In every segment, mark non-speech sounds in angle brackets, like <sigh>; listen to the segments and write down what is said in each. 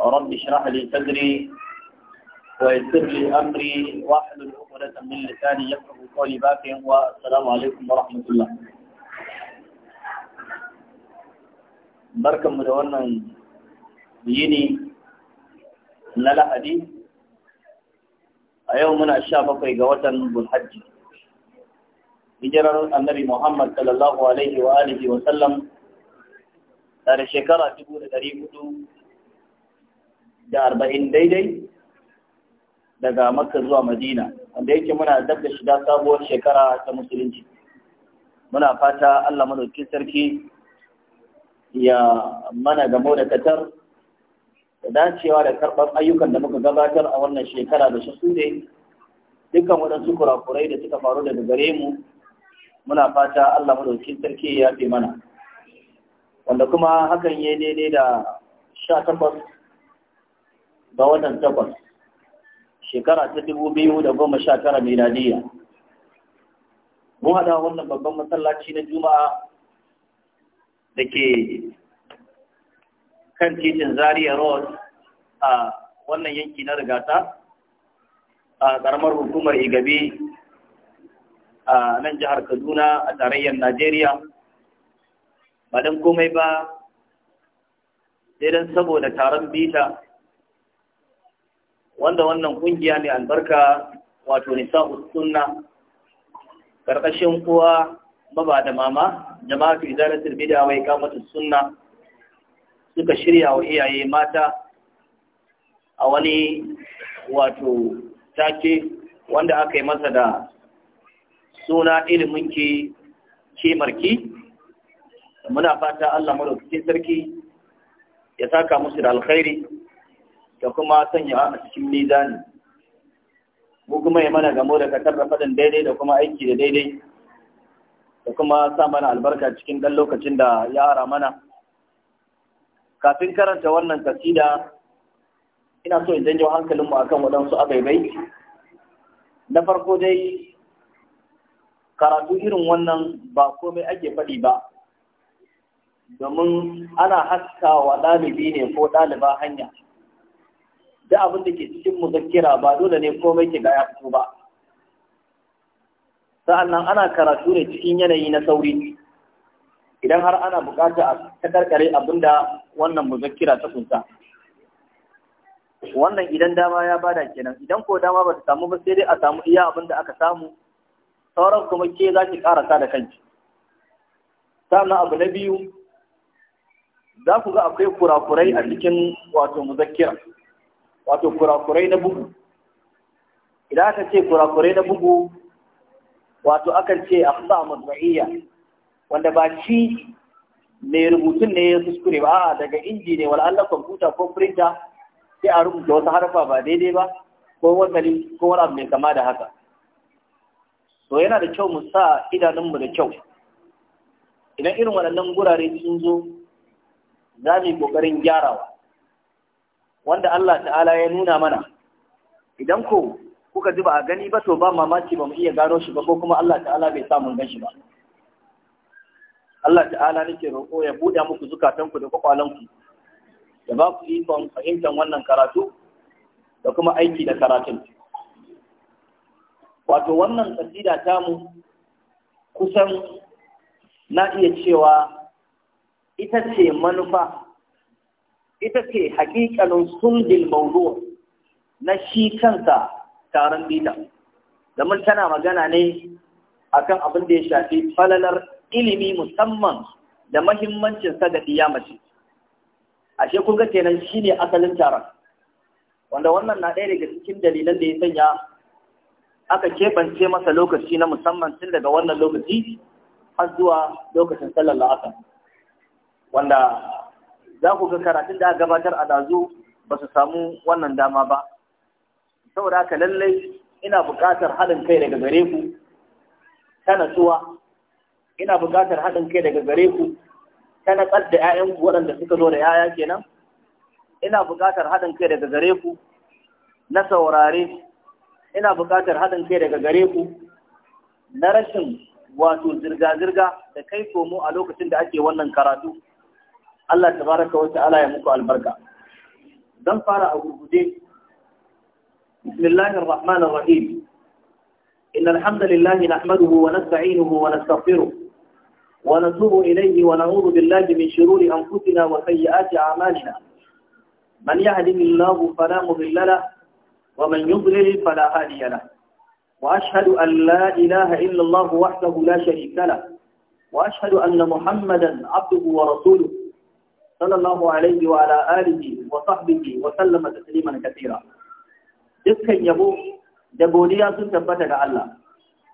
رب اشرح لي صدري ويسر لي امري واحد عقدة من لساني يفقهوا قولي باكر والسلام عليكم ورحمة الله. بركة مدونة يني نلا حديث أيوم من الشافة في قوات الحج بجرى النبي محمد صلى الله عليه وآله وسلم ترى شكرا تقول تريفتو da arba'in daidai daga maka zuwa madina wanda yake muna dab da shiga sabuwar shekara ta musulunci muna fata allah madaukin sarki ya mana gamo da katar da dacewa da karɓar ayyukan da muka gabatar a wannan shekara da shi su ne dukkan waɗansu kurakurai da suka faru daga gare mu muna fata allah madaukin sarki ya fi mana wanda kuma hakan ya daidai da sha takwas ga watan takwas shekara ta dubu biyu da goma sha tara miladiya mun haɗa wannan babban masallaci na juma'a da ke kan titin zaria road a wannan yanki na rigata a ƙaramar hukumar igabi a nan jihar kaduna a tarayyar najeriya ba don komai ba sai don saboda taron bita wanda wannan kungiya ne albarka wato nisa'u sunna karkashin kuwa baba da mama jama'atu idaratul bid'a wa iqamatus sunna suka shirya wa iyaye mata a wani wato take wanda aka yi masa da suna ilimin ki marki muna fata Allah madaukakin sarki ya saka musu da alkhairi da kuma sanya a cikin mizani mu kuma ya mana gamo da ka faɗin daidai da kuma aiki da daidai da kuma sa mana albarka cikin ɗan lokacin da ya ara mana kafin karanta wannan tasida, ina so in janyo hankalinmu akan waɗansu abaibai na farko dai karatu irin wannan ba komai ake faɗi ba domin ana haska wa ɗalibi ne ko ɗaliba hanya da abin da ke cikin muzakira, ba dole ne komai ke ga ya fito ba sa'annan ana karatu ne cikin yanayi na sauri idan har ana bukata a kakarkare abin da wannan muzakira ta kunsa wannan idan dama ya bada kenan idan ko dama ba ta samu ba sai dai a samu iya abin da aka samu sauran kuma ke za ki karasa da kanki sannan abu na biyu za ku ga akwai kurakurai a cikin wato muzakira? wato kurakurai na bugu idan aka ce kurakurai na bugu wato akan ce a kusa mazma'iyya wanda ba shi mai rubutun ne ya kuskure ba a daga inji ne wal'allah kwamfuta ko firinta sai a rubuta wasu harfa ba daidai ba ko ko wani abu mai kama da haka to yana da kyau mu sa idanunmu da kyau idan irin waɗannan gurare sun zo za mu yi ƙoƙarin gyarawa wanda Allah ta'ala ya nuna mana idan ko kuka ji ba a gani ba to ba mamaki ba mu iya gano shi ba ko kuma Allah ta'ala bai sa mun gan shi ba Allah ta'ala nake roƙo ya buɗe muku zukatanku da kwakwalanku ya ba ku ikon fahimtar wannan karatu da kuma aiki da karatun wato wannan kasida mu kusan na iya cewa ita ce manufa ita ce haƙiƙanin sundil mawdu na shi kansa taron bita domin tana magana ne akan abin da ya shafi falalar ilimi musamman da mahimmancin sa ga mace. ashe kun ga kenan shine asalin taron wanda wannan na ɗaya daga cikin dalilan da ya sanya aka keɓance masa lokaci na musamman tun daga wannan lokaci har zuwa lokacin sallar la'asa wanda za ku ga karatun da gabatar a dazu ba su samu wannan dama ba saboda ka lallai ina buƙatar haɗin kai daga gare ku ta natsuwa ina buƙatar haɗin kai daga gare ku ta natsar da 'ya'yanku waɗanda suka zo da 'ya'ya kenan ina buƙatar haɗin kai daga gare ku na saurare ina buƙatar haɗin kai daga gare ku na rashin wato zirga-zirga da kai komo a lokacin da ake wannan karatu Allah tabaraka wata ala ya muku albarka Zan fara a gurgude bismillahir rahmanir rahim innal hamdalillahi nahmaduhu wa nasta'inuhu wa nastaghfiruh wa natubu ilayhi wa na'udhu billahi min shururi anfusina wa sayyiati a'malina man yahdihillahu fala mudilla lahu wa man yudlil fala hadiya lahu wa ashhadu an la ilaha illa allah wahdahu la sharika lahu wa ashhadu anna muhammadan 'abduhu wa rasuluhu صلى الله عليه وعلى آله وصحبه وسلم تسليما كثيرا dukkan yabo da godiya sun tabbata ga Allah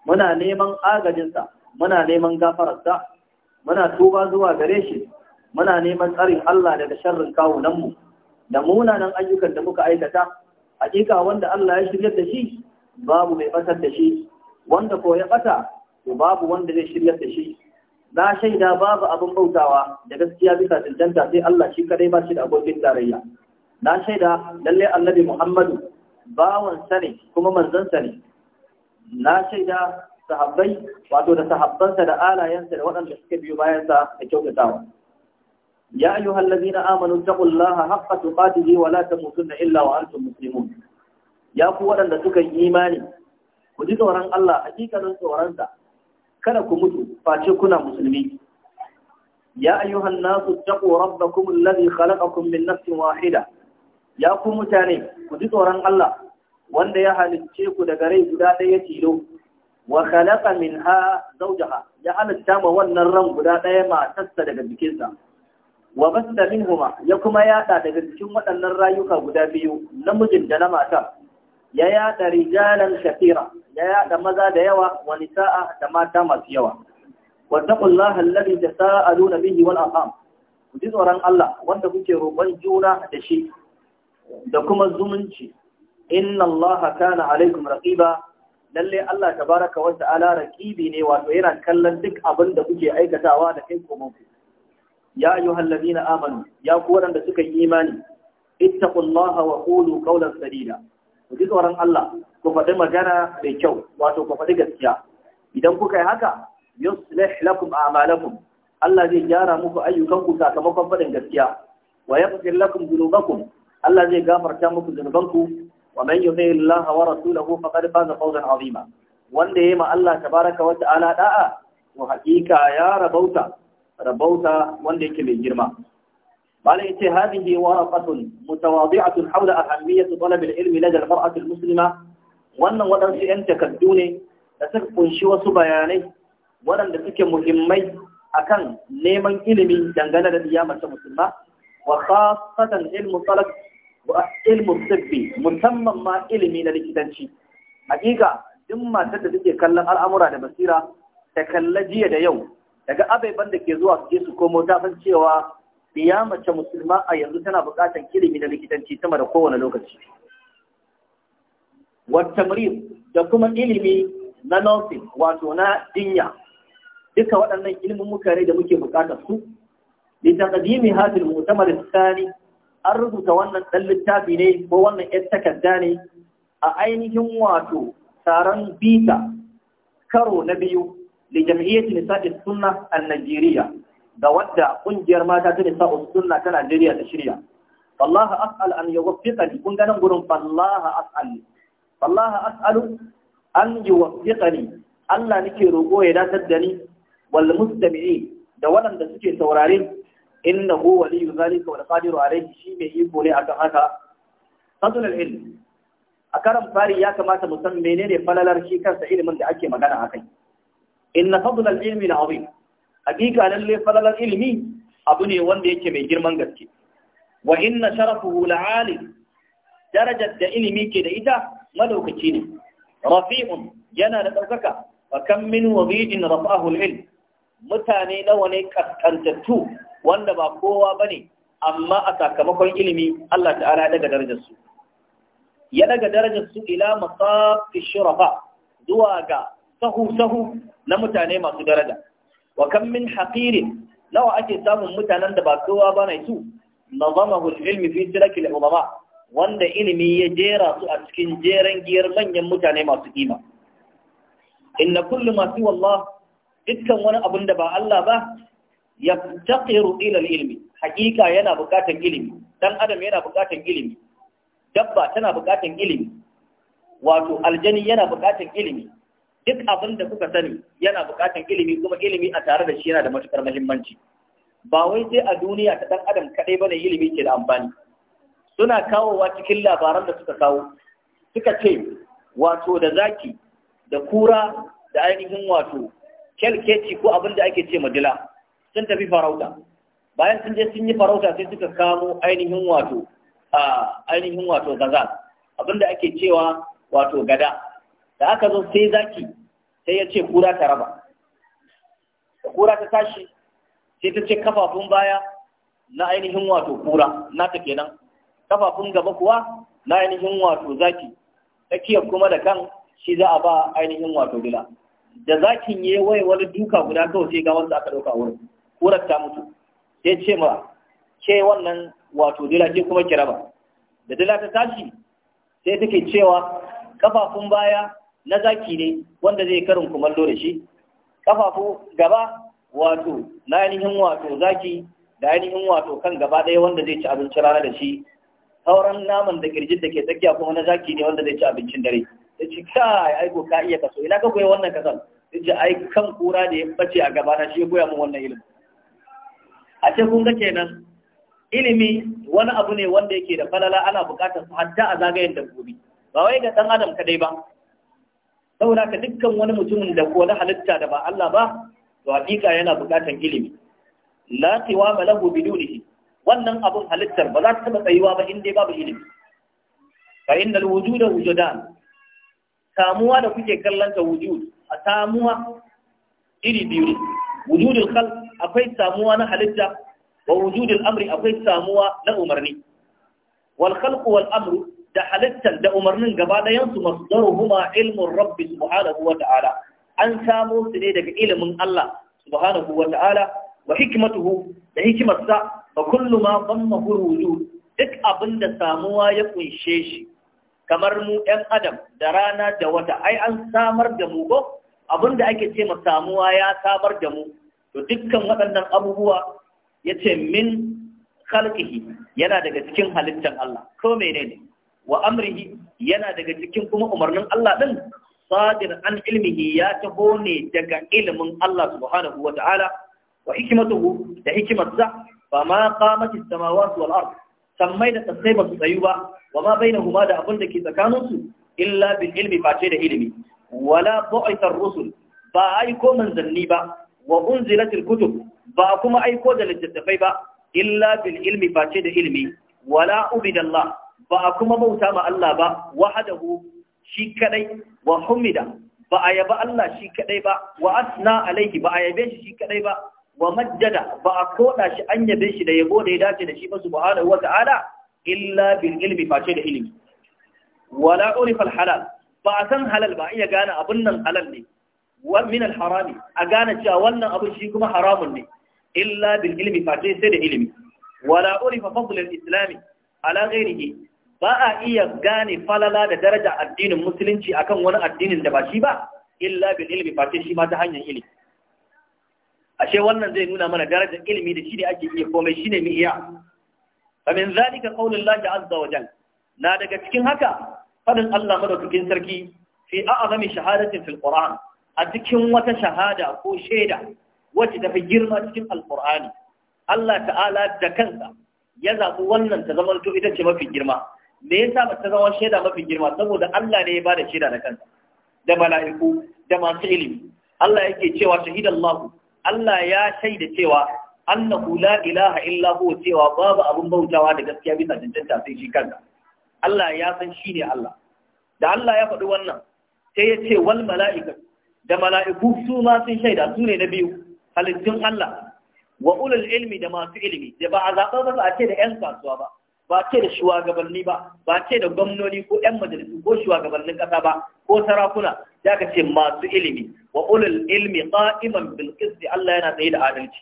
muna neman agajinsa muna neman gafararsa muna tuba zuwa gare shi muna neman tsarin Allah daga sharrin kawunanmu da munanan ayyukan da muka aikata hakika wanda Allah ya shirya da shi babu mai batar da shi wanda ko ya ɓata bata babu wanda zai shirya da shi na shaida babu abin bautawa da gaskiya bisa cancanta sai Allah shi kadai ba shi da abokin tarayya na shaida lalle annabi Muhammadu bawan ne kuma manzon ne na shaida sahabbai wato da sahabbansa da alayansa da waɗanda suka biyo bayansa da kyautatawa ya ayyuhal ladina amanu taqullaha haqqa tuqatihi wa la tamutunna illa wa antum muslimun ya ku waɗanda suka yi imani ku ji tsoron Allah hakikanin tsoronsa kada ku mutu face kuna musulmi ya ayyuhan nasu taqu rabbakum alladhi khalaqakum min nafsin wahida ya ku mutane ku ji tsoron Allah wanda ya halicce ku daga rai guda ɗaya tilo wa khalaqa minha zawjaha ya halitta ma wannan ran guda ɗaya matarsa daga jikinsa wa basta minhuma ya kuma yada daga cikin waɗannan rayuka guda biyu namijin da na mata ya yada rijalan shafira ya yada maza da yawa wa nisa'a da mata masu yawa wattaqullaha alladhi tasaaluna bihi wal arham ku tsoron Allah wanda kuke roƙon juna da shi da kuma zumunci inna Allaha kana alaikum raqiba lalle Allah tabaraka wa ta'ala raqibi ne wato yana kallon duk abin da kuke aikatawa da kai komon ku ya ayyuhal ladina amanu ya ku wanda suka yi imani ittaqullaha wa qulu qawlan sadida ku ji tsoron Allah ku faɗi magana mai kyau wato ku faɗi gaskiya idan kuka yi haka yuslih lakum a'malakum Allah zai gyara muku ayyukanku sakamakon faɗin gaskiya wa yaghfir lakum dhunubakum Allah zai gafarta muku zunubanku wa man yuti Allah wa rasulahu faqad faza fawzan azima wanda yayi ma Allah tabaraka wa ta'ala da'a Wa haƙiƙa ya rabauta rabauta wanda yake mai girma قال إنتي هذه ورقة متواضعة حول أهمية طلب العلم لدى المرأة المسلمة وأن ودرس أن تكدوني لتكفن شوى سبياني ولن لتك مهمي أكن نيمن إلمي دنغانا لديامة مسلمة وخاصة علم الطلب وعلم الطب مسمى ما إلمي للكتنشي حقيقة دم تتدك كلم الأمر على بصيرة تكلجي يد يوم daga abai banda ke zuwa su je su komo ta san cewa biya mace musulma a yanzu tana buƙatar ilimi na likitanci sama da kowane lokaci wattamrin da kuma ilimi na nursing wato na jinya duka waɗannan ilimin mutane da muke buƙatar su litaqdimi mai al-mu'tamar tsari an rubuta wannan ɗan littafi ne ko wannan ‘yan takarda ne a ainihin wato taron bita karo na biyu da jam'iyyar nisa'i sunna a Najeriya da wanda ƙungiyar mata ta nisa sunna ta Najeriya ta shirya. Wallahi as'al an yi wafiƙa ni, kun ganin gurin wallahi as'al. Wallahi as'al an yi wafiƙa ni, Allah nake roƙo ya datar da ni, wal mustami'i da waɗanda suke saurare, inda ko wali yi zali ka wani fadiru a shi mai iko ne a kan haka. Fasunan ilmi. A karan fari ya kamata mu san menene falalar shi kansa ilimin da ake magana a kai. Inna fasunan ilmi na abin. hakika lalle falalar ilimi abu ne wanda yake mai girman gaske wa inna sharafuhu la'ali darajar da ilimi ke da ita madaukaci ne rafi'un yana da ɗaukaka wa kan min wazi'in rafa'ahu al mutane nawa ne kaskantattu wanda ba kowa bane amma a sakamakon ilimi Allah ta'ala daga darajar su ya daga darajar su ila masafi shurafa zuwa ga sahu sahu na mutane masu daraja wa kan min haqirin nawa ake samun mutanen da ba kowa ba ne su nazamahu ilmi fi tiraki al-ulama wanda ilimi ya jera su a cikin jeran giyar manyan mutane masu kima inna kullu ma fi wallah dukkan wani abun da ba Allah ba ya taqiru ila ilmi hakika yana buƙatar ilimi dan adam yana buƙatar ilimi dabba tana buƙatar ilimi wato aljani yana buƙatar ilimi duk abin da kuka sani yana buƙatar ilimi kuma ilimi a tare da shi yana da matuƙar muhimmanci ba wai sai a duniya ta dan adam kadai bane ilimi ke da amfani suna kawowa cikin labaran da suka kawo suka ce wato da zaki da kura da ainihin wato kyalkeci ko abin da ake ce madila sun tafi farauta bayan sun je sun yi farauta sai suka kamo ainihin wato a ainihin wato gaza abin da ake cewa wato gada da aka zo sai zaki sai ya ce kura ta raba da kura ta tashi sai ta ce kafafun baya na ainihin wato kura Na ta kenan kafafun gaba kuwa na ainihin wato zaki tsakiyar kuma da kan shi za a ba ainihin wato gila da zakin ya waye wani duka guda kawai sai ga wanda aka ɗauka wurin kurar ta mutu sai ce ma ke wannan wato dila ke kuma ba da dila ta tashi sai take cewa kafafun baya na zaki ne wanda zai karin kumallo da shi kafafu gaba wato na ainihin wato zaki da ainihin wato kan gaba ɗaya wanda zai ci abincin rana da shi sauran naman da kirjin da ke tsakiya kuma na zaki ne wanda zai ci abincin dare ya ce kai aiko ka iya kaso ina ka koya wannan kasan ya ce ai kan kura da ya bace a gaba na shi ya koya min wannan ilimin a ce kun ga kenan ilimi wani abu ne wanda yake da falala ana buƙatar su hatta a zagayen dabbobi ba wai ga ɗan adam kadai ba saboda ka dukkan wani mutumin da ko na halitta da ba Allah ba to hakika yana buƙatar ilimi la tiwa lahu bidunihi wannan abun halittar ba za ta taɓa tsayuwa ba in dai babu ilimi fa innal wujuda wujudan samuwa da kuke kallon ta wujud a samuwa iri biyu ne wujudul khalq akwai samuwa na halitta wa wujudul amri akwai samuwa na umarni wal khalq wal amru da halittar da umarnin gaba ɗayansu masdaruhuma ilmun rabbi subhanahu wa ta'ala an samo su ne daga ilimin Allah subhanahu wa ta'ala wa hikmatuhu da hikimarsa ba kullu ma dhamma huruju duk abin da samuwa ya kunshe shi kamar mu ɗan adam da rana da wata ai an samar da mu ba. abin da ake ce ma samuwa ya samar da mu to dukkan waɗannan abubuwa ya ce min khalqihi yana daga cikin halittar Allah ko menene wa amrihi yana daga cikin kuma umarnin Allah ɗin? sadir an ilmihi ya taho ne daga ilimin Allah subhanahu wa ta'ala wa hikmatuhu da hikimarsa ba ma qamati as-samawati wal sammai da tsai ba su tsayu ba wa ma huma da abin da ke tsakaninsu illa bil ilmi face da ilimi wala bu'ita rusul ba aiko manzanni ba wa unzilatul kutub ba kuma aiko da littattafai ba illa bil ilmi face da ilimi wala ubidallah ba a kuma bauta ma Allah ba wahadahu shi kadai wa humida ba a yaba Allah shi kadai ba wa asna alaihi ba a yabe shi shi kadai ba wa majjada ba a koda shi an yabe shi da yabo da ya dace da shi ba subhanahu wa ta'ala illa bil ilmi face da ilimi wala urifa al halal ba a san halal ba iya gane abun nan halal ne wa min al harami a gane cewa wannan abun shi kuma haramun ne illa bil ilmi face sai da ilimi wala urifa fadl al islam ala ghairihi ba a iya gane falala da daraja addinin musulunci akan wani addinin da ba shi ba illa bil ilmi face shi ma ta hanyar ilimi ashe wannan zai nuna mana darajar ilimi da shi ne ake iya komai shine mu iya fa min zalika qaulullahi azza wa jalla na daga cikin haka fadin Allah madaukakin sarki fi a'zami shahadatin fil qur'an a cikin wata shahada ko shaida wacce ta fi girma cikin alqur'ani Allah ta'ala da kansa ya zaɓi wannan ta zama ita ce mafi girma me ya sa ta zama shaida mafi girma saboda Allah ne ya bada shaida da kansa da mala'iku da masu ilimi Allah yake cewa shahidallahu Allah ya shaida cewa annahu la ilaha illa huwa cewa babu abin bautawa da gaskiya bisa cancanta sai shi kansa Allah ya san shi ne Allah da Allah ya faɗi wannan sai ya ce wal mala'ika da mala'iku su ma sun shaida su ne na biyu halittun Allah wa ulul ilmi da masu ilimi da ba a zaɓar ba a ce da ‘yan kasuwa ba ba ce da shugabanni ba ba ce da gwamnoni ko ɗan majalisu ko shugabannin ƙasa ba ko sarakuna ya ka ce masu ilimi wa ulul ilmi qa'iman bil Allah yana tsaye da adalci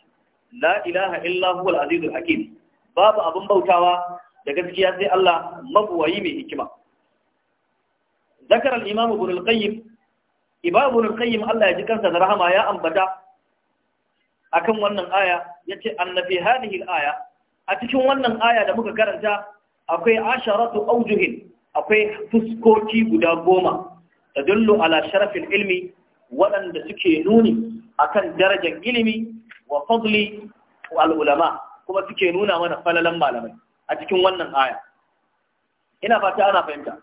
la ilaha illa huwa hakim babu abin bautawa da gaskiya sai Allah mabuwayi mai hikima zakar al imam ibn al qayyim Allah ya ji kansa da rahama ya ambata akan wannan aya yace annabi hadhihi al aya a cikin wannan aya da muka karanta akwai asharatu aujuhin akwai fuskoki guda goma da ala sharafin ilmi waɗanda suke nuni akan darajar ilimi wa fadli al'ulama kuma suke nuna mana falalan malamai a cikin wannan aya ina fata ana fahimta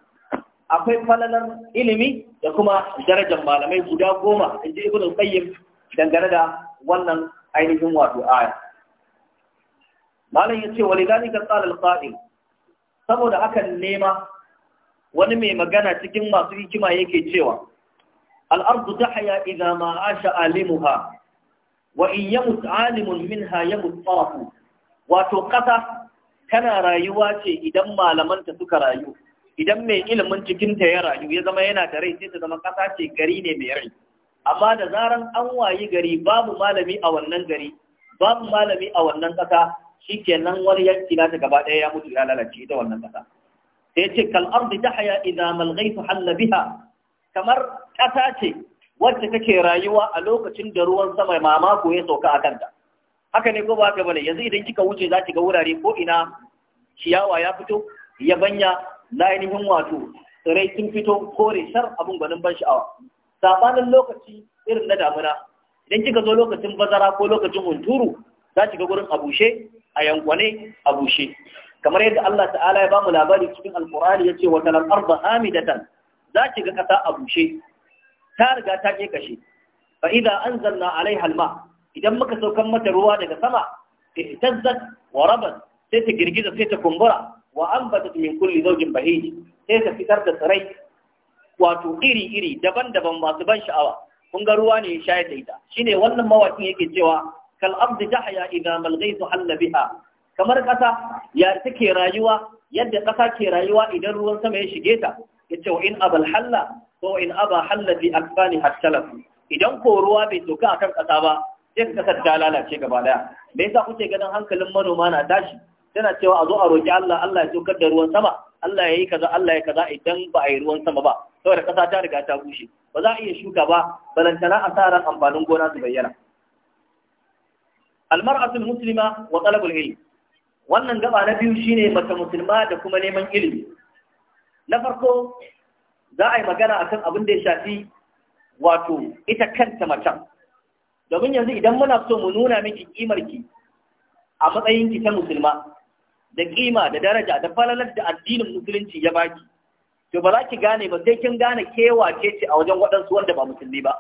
akwai falalan ilimi da kuma darajar malamai guda goma in ibnu qayyim dangane da wannan ainihin wato aya malam ya ce wani gani ka tsalar faɗi saboda hakan nema wani mai magana cikin masu hikima yake cewa al’arzu ta haya idan ma'asha alimuha wa in yamus alimun ya yamus tsarafu wato ƙasa tana rayuwa ce idan malamanta suka rayu idan mai ilimin cikinta ya rayu ya zama yana da rai sai ta zama ƙasa ce gari ne mai rai amma da zaran an wayi gari babu malami a wannan gari babu malami a wannan ƙasa shi kenan wani yanki na ta gaba ɗaya ya mutu ya lalace ita wannan ƙasa sai ce ta haya tahya malgai su halla biha kamar ƙasa ce wacce take rayuwa a lokacin da ruwan sama mamako ya sauka a kanta haka ne ko ba bane yanzu idan kika wuce za ki ga wurare ko ina ciyawa ya fito yabanya na ainihin wato tsirai sun fito kore shar abin gwanin ban sha'awa sabanin lokaci irin na damuna idan kika zo lokacin bazara ko lokacin hunturu za ki ga gurin a bushe a yankwane a bushe kamar yadda Allah ta'ala ya ba mu labari cikin alkur'ani ya ce wa talan arda amidatan za ki ga kasa a bushe ta riga ta ke kashe fa idan anzalna alaiha alma idan muka saukan mata ruwa daga sama ihtazzat wa rabat sai ta girgiza sai ta kumbura wa ambatat min kulli zawjin bahij sai ta fitar da tsirai wato iri iri daban-daban masu ban sha'awa kun ga ruwa ne ya shayar da ita shine wannan mawakin yake cewa kal abdi jahya idza malghaytu halla biha kamar kasa ya take rayuwa yadda kasa ke rayuwa idan ruwan sama ya shige ta yace wa in abal halla ko in aba halla fi akfani hatalaf idan ko ruwa bai soka akan kasa ba sai kasar ta lalace gaba daya me yasa kuke ganin hankalin manoma na tashi tana cewa a zo a roki Allah Allah ya sokar da ruwan sama Allah ya yi kaza Allah ya kaza idan ba a yi ruwan sama ba saboda ƙasa ta riga ta bushe ba za a iya shuka ba balantana asarar amfanin gona su bayyana almar'atul muslima wa talabul ilm wannan gaba na biyu shine mace musulma da kuma neman ilimi na farko za a yi magana akan abin da ya shafi wato ita kanta macen domin yanzu idan muna so mu nuna miki kimar ki a matsayinki ta musulma da kima da daraja da falalar da addinin musulunci ya baki to ba za ki gane ba sai kin gane kewa ce ce a wajen wadansu wanda ba musulmi ba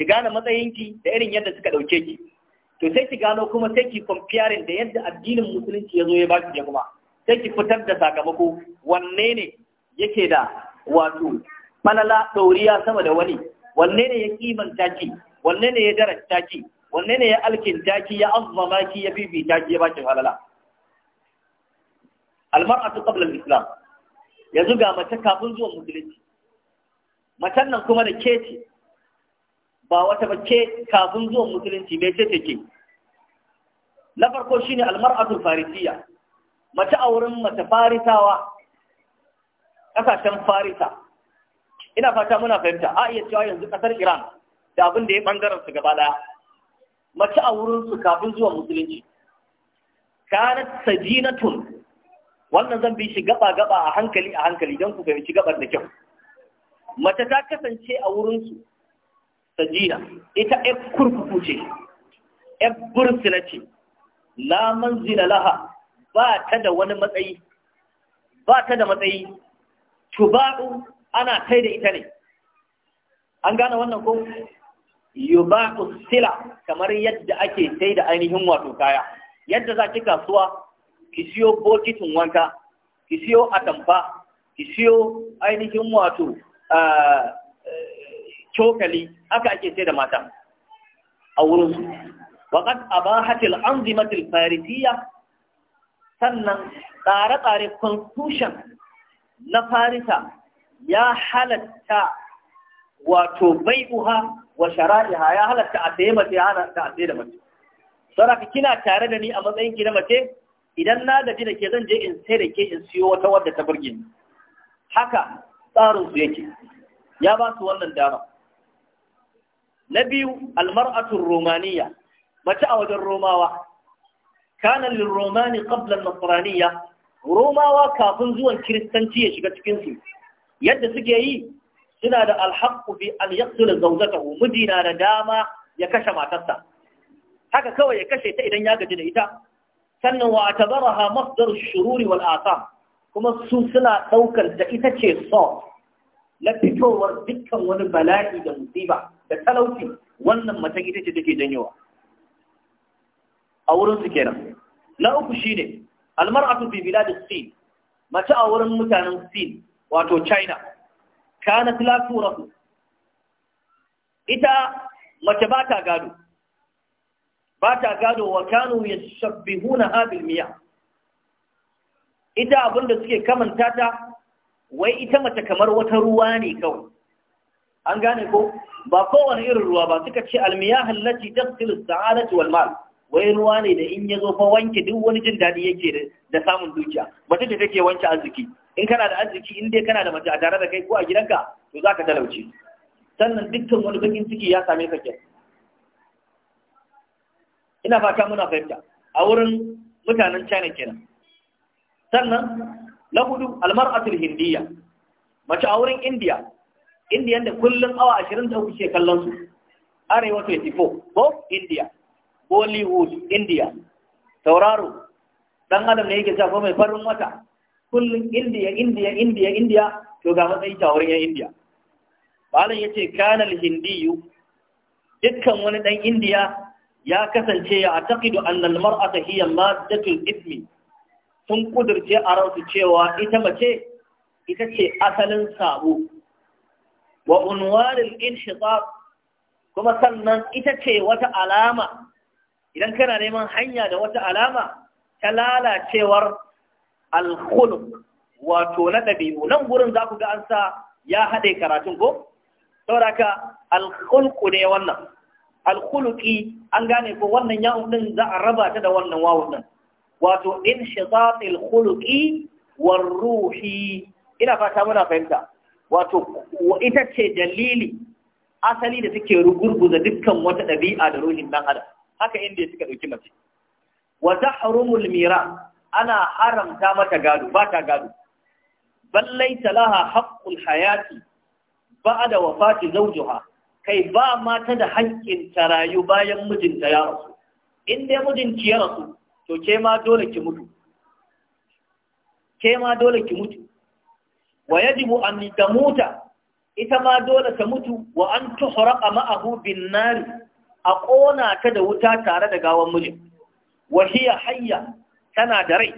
ki gane matsayin ki da irin yadda suka ɗauke ki to sai ki gano kuma sai ki comparing da yadda addinin musulunci ya zo ya baki kuma sai ki fitar da sakamako wanne ne yake da wato falala ɗoriya sama da wani wanne ne ya kimanta ki wanne ne ya darasta ki wanne ne ya alkinta ki ya azzama ki ya bibita ki ya baki falala almar'atu qabla al-islam yanzu ga mace kafin zuwa musulunci macen nan kuma da ke ce ba wata bace kafin zuwan musulunci mai ce take na farko shine almar'atu farisiya mace a wurin mace farisawa kasashen farisa ina fata muna fahimta a iya cewa yanzu kasar iran da abin da ya bangaren su gaba daya mace a wurin su kafin zuwan musulunci kanat sajinatun wannan zan bi shi gaba gaba a hankali a hankali don ku fahimci gabar da kyau mace ta kasance a wurin su sajiya ita ‘yar kurkuku ce, ‘yar bursila ce, laman laha ba ta da wani matsayi, ba ta da matsayi, tubaɗu ana kai da ita ne. An gane wannan ko? Yubaɗu sila kamar yadda ake sai da ainihin wato kaya, yadda za ki kasuwa, ki siyo bokitin wanka, ki siyo atamfa, ki siyo ainihin wato ah, cokali aka ake sai da mata a wurin su waqad abahatil anzimatil farisiya sannan tsare-tsare constitution na farisa ya halatta wato bai uha wa shara'iha ya halatta a mace ya halatta a saye da mace saboda kina tare da ni a matsayin ki na mace idan na gaji da ke zan je in sai da ke in siyo wata wadda ta burge ni haka tsarin su yake ya ba su wannan dama na biyu almar'atul romaniya mace a wajen romawa Kanalin lil romani qabla nasraniya romawa kafin zuwan kiristanci ya shiga cikin yadda suke yi suna da alhaqqu bi an yaqtul zawjatahu mijina da dama ya kashe matarsa haka kawai ya kashe ta idan ya gaji da ita sannan wa atabaraha mafdar shururi wal asam kuma su suna ɗaukar da ita ce source na fitowar dukkan wani bala'i da musiba da talauci wannan mata ita ce take janyewa a wurin su kenan na uku shine almar'atu fi bilad sin mace a wurin mutanen sin wato china na la rasu? ita mace ba ta gado ba ta gado wa kanu huna abin miya ita abinda suke kamanta ta wai ita mace kamar wata ruwa ne kawai an gane ko ba kowane irin ruwa ba suka ce almiyah allati tasilu sa'adatu wal mal wai ruwa ne da in ya zo fa wanke duk wani jin daɗi yake da samun dukiya mace da take wanke arziki in kana da arziki in dai kana da mace a tare da kai ko a gidanka to za ka talauce sannan dukkan wani bakin ciki ya same ka kenan ina fata muna fahimta a wurin mutanen China kenan sannan na hudu almar'atul hindiya mace a wurin India indiyan da kullum awa ashirin da ke kallon su arewa 24 ko india bollywood india tauraro dan adam ne yake shafa mai farin wata kullum indiya indiya indiya indiya to ga matsayi tawarin yan indiya malam ya ce kanal hindiyu dukkan wani dan indiya ya kasance ya taƙidu annal mar'ata hiya maddatul ismi sun kudurce a ransu cewa ita mace ita ce asalin sabo wa unwaril inshiqaq kuma sannan ita ce wata alama idan kana neman hanya da wata alama ta lalacewar alkhuluq wato na dabi'u nan gurin za ku ga an sa ya haɗe karatun ko saboda ka alkhuluq ne wannan alkhuluqi an gane ko wannan yawon din za a raba ta da wannan wawun nan wato inshiqaq alkhuluqi war ruhi ina fata muna fahimta wato ita ce dalili asali da suke rugurguza dukkan wata ɗabi'a da ruhin ɗan adam haka inda ya suka ɗauki mace wa tahrumul mira ana haramta mata gado ba ta gado ballai talaha haqqul hayati ba'da wafati zawjiha kai ba mata da haƙƙin ta rayu bayan mijinta ya rasu in dai mijinki ya rasu to ke ma dole ki mutu ke ma dole ki mutu wa yajibu an tamuta ita ma dole ta mutu wa an tuhraqa ma'ahu bin nar a kona ta da wuta tare da gawan mijin wa hiya hayya tana da rai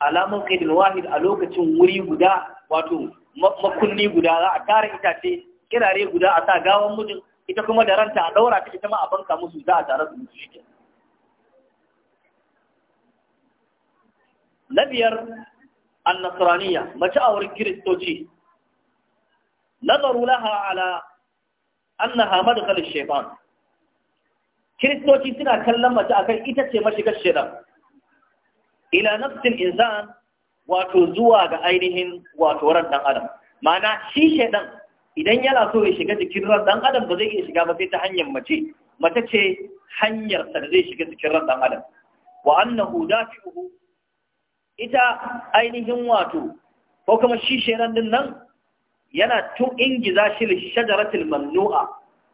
alamun qidil wahid a lokacin wuri guda wato makunni guda za a tara itace kirare guda a sa gawan mijin ita kuma da ranta a daura ta ita ma a banka musu za a tare su musu shi na biyar annasraniya mace a wurin kiristoci nazaru laha ala annaha madkhal shaytan kiristoci suna kallon mace akan ita ce mashigar shaytan ila nafsin insan wato zuwa ga ainihin wato ran dan adam ma'ana shi shaytan idan yana so ya shiga jikin ran dan adam ba zai iya shiga ba sai ta hanyar mace mace ce hanyar sa da zai shiga jikin ran dan adam wa annahu dafi'uhu ita ainihin wato ko kuma shi sheran din nan yana tun ingiza shi li shajaratul mamnu'a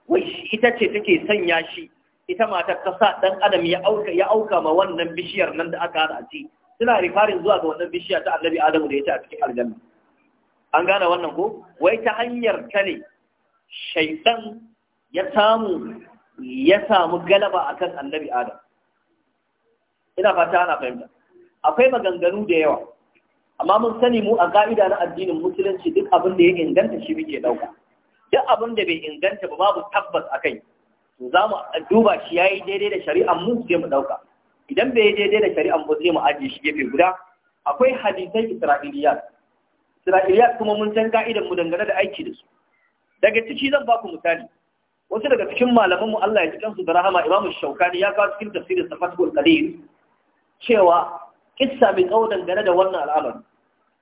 wai ita ce take sanya shi ita matar ta sa dan adam ya auka ya auka ma wannan bishiyar nan da aka hada ci suna rifarin zuwa ga wannan bishiya ta annabi adamu da ya a cikin aljanna an gane wannan ko wai ta hanyar ta ne shaitan ya samu ya samu galaba akan annabi adam ina fata ana fahimta akwai maganganu da yawa amma mun sani mu a ka'ida na addinin musulunci duk abin da ya inganta shi muke ɗauka duk abin da bai inganta ba babu tabbas a kai za mu duba shi ya yi daidai da shari'ar mu sai mu ɗauka idan bai yi daidai da shari'ar mu sai mu aje shi gefe guda akwai hadisan isra'iliyat isra'iliyat kuma mun san ka'idan mu dangane da aiki da su daga ciki zan baku misali wasu daga cikin malaman mu Allah ya ji kansu da rahama Imam Shaukani ya kawo cikin tafsirin Safatul Qadir cewa kissa mai tsawo dangane da wannan al'amari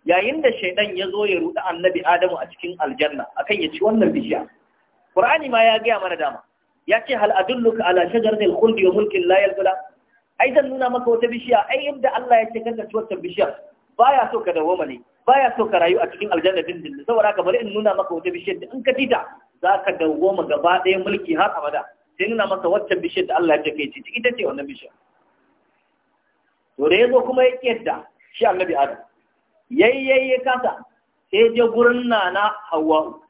yayin da shaidan ya zo ya ruɗa annabi adamu a cikin aljanna akan ya ci wannan bishiya Ƙur'ani ma ya gaya mana dama ya ce hal adulluka ala shajaratil khuldi wa mulkin la ai zan nuna maka wata bishiya ai inda Allah ya ce kanka ci wata bishiya baya so ka dawoma ne baya so ka rayu a cikin aljanna din din saboda bari in nuna maka wata bishiyar da in ka tita za ka dawoma gaba ɗaya mulki har abada sai nuna maka wata bishiyar da Allah ya ce kai ci ita ce wannan bishiyar to da yazo kuma ya kiyarda shi annabi adam yayyayi ya kasa sai je gurin nana hawa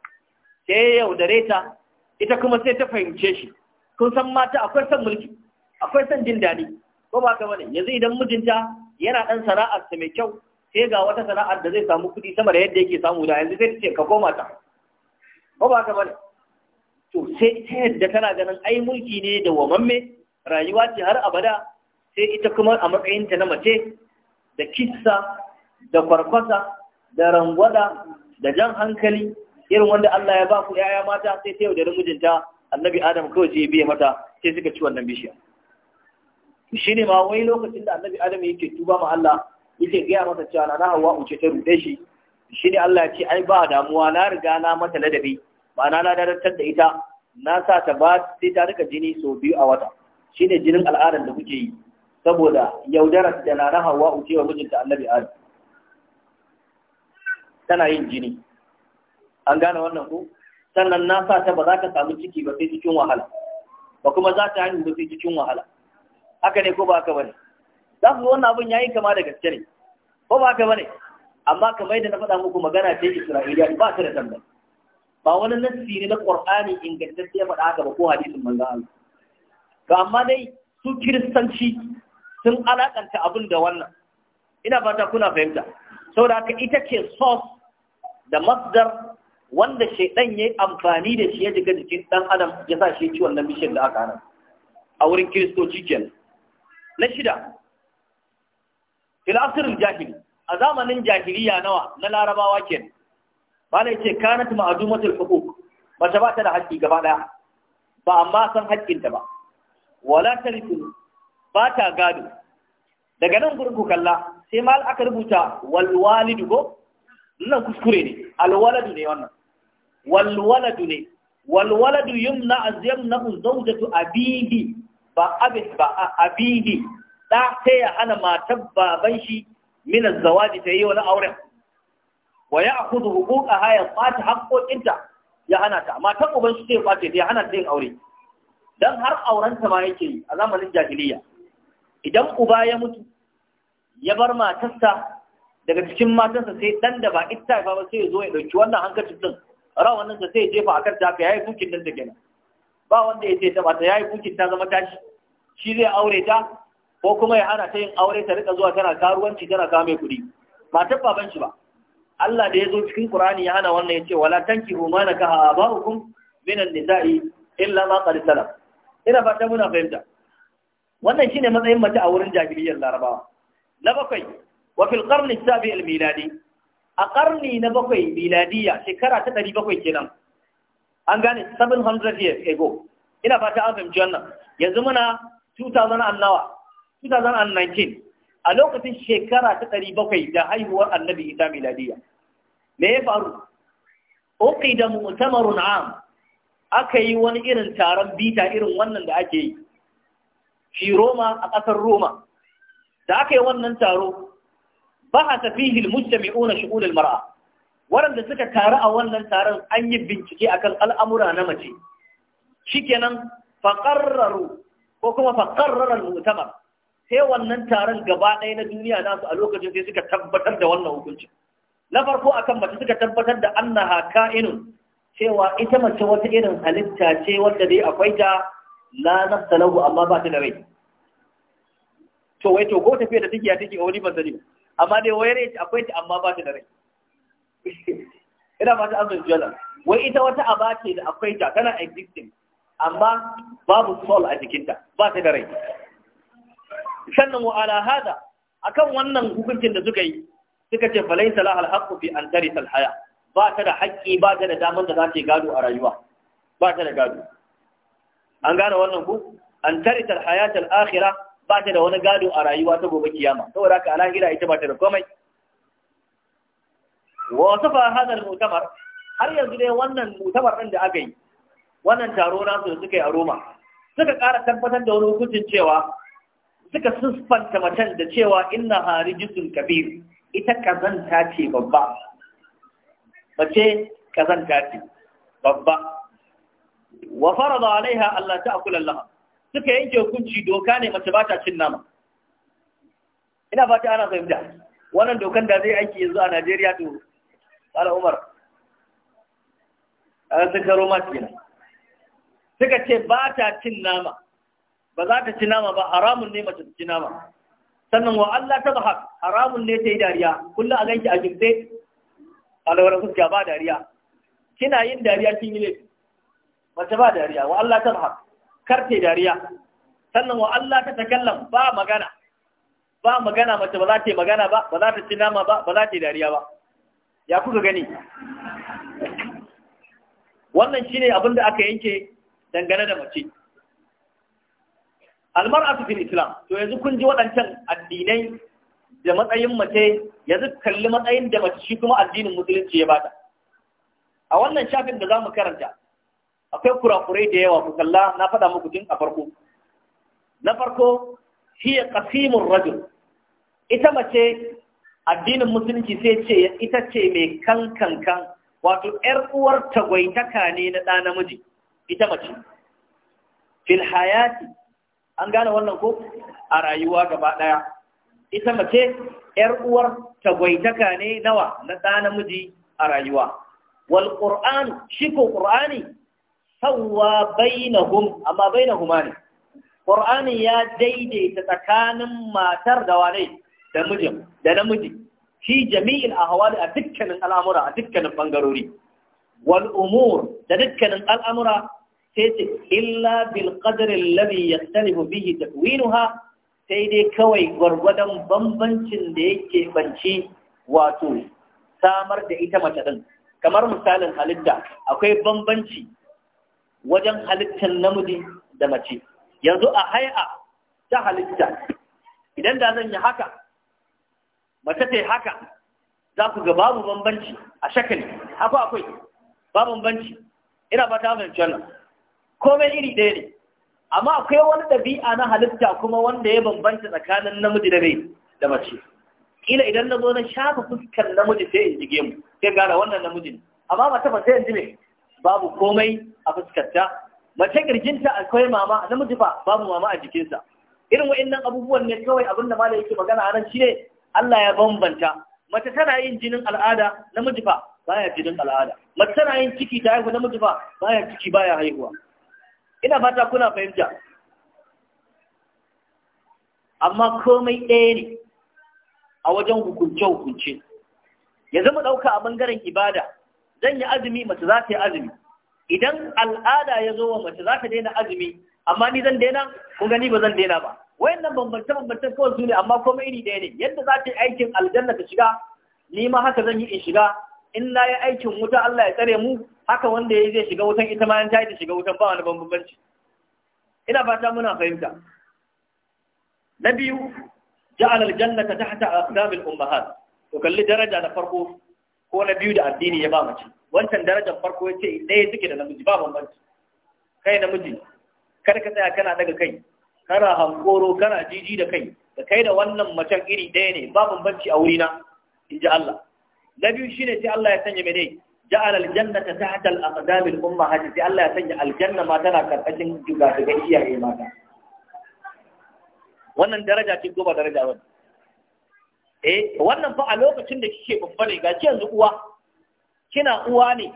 sai ya yaudare ta ita kuma sai ta fahimce shi kun san mata akwai son mulki akwai son jin daɗi ko ba ka bane yanzu idan mijinta yana ɗan sana'ar ta mai kyau sai ga wata sana'ar da zai samu kuɗi sama da yadda yake samu da yanzu sai ta ce ka koma ta ko ba ka bane to sai ta yadda tana ganin ai mulki ne da wamamme rayuwa ce har abada sai ita kuma a matsayinta na mace da kissa da kwarkwasa da rangwada da jan hankali irin wanda Allah ya ba ku yaya mata sai ta yaudari mijinta annabi adam kawai ce biya mata sai suka ci wannan bishiya shi ne ma wai lokacin da annabi adam yake tuba ma Allah yake gaya masa cewa na hawa uce ta rude shi shi ne Allah ya ce ai ba damuwa na riga na mata ladabi ma'ana na daratar da ita na sa ta ba sai ta rika jini sau biyu a wata shi ne jinin al'adar da kuke yi saboda yaudara da na rahawa uke wa mijinta annabi adam tana yin jini an gane wannan ku? sannan na sa ta ba za ka samu ciki ba sai cikin wahala ba kuma za ta haihu ba sai cikin wahala haka ne ko ba haka bane za su wannan abin yayi kama da gaske ne ko ba haka bane amma kamar yadda na faɗa muku magana ce Isra'iliya ba ta da tambaya ba wani nassi ne na Qur'ani ingantacce ya faɗa haka ba ko hadisin manzo Allah ga amma dai su kiristanci sun alakanta abin da wannan ina fata kuna fahimta saboda haka ita ce sos da masdar wanda shaidan ya yi amfani da shi ya jiga jikin ɗan adam ya sa shi ciwon na bishiyar da aka hana a wurin kiristoci kenan na shida filasirin jahili a zamanin jahiliya nawa na larabawa kenan bala ya ce kanat ma'adumatul huquq mace ba ta da haƙƙi gaba ɗaya ba amma san haƙƙinta ba wala tarikul ba ta gado daga nan gurin ku kalla sai mal aka rubuta walwalidu ko nan kuskure ne alwaladu ne wannan walwaladu ne walwaladu yumna azyamna zawjatu abihi ba abis ba abihi da sai ya hana matar baban shi min azwaji ta yi wani aure wa ya'khudhu huquqaha ya qata haqqinta ya hana ta matar uban shi sai ya kwace ta hana ta yin aure dan har aurenta ma yake a zamanin jahiliyya idan uba ya mutu ya bar matarsa daga cikin matarsa sai dan da ba ita ba sai ya zo ya dauki wannan hankacin din rawanin sa sai ya jefa akan ta yayi bukin nan da kenan ba wanda ya ce ta mata yayi bukin ta zama tashi shi zai aure ta ko kuma ya hana ta yin aure ta rika zuwa tana karuwanci tana kawo mai kuɗi matar baban shi ba Allah da ya zo cikin Qur'ani ya hana wannan ya ce wala tanki, na ha Ba hukum minan nisa'i illa ma qad salam ina fata muna fahimta wannan shine matsayin mace a wurin jahiliyyar larabawa na bakwai wa fil qarni sabi al miladi a qarni na bakwai miladiya shekara ta 700 kenan an gane 700 years ago ina fata an fahimci wannan yanzu muna 2000 nawa 2019 a lokacin shekara ta 700 da haihuwar annabi isa miladiya me ya faru uqida mu'tamarun am aka yi wani irin taron bita irin wannan da ake yi fi Roma a ƙasar Roma da aka yi wannan taro ba a tafihi mujtami'una shu'ul mar'a waɗanda suka taru a wannan taron an yi bincike akan al'amura na mace shikenan faƙararru ko kuma faƙararren mutamar sai wannan taron gaba ɗaya na duniya nasu a lokacin sai suka tabbatar da wannan hukuncin na farko akan mace suka tabbatar da annaha ka'inun cewa ita mace wata irin halitta ce wanda dai akwai ta la nafsa lahu amma ba ta da rai to wai to ko tafiya da take ya take wani ban amma dai wai rai akwai ta amma ba ta da rai <laughs> ina ba ta azumin jala wai ita wata aba ce da akwai ta tana existing amma babu soul a jikinta ba ta da rai sannan wa ala hada akan wannan hukuncin da suka yi suka ce falai salah alhaqqu fi an tarisa haya ba ta da haƙƙi ba ta da damar da za ta gado a rayuwa ba ta da gado an gane wannan ku an taritar al-akhirah ba ta da wani gado a rayuwa ta gobe kiyama saboda haka alahira ita ba ta da komai wa wasafa hadal mu'tamar har yanzu dai wannan mu'tamar din da aka yi wannan taro na su suka yi a Roma suka ƙara tabbatar da wani hukuncin cewa suka suspanta macen da cewa inna harijisun kabir ita kazanta ce babba mace kazanta ce babba wa farada alaiha Allah ta akula laha suka yanke hukunci doka ne mace ba ta cin nama ina ta ana fahimta wannan dokan da zai aiki yanzu a Najeriya to Ala Umar an sun karo ma kenan suka ce ba ta cin nama ba za ta ci nama ba haramun ne mace ta ci nama sannan wa Allah ta bahar haramun ne ta yi dariya kullum a ganki a gimse a lauran fuska ba dariya kina yin dariya kin yi laifi mace ba dariya wa Allah ta bahar karte dariya sannan wa Allah ta takallam ba magana ba magana mace ba za ta yi magana ba ba za ta ci nama ba ba za ta yi dariya ba ya kuka gani wannan shine abin da aka yanke dangane da mace almar'atu fil islam to yanzu kun ji waɗancan addinai da matsayin mace yanzu kalli matsayin da mace shi kuma addinin musulunci ya bata a wannan shafin da zamu karanta akwai kurakurai da yawa ku kalla na faɗa muku tun a farko na farko hiya qasimur rajul ita mace addinin musulunci sai ce ita ce mai kankankan wato ‘yar uwar tagwaitaka ne na ɗa namiji ita mace fil hayati an gane wannan ko a rayuwa gaba ɗaya ita mace ‘yar uwar tagwaitaka ne nawa na ɗa namiji a rayuwa wal ƙur'an shi ko ƙur'ani sawwa bainahum amma bainahuma ne Qur'ani ya daidaita tsakanin matar da wane da mijin da namiji fi jami'il ahwali a dukkanin al'amura a dukkanin bangarori wal umur da dukkanin al'amura sai ce illa bil qadri alladhi yastalihu bihi tadwinuha sai dai kawai gwargwadon bambancin da yake banci wato samar da ita mace din kamar misalin halitta akwai bambanci wajen halittar namiji da mace yanzu a hai'a ta halitta idan da zan yi haka mace ta yi haka za ku ga babu bambanci a shakali haka akwai babu bambanci ina ba ta fahimci wannan komai iri ɗaya ne amma akwai wani ɗabi'a na halitta kuma wanda ya bambanta tsakanin namiji da rai da mace kila idan na zo na shafa fuskar namiji sai in jige mu sai gara wannan namiji amma mace ba sai in ji me babu komai a fuskarta mace girginta akwai mama namiji ba babu mama a jikinsa irin wa'annan abubuwan ne kawai abin da malai yake magana a nan shine Allah ya bambanta mace tana yin jinin al'ada namiji fa baya jinin al'ada mace tana yin ciki ta haihu namiji fa baya ciki baya haihuwa ina fata kuna fahimta amma komai ɗaya ne a wajen hukunce-hukunce yanzu mu ɗauka a ɓangaren ibada zan yi azumi mace za ta yi azumi idan al'ada ya zo wa mace za ta daina azumi amma ni zan daina kun gani ba zan daina ba wayannan bambance bambancen kawai su ne amma komai iri daya ne yadda za ta yi aikin aljanna ta shiga ni ma haka zan yi in shiga in na yi aikin wuta Allah ya tsare mu haka wanda ya zai shiga wutan ita ma ta yi ta shiga wutan ba wani bambanci ina fata muna fahimta na biyu ja'al ta tahta aqdamil ummahat to kalli daraja na farko ko na biyu da addini ya ba mace wancan darajar farko ya ce ɗaya suke da namiji ba bambanci kai namiji kar ka tsaya kana daga kai kana hankoro kana jiji da kai da kai da wannan macen iri ɗaya ne ba bambanci a wurina in ji Allah na biyu shine sai Allah ya sanya mene ja'ala aljannata tahta al-aqdam al-umma Haji sai Allah ya sanya aljanna ma tana karkashin juga daga iyaye mata wannan daraja ce goma daraja wannan eh wannan fa a lokacin da kike babba ne gashi yanzu uwa kina uwa ne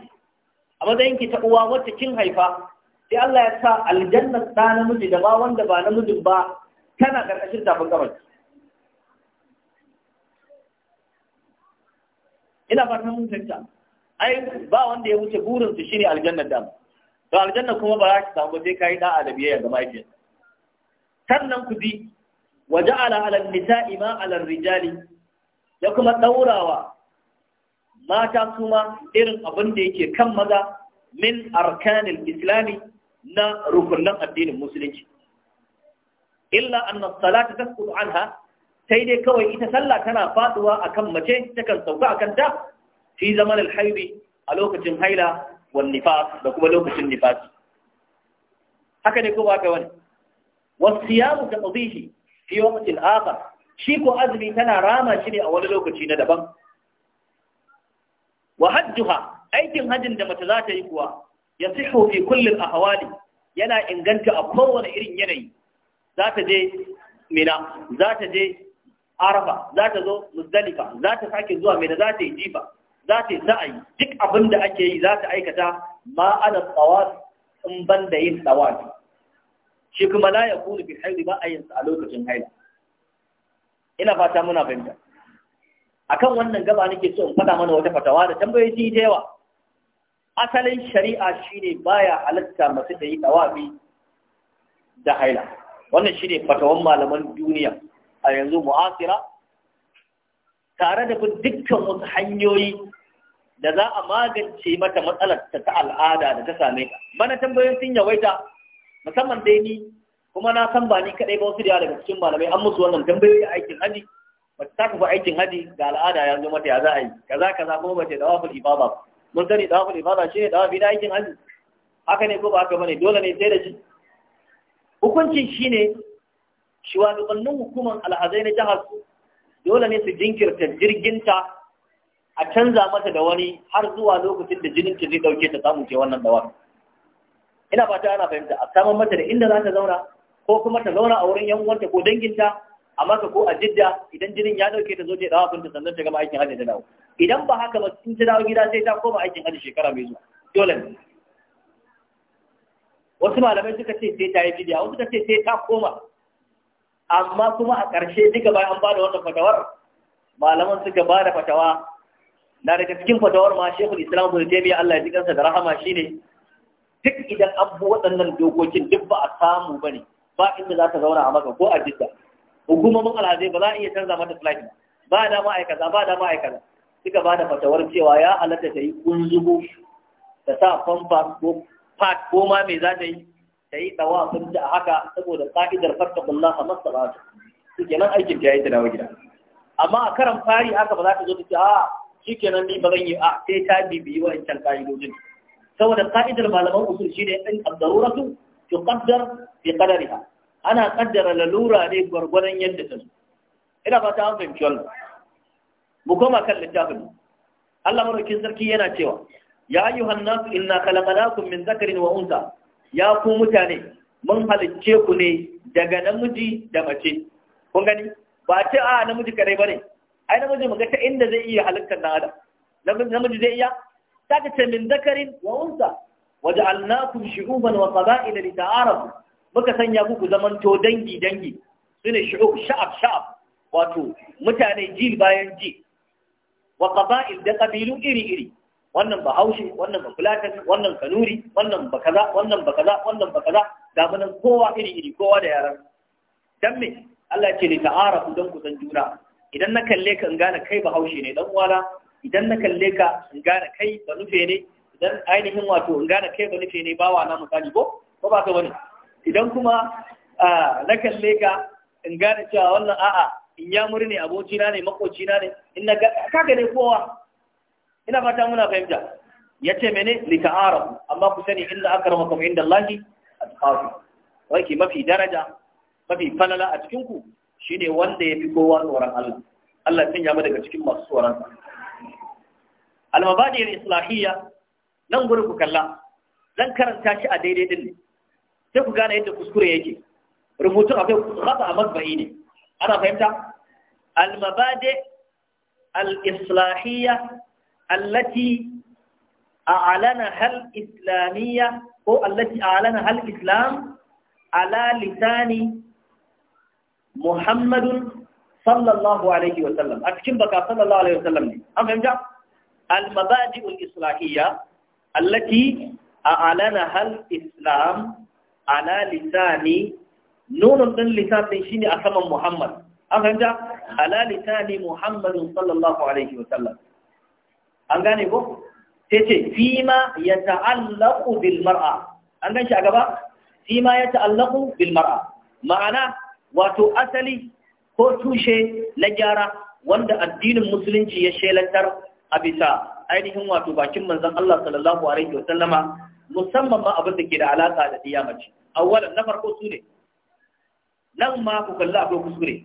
a matsayin ki ta uwa wacce kin haifa sai Allah ya sa aljanna da namiji da ba wanda ba namijin ba tana karkashin tafin kamar ina fatan mun fahimta ai ba wanda ya wuce burin su shine aljanna da to aljanna kuma ba za ki samu ba sai kai da'a da adabiyya ga mahaifiyarsa sannan ku bi وجعل على النساء ما على الرجال ya kuma ɗaurawa mata suma irin abin da yake kan maza min arkanin islami na rukunan addinin musulunci illa annas salata tasqutu anha sai dai kawai ita sallah tana faduwa akan mace takan sauka akan ta fi zaman alhaidi a lokacin haila wa nifas da kuma lokacin nifas haka ne ko ba ka wani wasiyamu taqdihi fi waqtin akhar shi ko azumi tana rama shi ne a wani lokaci na daban wa hajjuha aikin hajjin da mace za ta yi kuwa ya kullum fi a hawali yana inganta a kowane irin yanayi za ta je mina za ta je arafa za ta zo muzdalifa za ta sake zuwa mina za ta yi jifa za ta yi sa'ayi duk abin da ake yi za ta aikata ma ana tsawar in ban da yin tsawar shi kuma la ya kuni bi haidu ba a yin a lokacin haila ina fata muna fahimta akan wannan gaba nake so in faɗa mana wata fatawa da tambayoyi da yawa asalin shari'a shine baya halatta masu da yi dawabi da haila wannan shine fatawan malaman duniya a yanzu mu'asira tare da bin dukkan wasu hanyoyi da za a magance mata matsalar ta ta al'ada da ta same ta mana tambayoyin sun yawaita musamman dai ni kuma na san ba ni kadai ba wasu da daga cikin malamai an musu wannan tambayoyi aikin haji ba ta tafi aikin haji ga al'ada ya zo mata ya za a yi kaza kaza kuma bace dawaful ibada mun sani dawaful ibada shine dawafi da aikin haji haka ne ko ba haka bane dole ne sai da shi hukuncin shi ne shugabannin hukumar al'adai na jihar su dole ne su jinkirta jirginta a canza mata da wani har zuwa lokacin da jinin ta zai dauke ta samu ce wannan dawa ina fata ana fahimta a saman mata da inda za ta zauna ko kuma ta zauna a wurin yan uwanta ko danginta a maka ko a jidda idan jinin ya dauke ta zo ta dawo binta sannan ta gama aikin hajji ta dawo idan ba haka ba in ta dawo gida sai ta koma aikin hajji shekara mai zuwa dole ne wasu malamai suka ce sai ta yi fidiya wasu suka ce sai ta koma amma kuma a ƙarshe duka bayan an bada wata wannan fatawar malaman suka bada fatawa na daga cikin fatawar ma shehu islam bin taimiyya allah ya ji kansa da rahama shine duk idan an bi waɗannan dokokin duk ba a samu ba ne ba inda za ta zauna a maka ko a jidda hukumomin alhazai ba za a iya canza mata flight ba da ma'aikata ba da ma'aikata suka ba da fatawar cewa ya halatta ta yi kunzugu ta sa famfa ko pat ko ma mai za ta yi ta yi tsawa sun a haka saboda ka'idar farta kullum a ta. su kenan aikin ta yi ta dawo gida amma a karan fari haka ba za ta zo ta ce a shi kenan ni ba zan yi a sai ta bibiyi wa'ancan ka'idojin saboda ka'idar malaman usul shi ne ɗin abdaruratu tuqaddar fi qadariha ana kaddara lalura ne gwargwadon yadda ta su. ina fata an fahimci wannan mu koma kan littafin Allah madaukin sarki yana cewa ya ayyuhan nasu inna khalaqnakum min dhakarin wa unsa ya ku mutane mun halicce ku ne daga namiji da mace kun gani ba ce a namiji kare bane ai namiji mun ga ta inda zai iya halittar dan adam namiji zai iya ta ce min dhakarin wa unsa waja'alnakum shu'uban wa qaba'ila lita'arafu muka sanya ku zaman zamanto dangi dangi su ne sha'ab sha'ab wato mutane jil bayan ji wa qaba'il da qabilu iri iri wannan ba haushi wannan ba fulatan wannan kanuri wannan ba kaza wannan ba kaza wannan ba kaza ga munan kowa iri iri kowa da yaran dan me Allah ce ni ta'arafu dan ku san juna idan na kalle ka in gane kai ba haushi ne dan uwana idan na kalle ka in gane kai ba nufe ne idan ainihin wato in gane kai ba nufe ne bawa na misali ko ko ba ka wani idan kuma na kalle ka in gane cewa wannan a'a in ya muri ne abocina ne makocina ne in na gane kowa ina fata muna fahimta ya ce mene lita'arafu amma ku sani inda aka rama kuma inda Allahi a Wai ki mafi daraja mafi falala a cikin ku shine wanda ya fi kowa tsoron Allah Allah sun yamu daga cikin masu tsoron al islahiyya nan gurin ku kalla zan karanta shi a daidai din sai ku gane yadda kuskure yake rubutun akwai khata a matba'i ne ana fahimta al-mabadi al-islahiyya allati a'lana hal islamiyya ko allati a'lana hal islam ala lisani muhammadun sallallahu alaihi wa sallam a cikin baka sallallahu alaihi wa sallam ne an fahimta al-mabadi al-islahiyya allati a'lana hal islam ala lisani nunun din lisan din shine a saman Muhammad an fahimta ala lisani Muhammadin sallallahu alaihi wa sallam an gane ko sai ce fima ya ta'allaku bil mar'a an ganshi a gaba fima ya ta'allaku bil mar'a ma'ana wato asali ko tushe na gyara wanda addinin musulunci ya shelantar a bisa ainihin wato bakin manzon Allah sallallahu alaihi wa sallama musamman ma abin da ke da alaƙa da ɗiya mace awwalan na farko su ne nan ma ku kalli akwai kuskure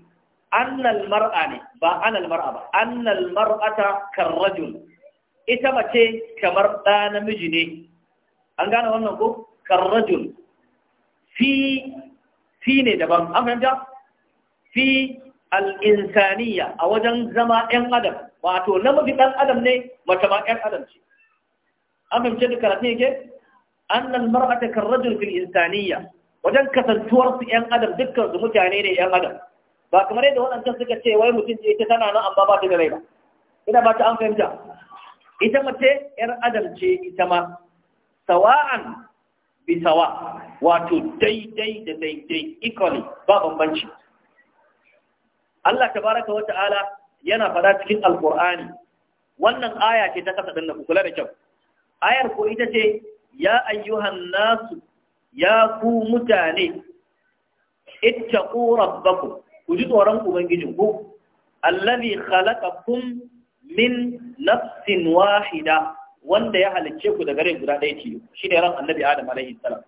annal mar'a ne ba annal mar'a ba annal mar'ata karrajul ita mace kamar ɗa namiji ne an gane wannan ko karrajul fi fi ne daban an fahimta fi al'insaniya a wajen zama ‘yan adam wato namiji ɗan adam ne mace ma ‘yan adam ce an fahimci da karatun yake annal mar'ata rajul fil insaniya wajen kasantuwar su yan adam dukkan su mutane ne 'yan adam ba kamar yadda waɗancan suka ce wai mutum ce ita tana nan amma ba ta da rai ba ina ba ta an fahimta ita mace 'yar adam ce ita ma sawa'an bi sawa wato daidai da daidai equally ba bambanci Allah tabaraka wa ta'ala yana fada cikin alqur'ani wannan aya ce ta kasa din ku kula da kyau ayar ko ita ce ya ayyuhan nasu ya ku mutane ittaqu rabbakum ku ji tsoron ubangijin ku allazi khalaqakum min nafsin wahida wanda ya halicce ku daga rai guda ɗaya Shi ne ran annabi adam alaihi salam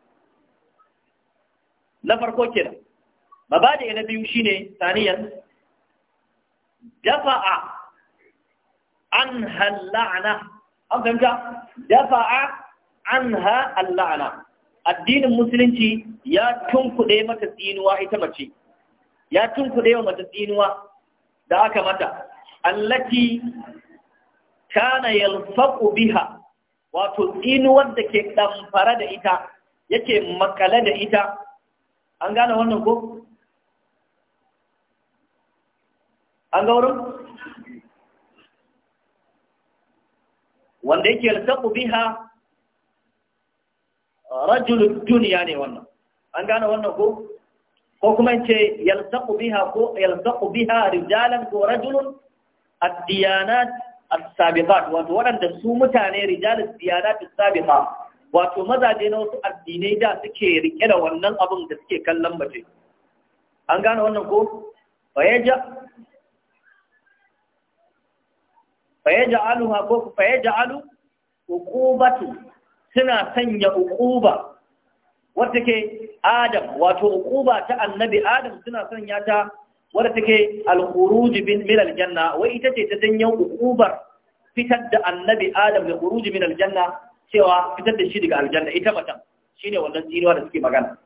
na farko kenan mabadi na biyu ne saniyan dafa'a an halana an fahimta dafa'a An ha Allahana addinin musulunci ya tunkuɗe mata tsinuwa ita mace ya tunkuɗe wa mata tsinuwa da aka mata allati kana yalfaƙo biha wato tsinuwar da ke ɗamfara da ita yake makale da ita an gane wannan ko an gauru? wanda yake yalfaƙo biha rajulun duniya ne wannan an gane wannan ko ko kuma ce yaltaqu biha ko yaltaqu biha rijalan ko rajulun ad-diyanat as-sabiqat wato waɗanda su mutane rijalus diyanat as-sabiqa wato mazaje na wasu addinai da suke rike da wannan abin da suke kallon mace an gane wannan ko fayaja fayaja alu ko fayaja alu uqubatu suna sanya uquba wadda take Adam wato uquba ta annabi Adam suna sanya ta wadda take al-khuruj bin min aljanna. janna wai ita ce ta janyo uqubar fitar da annabi Adam da khuruj min al-janna cewa fitar da shi daga aljanna ita matan shine wannan tsinuwa da suke magana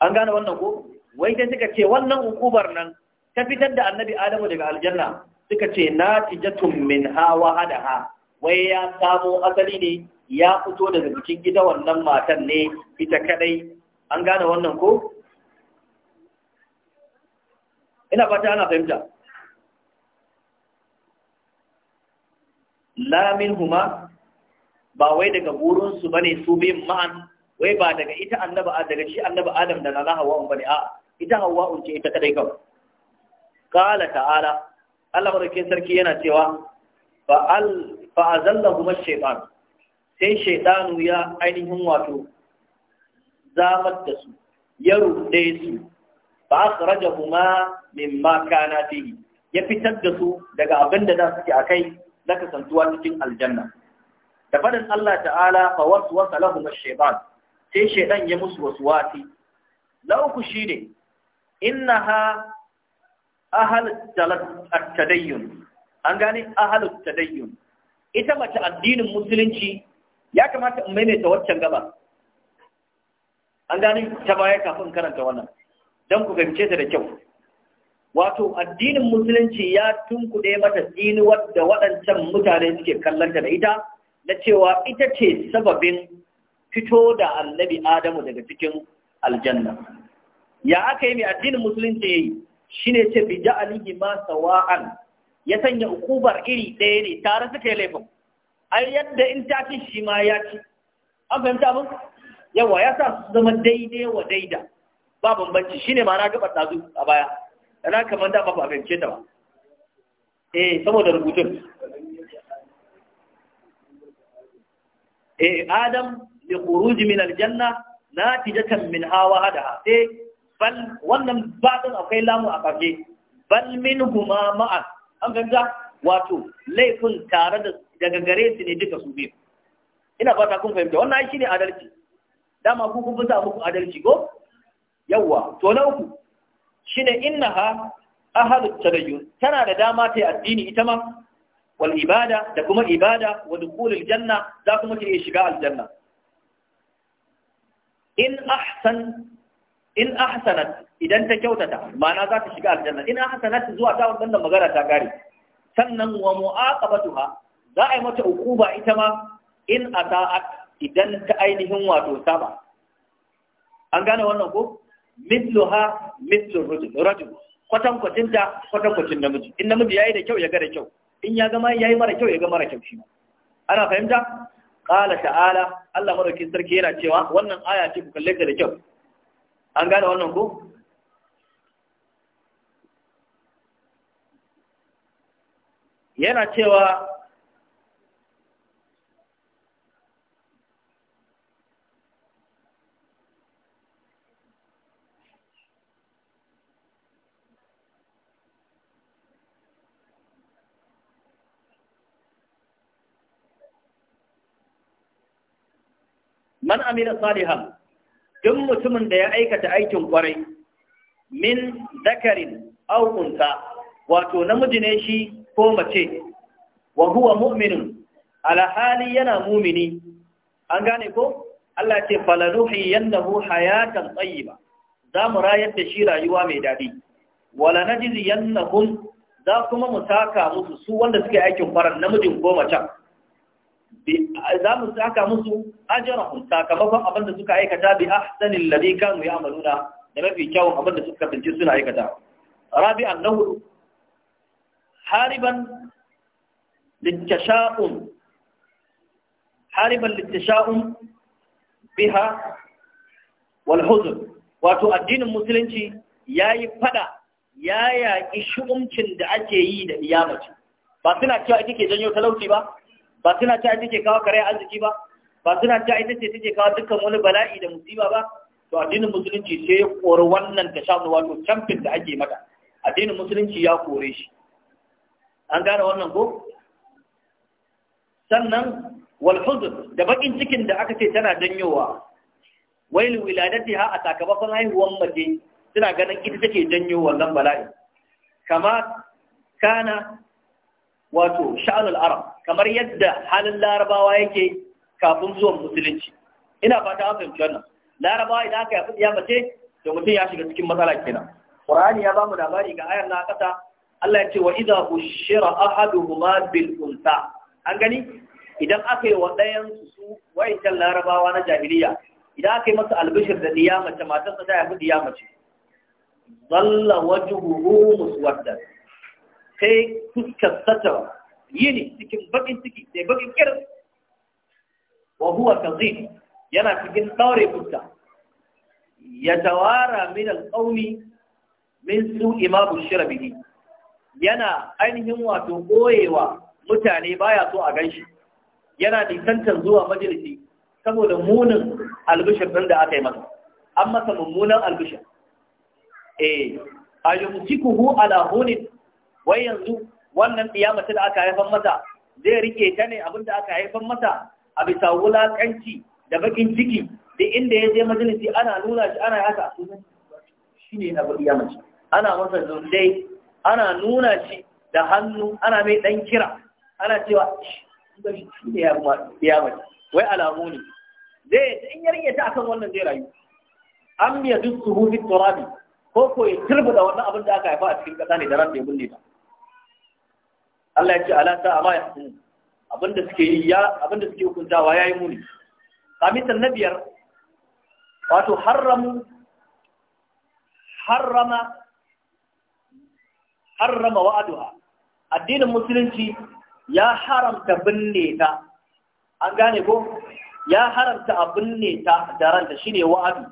an gane wannan ko wai dai suka ce wannan hukubar nan ta fitar da annabi adamu daga aljanna suka ce natijatun min hawa hadaha wai ya samo asali ne ya fito daga cikin gida wannan matan ne ita kadai an gane wannan ko ina fata ana fahimta la minhuma ba wai daga burin su bane su bin ma'an wai ba daga ita annabi daga shi annabi adam da nana hawa'un bane a ita hawa'un ce ita kadai kawai qala ta'ala Allah madaukakin sarki yana cewa fa al fa azallahu mashaitan sai shaidanu ya ainihin wato zamar da su ya ruɗe su ba su raja kuma min na fiye ya fitar da su daga abin da za su ke a kai na kasantuwa cikin aljanna da faɗin Allah ta'ala fa wasu wasa na shaitan sai shaidan ya musu wasu wati na uku shine ha ahal at-tadayyun an gani ahal ita mace addinin musulunci ya kamata in maimaita waccan gaba an gani ta baya kafin karanta wannan don ku fahimce ta da kyau wato addinin musulunci ya tunkuɗe mata tsinuwar da waɗancan mutane suke kallanta da ita na cewa ita ce sababin fito da annabi adamu daga cikin aljanna ya aka yi mai addinin musulunci ya yi shi ne ce bija Aliyu masa wa'an. ya sanya ukubar iri ɗaya ne tare suka yi laifin ai yadda in ta ci shi ma ya ci an fahimta abin yawa ya sa su zama daidai wa daida ba bambanci shine ma na gaba tsazu a baya da na kamar da ba ba fahimce ta ba eh saboda rubutun eh adam li khuruj min aljanna natijatan min hawa hada eh bal wannan baɗin akwai lamu a kafe bal min huma ma'a an ganga wato laifin tare da daga gare su ne duka su biyu ina fata kun fahimta wannan shi ne adalci dama ku kun fita muku adalci ko yawwa to na uku shine innaha ahlut tadayyun tana da dama ta addini ita ma wal ibada da kuma ibada wa dukhulul janna za kuma ta shiga aljanna in ahsan in ahsanat idan ta kyautata ma'ana za ta shiga aljanna in ahsanat zuwa ta wannan magana ta kare sannan wa mu'aqabatuha za a yi mata ba ita ma in a ata'at idan ta ainihin wato saba an gane wannan ko mithluha ha rajul kwatan kwatankwacin ta Kwatankwacin namiji in namiji yi da kyau ya ga da kyau in ya gama ya yi mara kyau ya ga mara kyau shi ana fahimta Ƙala ta'ala Allah madaukin sarki yana cewa wannan aya ce ku kalle ta da kyau an gane wannan ko yana cewa man amila salihan duk mutumin da ya aikata aikin kwarai min zakarin aw unta wato namiji ne shi ko mace wa huwa mu'minun ala hali yana mumini an gane ko Allah ce falaruhi yannahu hayatan tayyiba za mu rayar da shi rayuwa mai dadi wala najzi yannahum za kuma mu saka musu su wanda suke aikin kwarai namijin ko macen za mu saka musu ajrahum sakamakon abinda suka aikata bi ahsanil ladhi kanu ya'maluna da mafi kyawun abinda suka tunce suna aikata rabi'an nahu hariban litasha'um hariban litasha'um biha wal huzn wato addinin musulunci yayi fada ya yaƙi shu'umcin da ake yi da iyamaci ba suna cewa ita ke janyo talauci ba ba suna ci ita ke kawo kare arziki ba ba suna ci ita ce take kawo dukkan wani bala'i da musiba ba to addinin musulunci sai ya kori wannan ta shafi wato camfin da ake mata addinin musulunci ya kore shi an gane wannan ko sannan walhuzur da bakin cikin da aka ce tana danyowa. Wai wiladati ha a sakamakon haihuwan mace suna ganin ita take danyowa wannan bala'i kama kana wato sha'anul arab kamar yadda halin larabawa yake kafin zuwan musulunci ina fata an fahimci wannan larabawa idan aka yafi ya mace to mutum ya shiga cikin matsala kenan qur'ani ya bamu labari ga ayar na kasa Allah ya ce wa idza ushira ahaduhuma bil unsa an gani idan aka yi wa ɗayan su wa'incan larabawa na jahiliya idan aka yi masa albishir da mace matarsa ta yafi mace, zalla wajhuhu muswaddan kai fuskar sata yini cikin bakin ciki sai bakin kirin wahuwa huwa zai yana cikin ɗaure fuska ya tawara min alqawmi min su Imamu Shira bihi yana ainihin wato ɓoyewa mutane baya so a ganshi yana nisantar zuwa majalisi saboda munin albishir ɗin da aka yi masa an masa mummunan albishir eh a ala hunin wai yanzu wannan mace da aka haifan masa zai rike ta ne abin da aka haifan masa a bisa wulakanci da bakin ciki da inda ya je majalisi ana nuna shi ana haka shi ne na baɗi yamaci ana masa zundai ana nuna shi da hannu ana mai ɗan kira ana cewa shi ne ya mace wai alamu ne zai in ya ta akan wannan zai rayu An ya duk su hufi turabi ko ko ya turbuda wannan abin da aka haifa a cikin ƙasa ne da ran da ya bulle ta Allah ya ce ala ta amma ya abinda suke yi ya abinda suke hukuntawa yayi muni kamitan na biyar wato haramu harrama harrama wa'aduha addinin musulunci ya haramta binne ta an gane ko ya haramta a binne ta da ranta shine wa'adu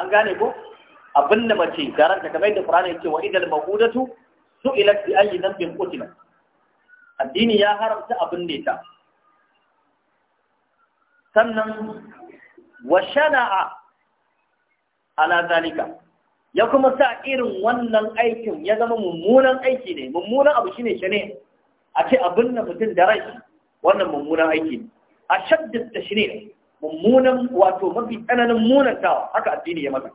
an gane ko a binne mace da ranta kamar yadda Qur'ani yake wa idal maqudatu su'ilat bi ayyi dhanbin qutilat addini ya haramta abin da ta sannan wa shana'a ala zalika ya kuma sa irin wannan aikin ya zama mummunan aiki ne mummunan abu shine shine a ce abin da mutum da rai wannan mummunan aiki ne a shaddin da shine mummunan wato mafi tsananin munantawa haka addini ya mata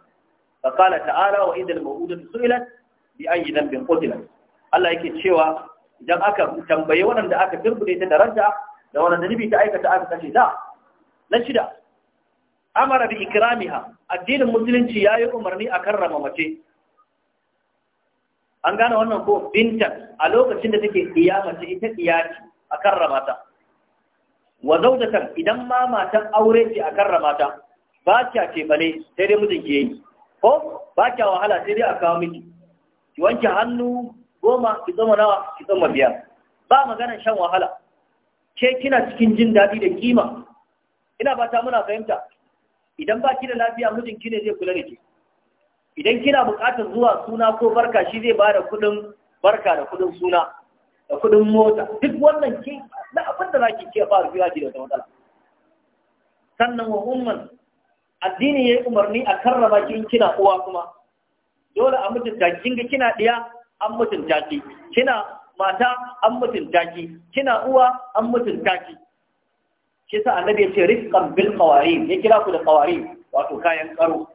fa qala ta'ala wa idal mawudatu su'ilat bi ayyi dhanbin qutilat Allah yake cewa Idan aka tambaye waɗanda aka turbule ta daraja da waɗanda nabi ta aikata aka kashe da na shida amara bi ikramiha addinin musulunci ya yi umarni a karrama mace an gane wannan ko binta a lokacin da take kiyamace ita kiyaci a karrama ta wa zaujatan idan ma matan aure ce a karrama ta ba kya ce bane sai dai mijin ke yi ko ba kya wahala sai dai a kawo miki ki wanke hannu goma ki zama nawa ki zama biyar ba maganar shan wahala ke kina cikin jin daɗi da kima ina fata muna fahimta idan ba ki da lafiya mijinki ne zai kula da ki idan kina buƙatar zuwa suna ko barka shi zai ba da kuɗin barka da kuɗin suna da kuɗin mota duk wannan ke na abin da zaki ke fara biya ki da wata matsala sannan wa umman addini yi umarni a karrama ki kina uwa kuma dole a mutunta kinga kina ɗiya an mutunta ki kina mata an mutunta ki kina uwa an mutunta ki Kisa annabi ya ce rizqan bil qawarin ya kira ku da qawarin wato kayan karo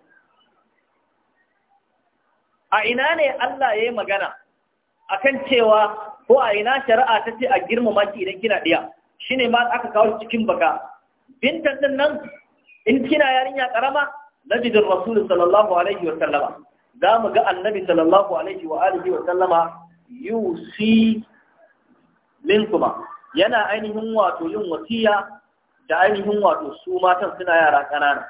a ina ne Allah ya yi magana akan cewa ko a ina shari'a ta ce a girmama ki idan kina diya? Shi ne ma aka kawo cikin baka bintan din nan in kina yarinya karama da rasul sallallahu alaihi wa sallama za mu ga annabi sallallahu alaihi wa alihi wa sallama yusi kuma. yana ainihin wato yin wasiya da ainihin wato su matan suna yara ƙanana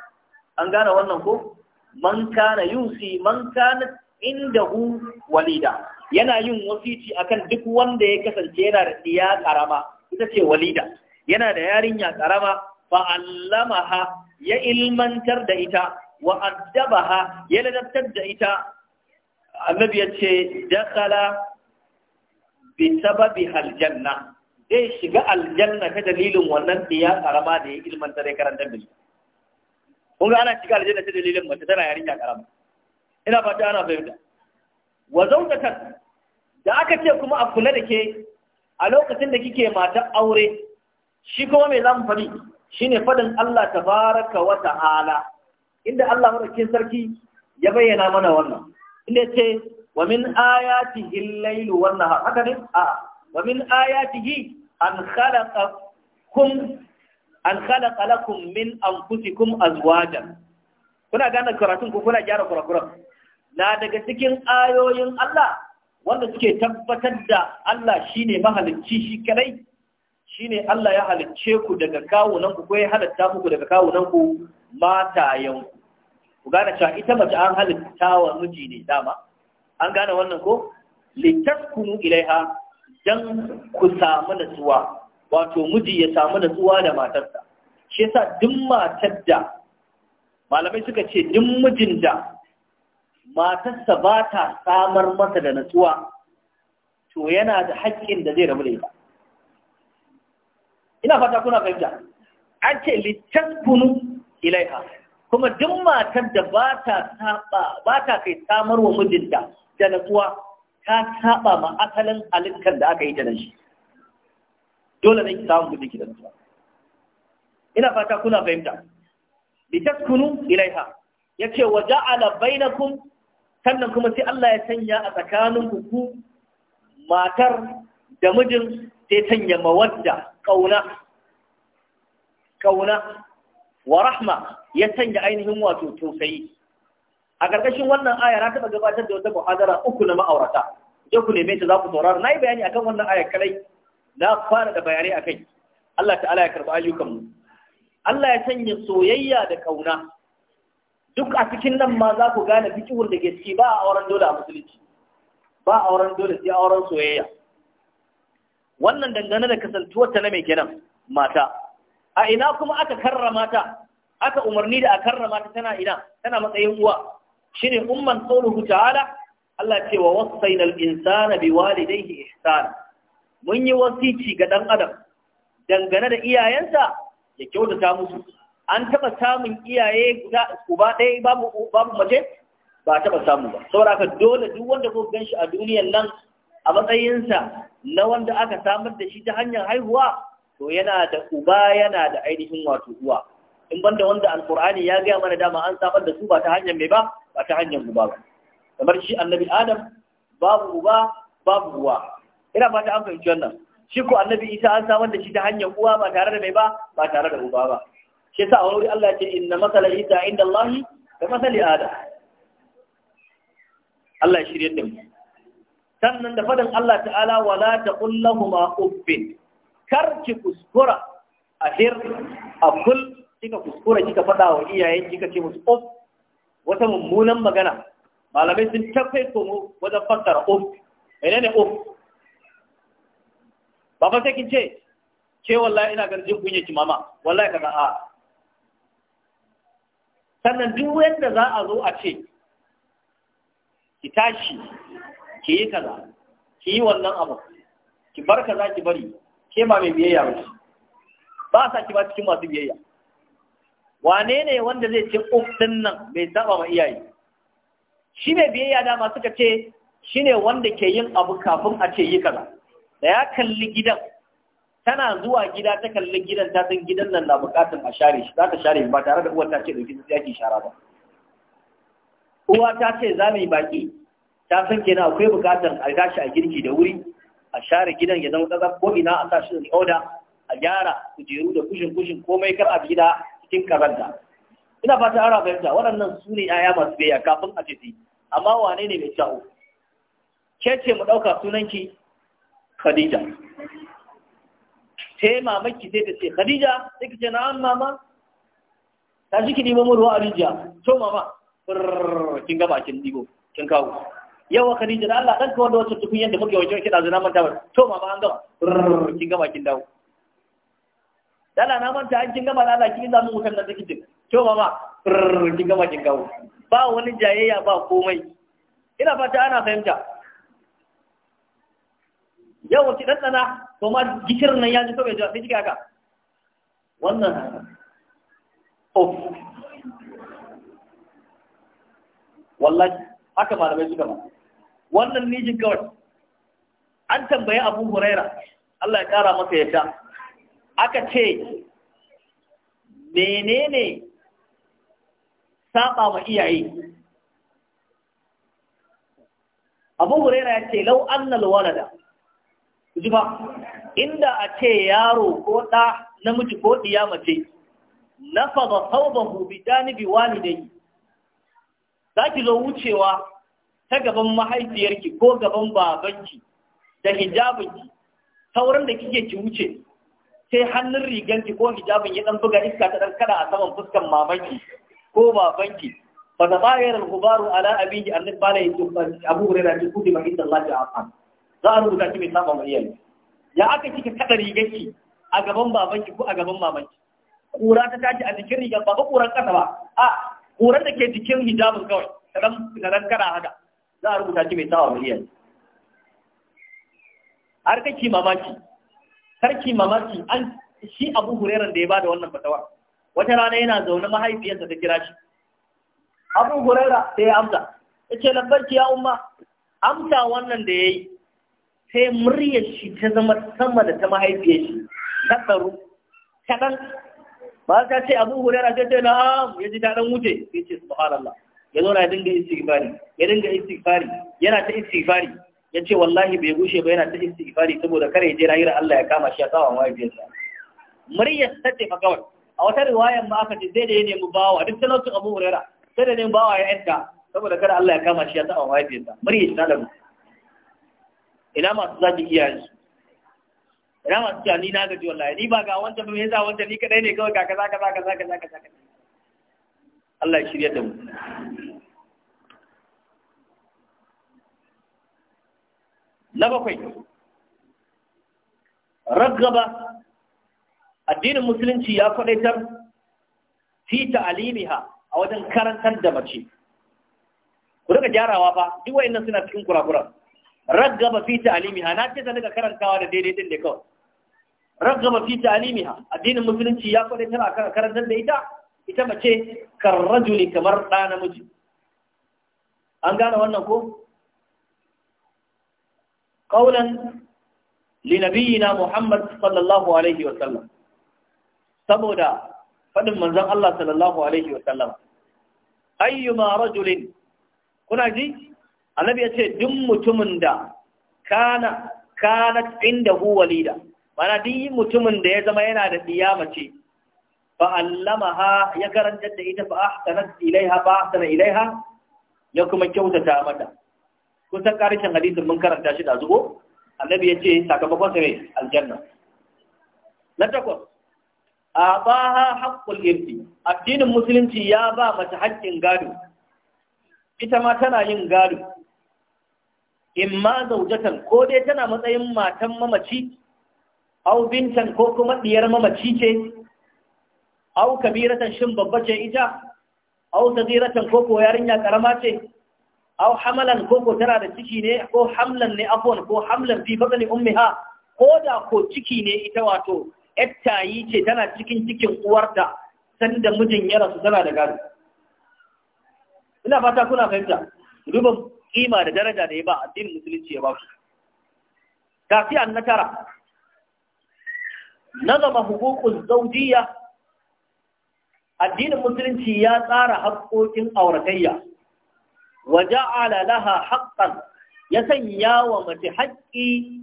an gane wannan ko man kana yusi man kana indahu walida yana yin wasici akan duk wanda ya kasance yana da diya karama ita ce walida yana da yarinya karama fa allamaha ya ilmantar da ita wa addabaha ya ladattar da ita annabi ya ce dakhala bi sababi aljanna zai shiga aljanna ta dalilin wannan diya karama da ya ilman da karanta bil kun ga ana shiga aljanna ta dalilin mace tana yarinya karama ina fata ana fahimta wa zaujatan da aka ce kuma a kula da ke a lokacin da kike matan aure shi kuma me zamu faɗi shine faɗin Allah tabaraka wa ta'ala inda Allah madaukakin sarki ya bayyana mana wannan inda yace wa min ayatihi al-layl wan nahar haka ne a wa min ayatihi an khalaqakum an khalaqa lakum min anfusikum azwajan kuna gane karatun ko kuna gyara kurakuran na daga cikin ayoyin Allah wanda suke tabbatar da Allah shine mahalicci shi kadai shine Allah ya halicce ku daga kawunanku ko ya halatta muku daga kawunanku matayenku ku gane cewa ita mace an halitta wa miji ne dama an gane wannan ko litaskunu ilaiha dan ku samu nutsuwa, wato miji ya samu natsuwa da matarsa shi yasa duk matar da malamai suka ce duk mijin da matarsa ba ta samar masa da natsuwa to yana da haƙƙin da zai rabu da ita ina fata kuna fahimta an ce litaskunu ilaiha kuma duk matar da ba ta kai samar wa mijinta da natsuwa ta saba ma asalin halittar da aka yi ta da shi dole ne ki samu ki da natsuwa ina fata kuna fahimta litaskunu ilaiha yace wa ja'ala bainakum sannan kuma sai Allah ya sanya a tsakanin ku matar da mijin sai sanya mawadda kauna kauna wa rahma ya sanya ainihin wato tausayi a ƙarƙashin wannan aya na taɓa gabatar da wata muhadara uku na ma'aurata je ku neme ta za ku saurara na yi bayani akan wannan aya kalai na fara da bayanai kai. Allah ta'ala ya karɓi ayyukanmu Allah ya sanya soyayya da ƙauna duk a cikin nan ma za ku gane fikiwar da ke ciki ba a auren dole a musulunci ba a auren dole sai auren soyayya wannan dangane da kasantuwar ta na mai kenan mata a ina kuma aka karrama ta aka umarni da a karrama ta tana ina tana matsayin uwa shine umman qawluhu ta'ala Allah ce wa wasaina al-insana walidayhi ihsan mun yi wasici ga dan adam dangane da iyayensa ya kyautata musu an taba samun iyaye guda uba ɗaya babu babu mace ba taba samu ba saboda haka dole duk wanda ko ganshi a duniyar nan a matsayinsa na wanda aka samar da shi ta hanyar haihuwa to yana da uba yana da ainihin wato uwa in banda wanda alqur'ani ya ga mana dama an sabar da su ba ta hanyar mai ba ba ta hanyar uba ba kamar shi annabi adam babu uba babu uwa ina fata an fahimci wannan shi ko annabi isa an samar da shi ta hanyar uwa ba tare da mai ba ba tare da uba ba shi yasa a wuri Allah ce inna masala isa inda Allah ka masali adam Allah ya shirye da mu sannan da fadin Allah ta'ala wala taqul ma uffin kar ki kuskura a hir a kul kika kuskura kika faɗa wa iyayen kika ce musu of wata mummunan magana malamai sun tafai komo wajen fassara of ne of ba fa sai kin ce ke wallahi ina ganin jin kunya ki mama wallahi kaza a sannan duk wanda za a zo a ce ki tashi ki yi kaza ki yi wannan abu ki bar kaza ki bari ke ma mai biyayya ba ba sa ki ba cikin masu biyayya wane ne wanda zai ce uf din nan bai saba ma iyaye shi mai biyayya dama suka ce shi ne wanda ke yin abu kafin a ce yi kaza da ya kalli gidan tana zuwa gida ta kalli gidan ta san gidan nan na bukatun a share shi za ta share ba tare da uwar ta ce ɗauki sai ki shara ba uwa ta ce za mu yi baki ta san kenan akwai bukatun a tashi a girki da wuri a share gidan ya zama tsatsa ko ina a sa shi da oda a gyara kujeru da kushin kushin komai kar a gida cikin karanta ina fata ara fahimta waɗannan su ne 'ya'ya masu biya kafin a tafi amma wane ne mai sha'o ke ce mu ɗauka sunanki khadija sai mamaki sai ta ce khadija sai ki ce na'am mama ta ji ki nemo ruwa a rijiya to mama kin gaba kin digo kin kawo yawa Khadija da Allah dan ka wanda wata tukun yanda muke wajen kida zuna manta ba to mama an gama kin gama kin dawo dala na manta an kin gama da Allah kin yi mu wutan nan da kitin to mama kin gama kin dawo ba wani jayayya ba komai ina fata ana fahimta yawa ki dan dana to ma gishir nan ya ji to bai ji sai kika wannan of wallahi haka malamai suka ba wannan nijin kawai an tambayi abu huraira Allah ya kara masa yadda aka ce menene saba wa iyaye abu huraira ya ce lau an walada da zuba inda a ce yaro ko ɗa namiji ko ɗiya mace na fada sauban hubi janibi yi za ki zo wucewa ta gaban mahaifiyarki ko gaban babanki da hijabinki sauran da kike ki wuce sai hannun riganki ko hijabin ya dan buga iska ta dan kada a saman fuskan mamanki ko babanki fa bayar al-ghubaru ala abihi annab bala yato abu hurairah ki kudi ma inda Allah ta'ala za a rubuta ki mai saba mai yanzu. ya aka kike kada riganki a gaban babanki ko a gaban mamanki kura ta tashi a jikin rigar ba ba kuran kasa ba a kuran da ke jikin hijabin kawai kadan kadan kada haka za a rubuta shi mai sawa miliyan har kai mamaki karki mamaki an shi abu hurairar da ya bada wannan fatawa wata rana yana zaune mahaifiyarsa ta kira shi abu hurairar sai ya amsa ya ce labbarki ya umma amsa wannan da ya yi sai muryar shi ta zama sama da ta mahaifiyar shi ta tsaro ta ba ta ce abu huraira ta ce na'am ya ji daɗin wuce ya ce subhanallah ya zo na dinga istighfari ya dinga istighfari yana ta istighfari ya ce wallahi bai gushe ba yana ta istighfari saboda kare je da Allah ya kama shi ya kawo mahaifiyarsa muryar ta ce magawar a wata riwayar ma aka ce sai da ya nemi bawa duk talaucin abu hurera sai da nemi bawa ya yanka saboda kare Allah ya kama shi ya kawo mahaifiyarsa muryar ta mutu. ina masu zaki iyayensu ina masu cewa ni na gaji wallahi ni ba ga wancan ba me yasa wancan ni kadai ne kawai ga kaza kaza kaza kaza kaza Allah ya shirya da mu na bakwai ragaba addinin musulunci ya kwadaitar fi ta'alimiha a wajen karantar da mace ku daga gyarawa ba duk wayannan suna cikin kurakuran ragaba fi ta'alimiha na ce ta daga karantawa da daidai din da kawai ragaba fi ta'alimiha addinin musulunci ya kwadaitar a karantar da ita ita mace kan rajuli kamar ɗa namiji an gane wannan ko قولا لنبينا محمد صلى الله عليه وسلم سبودا فدم من زم الله صلى الله عليه وسلم أيما رجل كنا جي النبي يتي دم متمن دا كان كانت عنده وليدا mana duk mutumin da ya zama yana da mace fa allamaha ya karantar da ita fa ahsanat ilaiha ba ahsana ilaiha ya kuma kyautata mata kusan karshen hadisin mun karanta shi da zubo annabi ya ce sakamakon sai aljanna na takwas a baha haƙƙul irdi addinin musulunci ya ba mata haƙƙin gado ita ma tana yin gado in ma zaujatan ko dai tana matsayin matan mamaci au bintan ko kuma diyar mamaci ce au kabiratan shin babba ce ita au sadiratan ko ko yarinya karama ce aw hamalan ko ko tana da ciki ne ko hamlan ne afwan ko hamlan fi batni ummiha ko da ko ciki ne ita wato yattayi ce tana cikin cikin uwarta sanda mijin ya rasu tana da gado ina fata kuna fahimta duba kima da daraja da ya ba addinin musulunci ya ba ku kafi an na tara nazama hukukun zaujiya addinin musulunci ya tsara haƙoƙin auratayya wa ja'ala laha haqqan ya sanya wa mace haƙƙi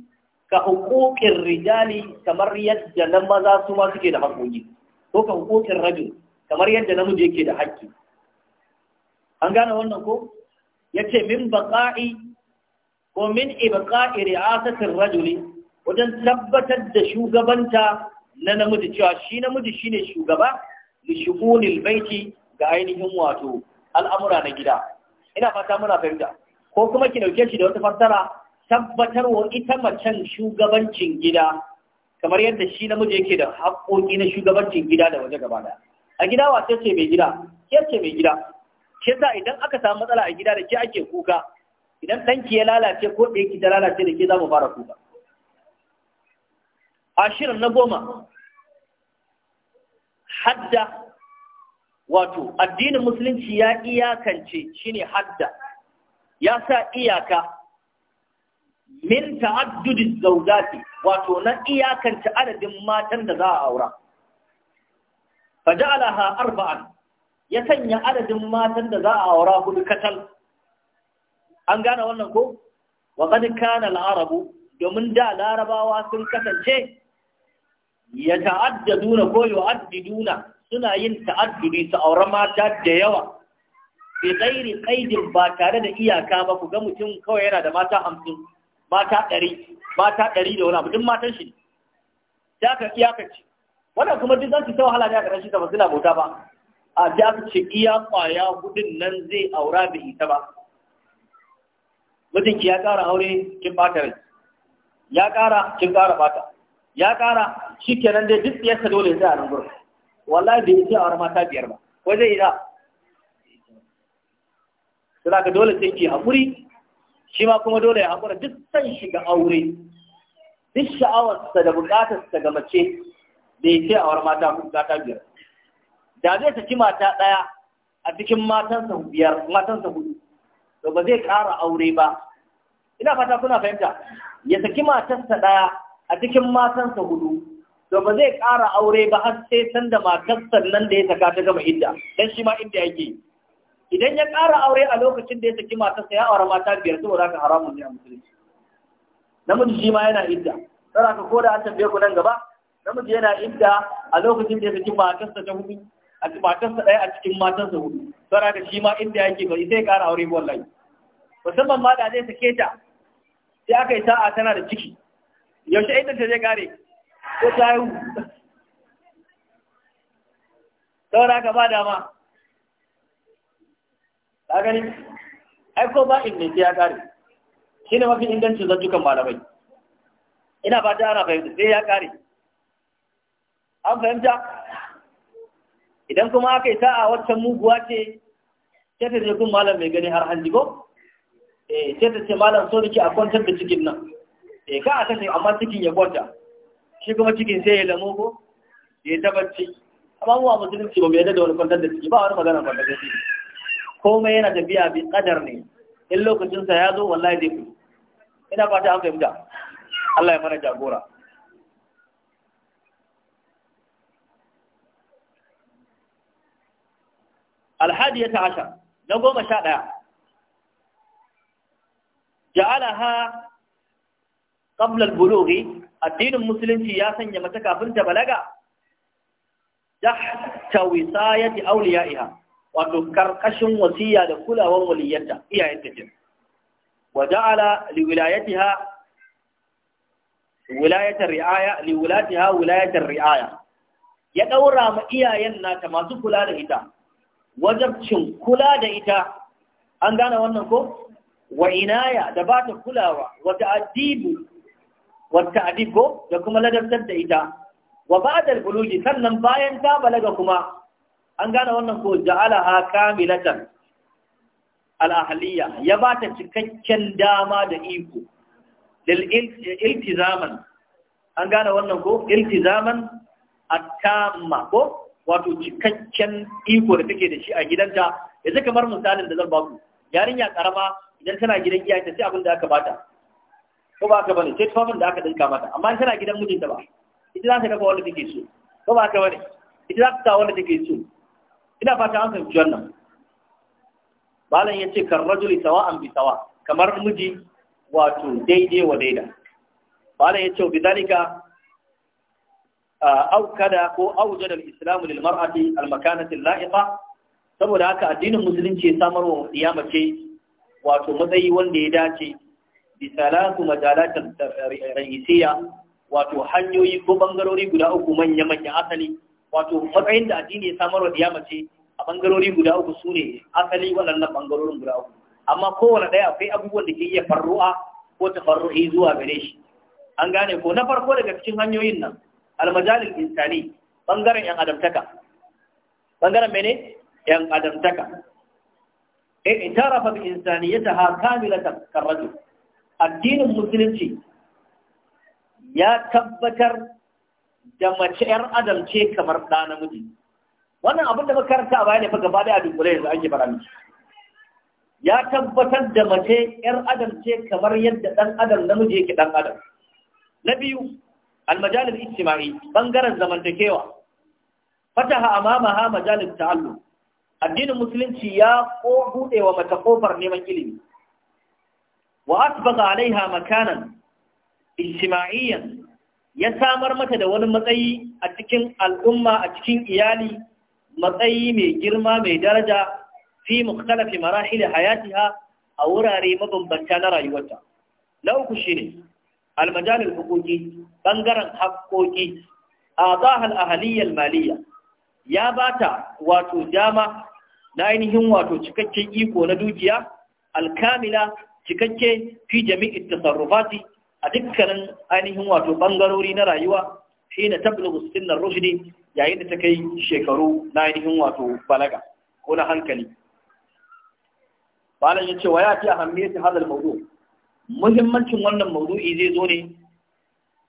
ka hukukin rijali kamar yadda na maza su ma suke da haƙoƙi ko ka hukukin rajul kamar yadda namiji yake da haƙƙi an gane wannan ko ya ce min baƙa'i ko min ibqa'i ri'asatir rajuli wajen tabbatar da shugabanta na namiji cewa shi namiji shine shugaba li shughulil baiti ga ainihin wato al'amura na gida ina fata muna fahimta ko kuma ki dauke shi da wata tabbatar wa ita macen shugabancin gida kamar yadda shi namiji yake da haƙoƙi na shugabancin gida da waje gaba daya a gida wace ce mai gida ke ce mai gida ke sa idan aka samu matsala a gida da ke ake kuka idan ɗanki ya lalace ko ɗaya ta lalace da ke za mu fara kuka ashirin na goma hadda wato addinin musulunci ya iyakance shine hadda ya sa iyaka min ta'addudi zawjati wato na iyakance adadin matan da za a aura ja'alaha arba'an ya sanya adadin matan da za a aura hudu katal an gane wannan ko wa qad kana al-arabu domin da larabawa sun kasance ya ta'addaduna ko yu'addiduna suna yin ta'addudi su auren mata da yawa bi ghairi qaidin ba tare da iyaka ba ku ga mutum kawai yana da mata hamsin mata ɗari mata ɗari da wani abu duk matan shi da ka iyaka ce wannan kuma duk zan sai ta wahala ne a ƙarshen ta ba suna bauta ba a da aka ce iya ƙwaya gudun nan zai aura da ita ba mijinki ya kara aure kin bata rai ya kara kin kara bata. ya kara? shi kenan dai duk tsiyarsa dole ya tsaya nan wallahi bai ce a mata biyar ba waje ina su ka dole sai ki haƙuri shi ma kuma dole ya haƙura duk san shi ga aure duk sha'awarsa da buƙatarsa ga mace bai ce a mata ta biyar da zai saki mata ɗaya a cikin matansa biyar matansa hudu to ba zai ƙara aure ba ina fata kuna fahimta ya saki sa ɗaya a cikin matansa hudu to ba zai ƙara aure ba har sai san da matarsa nan da ya saka ta gama idda dan shi ma idda yake idan ya ƙara aure a lokacin da ya saki matarsa ya aure mata biyar saboda haka haramun ne a musulunci namiji shi ma yana idda saboda ka ko da an tambaye ku nan gaba namiji yana idda a lokacin da ya saki matarsa ta hudu a matarsa ɗaya a cikin matarsa hudu saboda ka shi ma idda yake ba sai ƙara aure ba wallahi musamman ma da zai sake ta sai aka yi sa'a tana da ciki yaushe ita ce zai kare ko ta haihu saboda ka ba dama ta gani ai ko ba in ne ya kare shi ne mafi ingancin zantukan malamai ina ba ta ana fahimta sai ya kare an fahimta idan kuma aka yi sa'a waccan muguwa ce sai ta kun malam mai gani har hanji ko eh sai ta ce malam so da ke a kwantar da cikin nan eh, ka a kashe amma cikin ya kwanta shi kuma cikin sai ya lamo ko ya tabbaci amma mu a musulunci ba mu yadda da wani kwantar da ciki ba wani magana kwantar da ciki komai yana tafiya bi kadar ne in lokacinsa ya zo wallahi dai ku ina fata an fahimta Allah ya mana jagora الحادية عشر نقوم شاء جعلها قبل البلوغ addinin musulunci ya sanya mata kafin ta balaga tahta wisayati awliyaiha wato karkashin wasiya da kulawar waliyanta iyayen ta kin wa ja'ala li wilayatiha wilayatar ri'aya li wulatiha wilayatar ri'aya ya daura ma iyayen nata masu kula da ita wajabcin kula da ita an gane wannan ko wa inaya da ba ta kulawa wa ta'addibu wata adibo da kuma ladabtar da ita wa ba'da al-buluji sannan bayan ta balaga kuma an gane wannan ko ja'alaha kamilatan al-ahliya ya ba ta cikakken dama da iko lil iltizaman an gane wannan ko iltizaman at-tamma ko wato cikakken iko da take da shi a gidanta yanzu kamar misalin da zan ba ku yarinya karama idan tana gidan iyayenta sai abin da aka bata ko ba ka bane sai tufafin da aka dinka mata amma in tana gidan mijinta ba ita za ta dafa wanda take so ko ba ka bane ita za ta sa wanda take so ina fata an fahimci wannan malam ya ce kan rajuli sawa'an bi sawa kamar miji wato daidai wa daida malam ya ce bi dalika aukada ko aujada al-islam lil mar'ati al-makanati al-la'iqa saboda haka addinin musulunci ya samar wa mace wato matsayi wanda ya dace bi salatu majalat ra'isiyya wato hanyoyi ko bangarori guda uku manya manya asali wato matsayin da addini ya samar wa diyama ce a bangarori guda uku sune asali wannan bangarorin guda uku amma kowane ɗaya akwai abubuwan da ke iya farru'a ko ta tafarru'i zuwa gare shi an gane ko na farko daga cikin hanyoyin nan almajalil insani bangaren yan adamtaka bangaren mene yan adamtaka eh, in tarafa bi insaniyataha kamilatan karrajul addinin musulunci ya tabbatar da mace 'yar adamce kamar ɗa namiji wannan abin da makaranta a ne fa gaba da yanzu an yi fara ya tabbatar da mace 'yar adam kamar yadda ɗan adam namiji yake ɗan adam na biyu almajalin ijtima'i bangaren zamantakewa fataha ha majalin ta'allu addinin musulunci ya ko buɗewa mata mace neman ilimi وأسبق عليها مكانا اجتماعيا يسامر متى دون متأي أتكين الأمة أتكين إيالي متأي من جرمة من درجة في مختلف مراحل حياتها أو راري مبنبتان رأيوتا لا أكشيني المجال الحقوقي بنقرا حقوقي أعطاها الأهلية المالية يا باتا واتو جامع na ainihin wato cikakken iko na dukiya alkamila cikakke fi jami'i tasarrufati a dukkanin ainihin wato bangarori na rayuwa shi na tablugu sinnar rushdi yayin da ta kai shekaru na ainihin wato balaga ko na hankali malam ce wa fi ahammiyati ta hadar mawdu muhimmancin wannan mawdu'i zai zo ne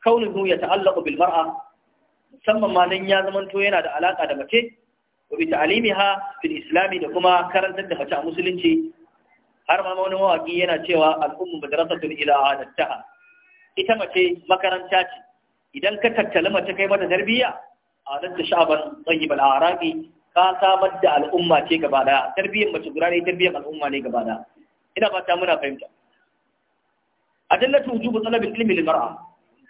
kaunin ya ta'allaka bil mar'a musamman ma nan ya zama to yana da alaka da mace wa bi ha fil islami da kuma karantar da mace a musulunci har ma wani mawaki yana cewa al'ummu madrasatun ila adattaha ita mace makaranta ce idan ka tattala mace kai mata tarbiyya adatta sha'ban tayyibal arabi ka samar da al'umma ce gaba daya tarbiyyar mace guda ne tarbiyyar al'umma ne gaba daya ina fata muna fahimta adallatu wujubu talabil ilmi lil mar'a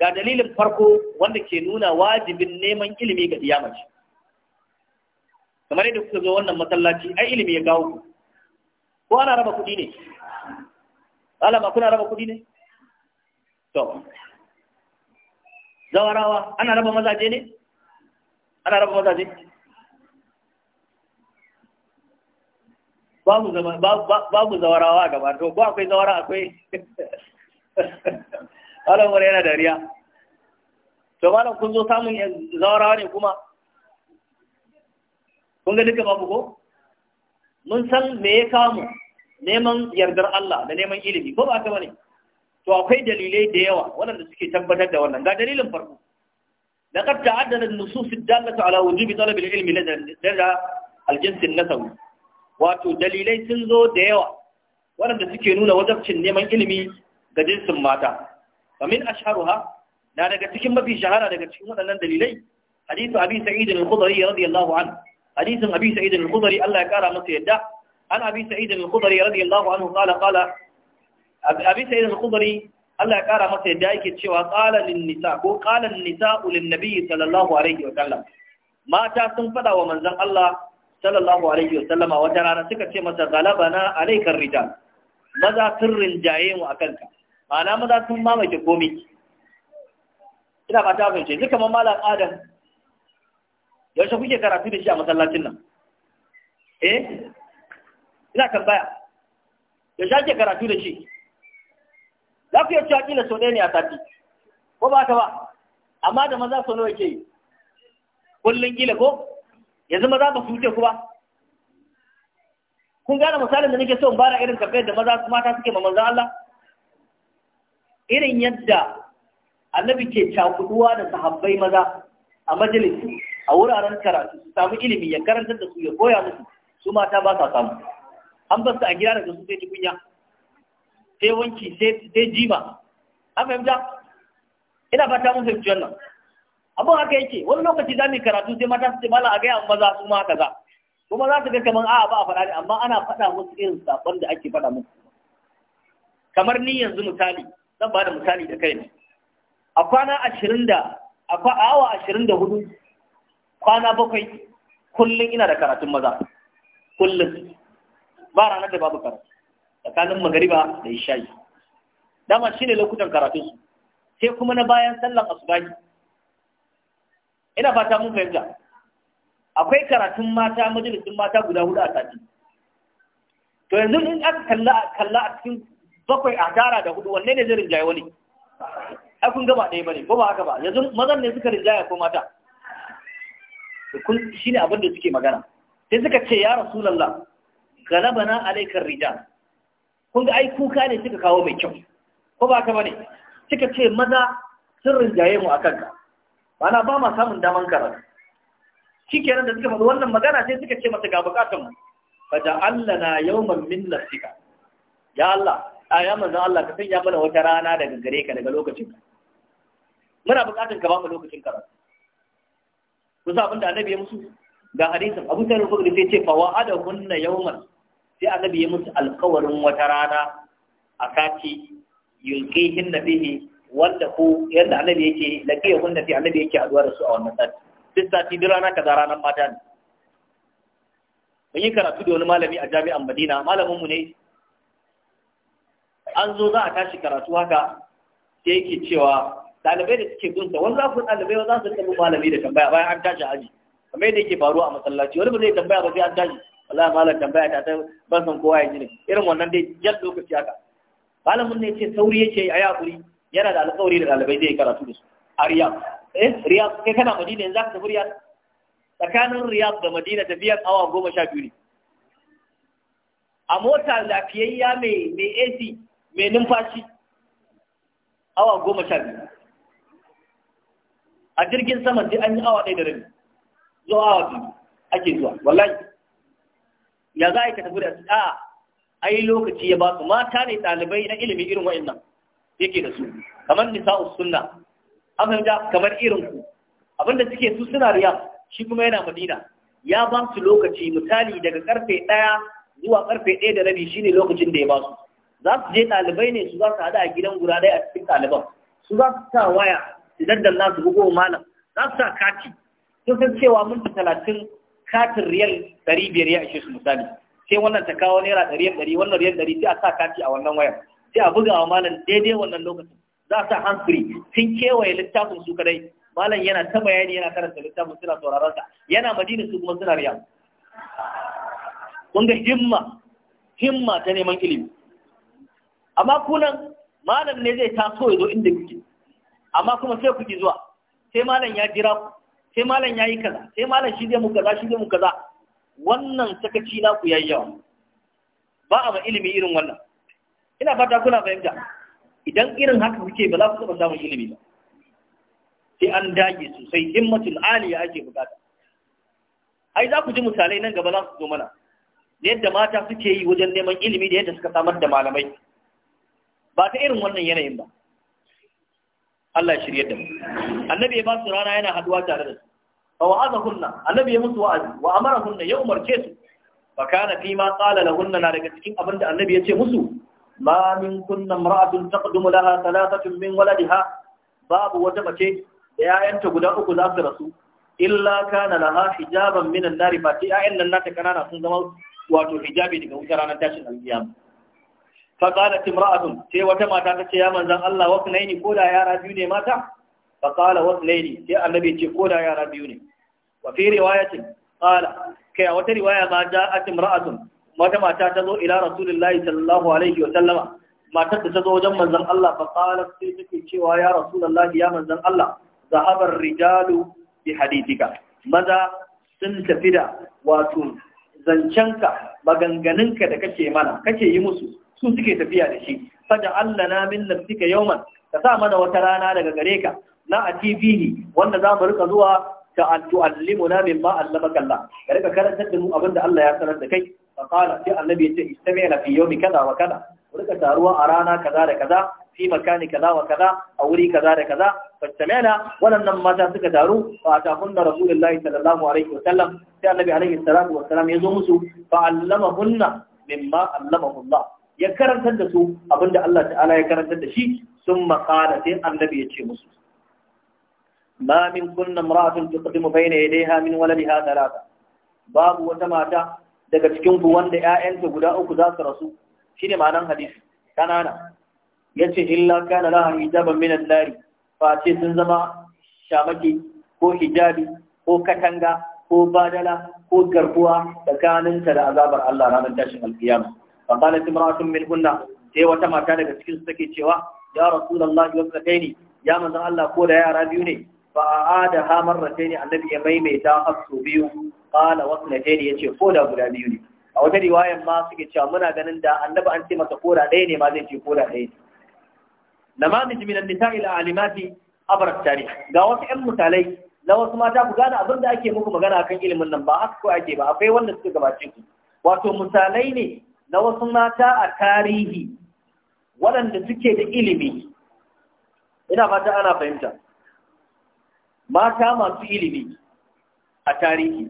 ga dalilin farko wanda ke nuna wajibin neman ilimi ga iya mace kamar yadda kuka zo wannan masallaci ai ilimi ya gawo ku ko ana raba kuɗi ne alama kuna raba kuɗi ne to zawarawa ana raba mazaje ne ana raba mazaje babu zama babu zawarawa gaba to ko akwai zawara akwai <laughs> alam wani yana dariya to malam kun zo samun zawarawa ne kuma kun ga duka babu ko mun san me ya kamu neman yardar Allah da neman ilimi ko ba ta bane to akwai dalilai da yawa waɗanda suke tabbatar da wannan ga dalilin farko لقد تعدد النصوص الدالة على وجوب طلب العلم لدى الجنس النسوي wato dalilai sun zo da yawa waɗanda suke nuna wajabcin neman ilimi ga jinsin mata kamin asharuha na daga cikin mafi shahara daga cikin waɗannan dalilai hadithu abi sa'id al-khudri radiyallahu an hadisin abi sa'id al-khudri Allah ya kara masa yadda an abi sa'id al-khudri radiyallahu anhu qala qala abi sa'id al-khudri Allah ya kara masa yadda yake cewa qala lin nisa ko qala lin sallallahu alaihi wa sallam mata sun faɗawa wa manzon Allah sallallahu alaihi wa sallama wata rana suka ce masa galabana alaikar rijal maza sun rinjaye mu akan ka maza sun mamaye komai ina yaushe kuke karatu da shi a masallacin nan eh ina tambaya yaushe ake karatu da shi za ku iya cewa kila sau ɗaya ne a sati ko ba ta ba amma da maza sau nawa ke yi kullum kila ko yanzu maza ba su wuce ku ba kun gane misalin da nake so in bara irin tafiyar da maza su mata suke ma manzo Allah irin yadda annabi ke cakuduwa da sahabbai maza a majalisi a wuraren karatu su samu ilimi ya karanta da su ya koya musu su mata ba sa samu an basu a gida daga su sai tukunya sai wanki sai jima an fahimta ina fata mun fahimci wannan abin haka yake wani lokaci za mu karatu sai mata su ce mala a gaya maza su ma kaza kuma za su ga kamar a'a ba a faɗa ne amma ana faɗa musu irin sakon da ake faɗa musu kamar ni yanzu misali zan ba da misali da kaina a kwana ashirin da a awa ashirin da hudu kwana bakwai kullum ina da karatun maza kullum ba ranar da babu karatu tsakanin magariba da isha'i dama shine lokutan karatun su. sai kuma na bayan sallan asubahi ina fata mun fahimta akwai karatun mata majalisun mata guda hudu a sati to yanzu in aka kalla kalla a cikin bakwai a tara da hudu wanne ne zai rinjaye wani ai kun gaba ɗaya bane ko ba haka ba yanzu mazan ne suka rinjaya ko mata shi ne abin da suke magana sai suka ce ya rasulallah galabana alaikar rijal kun ga ai kuka ne suka kawo mai kyau ko ba ka bane suka ce maza sun rinjaye mu kanka? ba bana ba ma samun daman karatu kenan da suka faɗi wannan magana sai suka ce masa ga bukatun mu Allah na yawman Minna nafsika ya Allah a ya manzan Allah ka sanya mana wata rana daga gare ka daga lokacin muna bukatun ka ba mu lokacin karatu kusa abin da annabi ya musu ga hadisin abu sai rufu da sai ce fa ada kunna yawman sai annabi ya musu alkawarin wata rana a sati yulqihin nabihi wanda ko yanda annabi yake laqiya kunna sai annabi yake haduwa da su a wannan sati sai sati duk rana kaza ranar mata ne mun yi karatu da wani malami a jami'an Madina malamin mu ne an zo za a tashi karatu haka sai yake cewa Dalibai da suke gunsa wani za ku dalibai wani za su rika malami da tambaya bayan an tashi aji kamar yadda yake faruwa a masallaci wani ba zai tambaya ba sai an tashi wallahi malam tambaya ta san ban san kowa ya ji ne irin wannan dai jan lokaci haka malamin ne ce sauri yake a yakuri yana da alƙawari da dalibai zai karatu da su a riyad eh riyad kai kana madina yanzu zaka tafi riyad tsakanin riyad da madina tafiyar awa goma sha biyu ne a mota lafiyayya mai mai ac mai numfashi awa goma sha biyu a jirgin sama sai an yi awa ɗaya da rabi zuwa awa biyu ake zuwa wallahi ya za a yi ka tafi da a ai lokaci ya ba su mata ne ɗalibai na ilimi irin wa'annan yake da su kamar nisa'us sunna an fahimta kamar irin ku abinda suke su suna riya shi kuma yana madina ya ba su lokaci misali daga karfe ɗaya zuwa karfe ɗaya da rabi shine lokacin da ya ba su za su je ɗalibai ne su za su haɗa a gidan guda ɗaya a cikin ɗaliban su za su sa waya idan da za su bugo malam za su sa kati sun san cewa minti talatin katin riyal ɗari biyar ya ishe su misali sai wannan ta kawo naira ɗari ɗari wannan riyal ɗari sai a sa kati a wannan wayar sai a buga wa malam daidai wannan lokacin za a sa hansfree sun kewaye littafin su kadai malam yana ta bayani yana karanta littafin suna sauraron sa yana madina su kuma suna riyal Kunga himma himma ta neman ilimi amma kunan malam ne zai taso ya zo inda kuke amma kuma sai ku ji zuwa sai malam ya jira ku sai malam ya yi kaza sai malam shi zai mu kaza shi zai mu kaza wannan sakaci na ku yayyawa ba a ma ilimi irin wannan ina fata kuna fahimta idan irin haka kuke ba za ku taɓa samun ilimi ba sai an dage sosai himmatul aliya ake bukata ai za ku ji misalai nan gaba za ku zo mana da yadda mata suke yi wajen neman ilimi da yadda suka samar da malamai ba ta irin wannan yanayin ba Allah shirye da mu annabi ya ba su rana yana haduwa tare da su fa wa'azahunna annabi ya musu wa'azi wa amarahunna ya umarce su fa kana fi ma qala lahunna na daga cikin abin da annabi ya ce musu ma min kunna imra'atun taqdumu laha thalathatun min waladiha babu wata mace da yayanta guda uku za su rasu illa kana laha hijaban min an-nar fa ta nan nata kanana sun zama wato hijabi daga wutar ranar tashin alkiyama fa qalat imra'atun sai wata mata ta ce ya manzon Allah wasu kunaini ko da yara biyu ne mata fa wasu wa sai annabi ce ko da yara biyu ne wa fi riwayatin qala kai wata riwaya ma ja'at imra'atun wata mata ta zo ila rasulullahi sallallahu alaihi wa sallama matar da ta zo wajen manzon Allah fa sai take cewa ya rasulullahi ya manzon Allah zahabar rijalu bi hadithika maza sun tafi da wato zancenka maganganunka da kake mana kake yi musu su suke tafiya da shi Saja Allah na min sika yawman ka sa mana wata rana daga gare ka na a tibihi wanda za mu rika zuwa ta allimu na min ma allamaka Allah ka rika karantar da mu abin da Allah ya sanar da kai fa qala sai annabi ya ce istami'a fi yawmi kaza wa kaza rika taruwa a rana kaza da kaza fi makani kaza wa kaza a wuri kaza da kaza fastami'na waɗannan mata suka taru fa atahunna rasulullahi sallallahu alaihi wa sallam sai annabi alaihi salatu wa salam ya zo musu fa allamahunna mimma allamahu Allah ya karantar da su abinda Allah ta'ala ya karantar da shi sun makala sai annabi ya ce musu ma min kunna imra'atun tuqdimu bayna yadayha min waladiha thalatha babu wata mata daga cikin ku wanda ƴaƴanta guda uku za su rasu shine ma'anar hadisi kanana yace illa kana laha hijaban min an-nari fa ce sun zama shamaki ko hijabi ko katanga ko badala ko garkuwa tsakaninta da azabar Allah ranar tashin alkiyama فقالت امرأة منهن sai wata mata daga cikin su take cewa ya rasulullahi wa sallataini ya manzon Allah ko da yara biyu ne fa aada ha marrataini annabi ya maimaita hasu biyu qala wa sallataini yace ko da guda biyu ne a wata riwayar ma suke cewa muna ganin da annabi an ce masa ko da ɗaya ne ma zai ce ko da ɗaya ne namamij min an-nisa ila alimati abrat tarikh ga wasu ƴan misalai na wasu mata ku gane abin da ake muku magana kan ilimin nan ba haka ko ake ba akwai wanda suka gabace ku wato misalai ne na wasu mata a tarihi waɗanda suke da ilimi ina mata ana fahimta mata masu ilimi a tarihi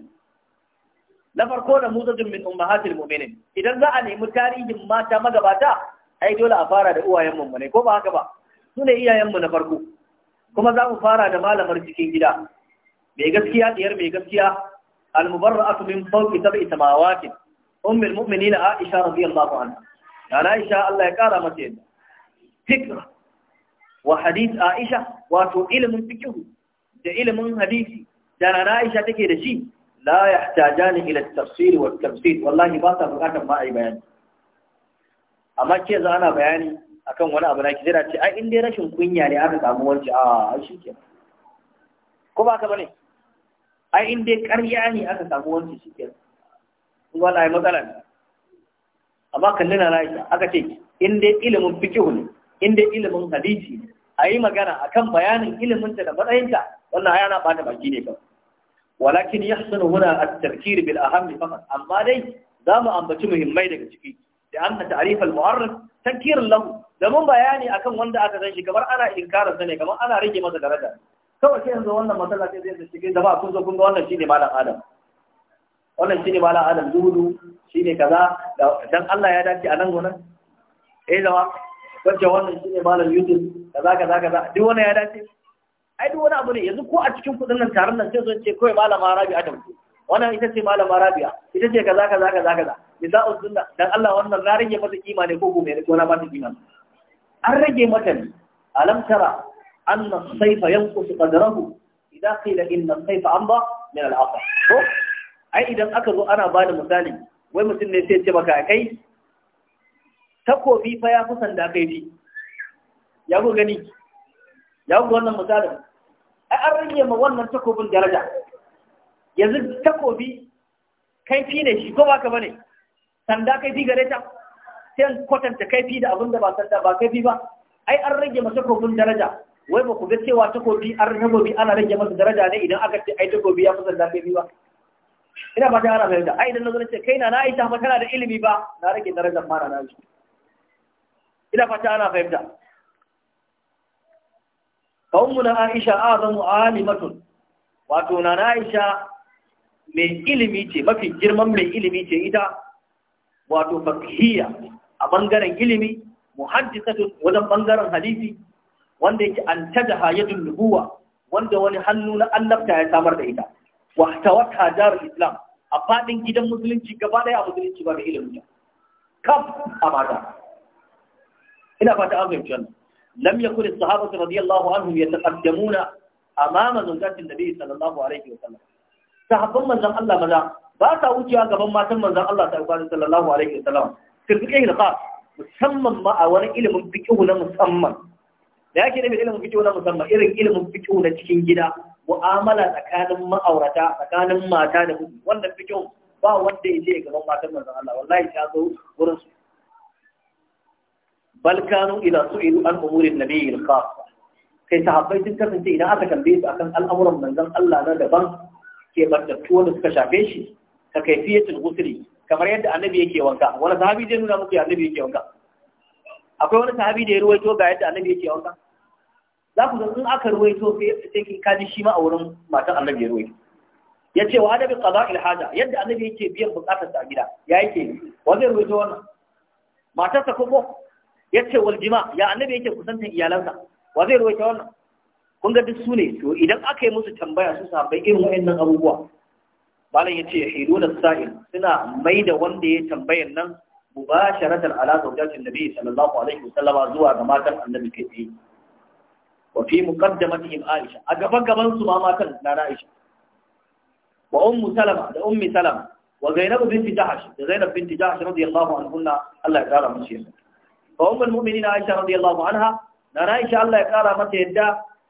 na farko da muzajin min ummahatil mu'minin idan za a nemi tarihin mata magabata ai dole a fara da uwayen mu ko ba haka ba su ne iyayen na farko kuma za mu fara da malamar cikin gida mai gaskiya diyar mai gaskiya al-mubarra'atu min fawqi sab'i samawatin ummul mu'minin Aisha radiyallahu anha dan Aisha Allah ya kara mata yadda fikra wa hadith Aisha wato ilimin fiqh da ilimin hadisi da na Aisha take da shi la yahtajani ila at-tafsir wa at-tafsir ba ta bukatar ma ai bayani amma ke za bayani akan wani abu na ki jira ai in rashin kunya ne aka samu wanci a ai ba ka ai ne aka samu su ba da matsala ne amma kalli na Aisha aka ce inda ilimin fiqh ne inda ilimin hadisi ne ayi magana akan bayanin iliminta da matsayinta wannan aya na bata baki ne kawai walakin yahsunu huna at-tarkir bil ahammi faqat amma dai za mu ambaci muhimmai daga ciki da anna ta'rif al-mu'arrif tankir lahu da mun bayani akan wanda aka san shi kamar ana inkarin sa ne kamar ana rage masa daraja kawai sai yanzu wannan matsala sai zai shiga da ba kun zo kun ga wannan shine malam adam wannan shine malam adam zuhudu shine kaza dan Allah ya dace a nan gonan eh zama wacce wannan shine malam yusuf kaza kaza kaza duk wannan ya dace ai duk wani abu ne yanzu ko a cikin kudin nan taron nan sai zo ce kawai malama rabi'a ta mutu wannan ita ce Malam Arabiya, ita ce kaza kaza kaza kaza misa'ul sunna dan Allah wannan na rage mata kima ne ko gome ko na ba ta kima an rage mata ne alam tara anna as-sayfa yanqusu qadrahu idza qila inna as-sayfa amda min al-'asr ai idan aka zo ana bada misali wai mutum ne sai ce maka kai takobi fa ya fi sanda kai fi ya ku gani ya ku wannan misalin ai an rage ma wannan takobin daraja yanzu takobi kaifi ne shi ko ba bane sanda kaifi gare ta sai kwatanta kaifi da abin da ba sanda ba kaifi ba ai an rage ma takobin daraja wai ba ku ga cewa takobi an takobi ana rage masa daraja ne idan aka ce ai takobi ya fi sanda fi ba ina ba ta hana mai da ai idan na zo ce kai na na aisha ba tana da ilimi ba na rage darajar mara na aisha ina fata ana fahimta fa ummu na aisha azamu alimatun wato na aisha mai ilimi ce mafi girman mai ilimi ce ita wato fakhiya a bangaren ilimi muhaddisatun wajen bangaren hadisi wanda yake an tajaha yadul nubuwa wanda wani hannu na annabta ya samar da ita wa tawakka darul islam a fadin gidan musulunci gaba daya a musulunci ba da ilimi kaf a mata ina fata an fahimci wannan lam yakun as-sahabatu radiyallahu anhum yataqaddamuna amama zawjatin nabi sallallahu alaihi wa sallam sahabban manzon Allah maza ba sa wucewa gaban matan manzon Allah sallallahu alaihi wa sallam kirkin ilqa musamman ma a wani ilimin fiqh na musamman da yake da ilimin fito na musamman irin ilimin fito na cikin gida mu'amala tsakanin ma'aurata tsakanin mata da miji wannan fito ba wanda ya je gaban matan manzon Allah wallahi ta zo wurin su bal kanu ila su'ilu an umurin nabiyil khas kai sahabbai sun kasance idan aka tambaye su akan al'amuran manzon Allah na daban ke tuwa wanda suka shafe shi ka kaifiyatul ghusli kamar yadda annabi yake wanka wani sahabi zai nuna muku annabi yake wanka akwai wani sahabi da ya ruwaito ga yadda annabi yake wanka za ku ga in aka ruwaito sai ka ji shi ma a wurin matan annabi ya ruwaito ya ce wa adabi qada il haja yadda annabi yake biyan bukatar sa a gida ya yake wa zai ruwaito wannan matarsa ko ya ce wal jima ya annabi yake kusantan iyalansa wa zai ruwaito wannan kun ga duk su ne to idan aka yi musu tambaya su sabai irin wa'annan abubuwa malam ya ce Hidunan sa'il suna mai da wanda ya tambayar nan mubasharatan ala zawjatin nabi sallallahu alaihi wasallama zuwa ga matan annabi kai tsaye wa fi muqaddamatihim Aisha a gaban gaban su ma na Aisha wa Salama da ummi Salama wa binti Jahsh da Zainab binti Jahsh radiyallahu anhunna Allah ya kara musu yadda fa ummul mu'minin Aisha radiyallahu anha na Aisha Allah ya kara mata yadda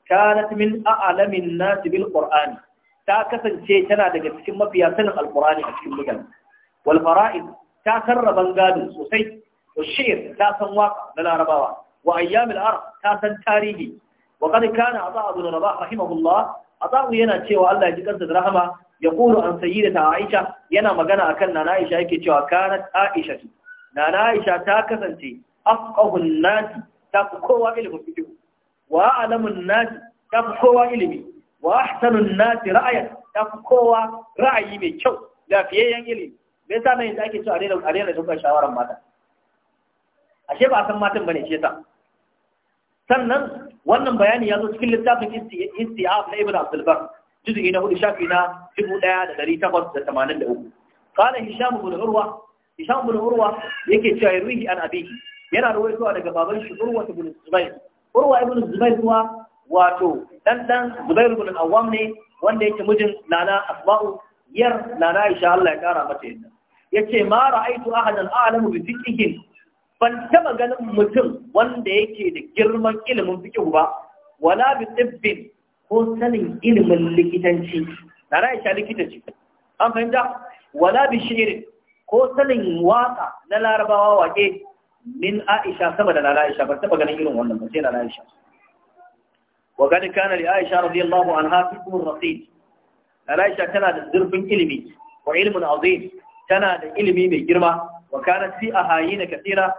kanat min a'lamin nas bil Qur'an ta kasance tana daga cikin mafiya sanin a cikin mutane ta karraban gado sosai والشعر لا سن واقع للعرباوة وأيام الأرض ta san تاريخي wa qad kana aba abu rabah rahimahullah abu yana cewa Allah ya ji kansa da rahama ya kulu an sayyidata Aisha yana magana akan nana Aisha yake cewa Kana Aisha nana Aisha ta kasance afqahun nati ta fi kowa ilimin fiqh wa alamun nasi ta fi kowa ilimi wa ahsanun nasi ra'aya ta fi kowa ra'ayi mai kyau lafiyayyen ilimi me yasa nan ake cewa arena arena duka shawaran mata ashe ba san matan bane shi yasa sannan wannan bayani ya zo cikin littafin istihab na ibn abdulbar juz'i na hudu shafi na 1883 qala hisham ibn urwa hisham ibn urwa yake cewa ruhi an abihi yana rawaitowa daga baban shi urwa ibn zubair urwa ibn zubair kuwa wato dan dan zubair ibn ne wanda yake mijin nana asma'u yar nana insha Allah ya kara mata yadda yace ma ra'aitu ahadan a'lamu bi fiqhihi ban taba ganin mutum wanda yake da girman ilimin fikihu ba wala bi tibbin ko sanin ilimin likitanci na Aisha likitanci an fahimta wala bi shirin ko sanin waka na larabawa wake min Aisha sama da na Aisha ban taba ganin irin wannan ba sai na Aisha wa gani kana li Aisha radiyallahu anha fi kumur rasid Aisha tana da zurfin ilimi wa ilmun azim tana da ilimi mai girma wa a fi ahayina kathira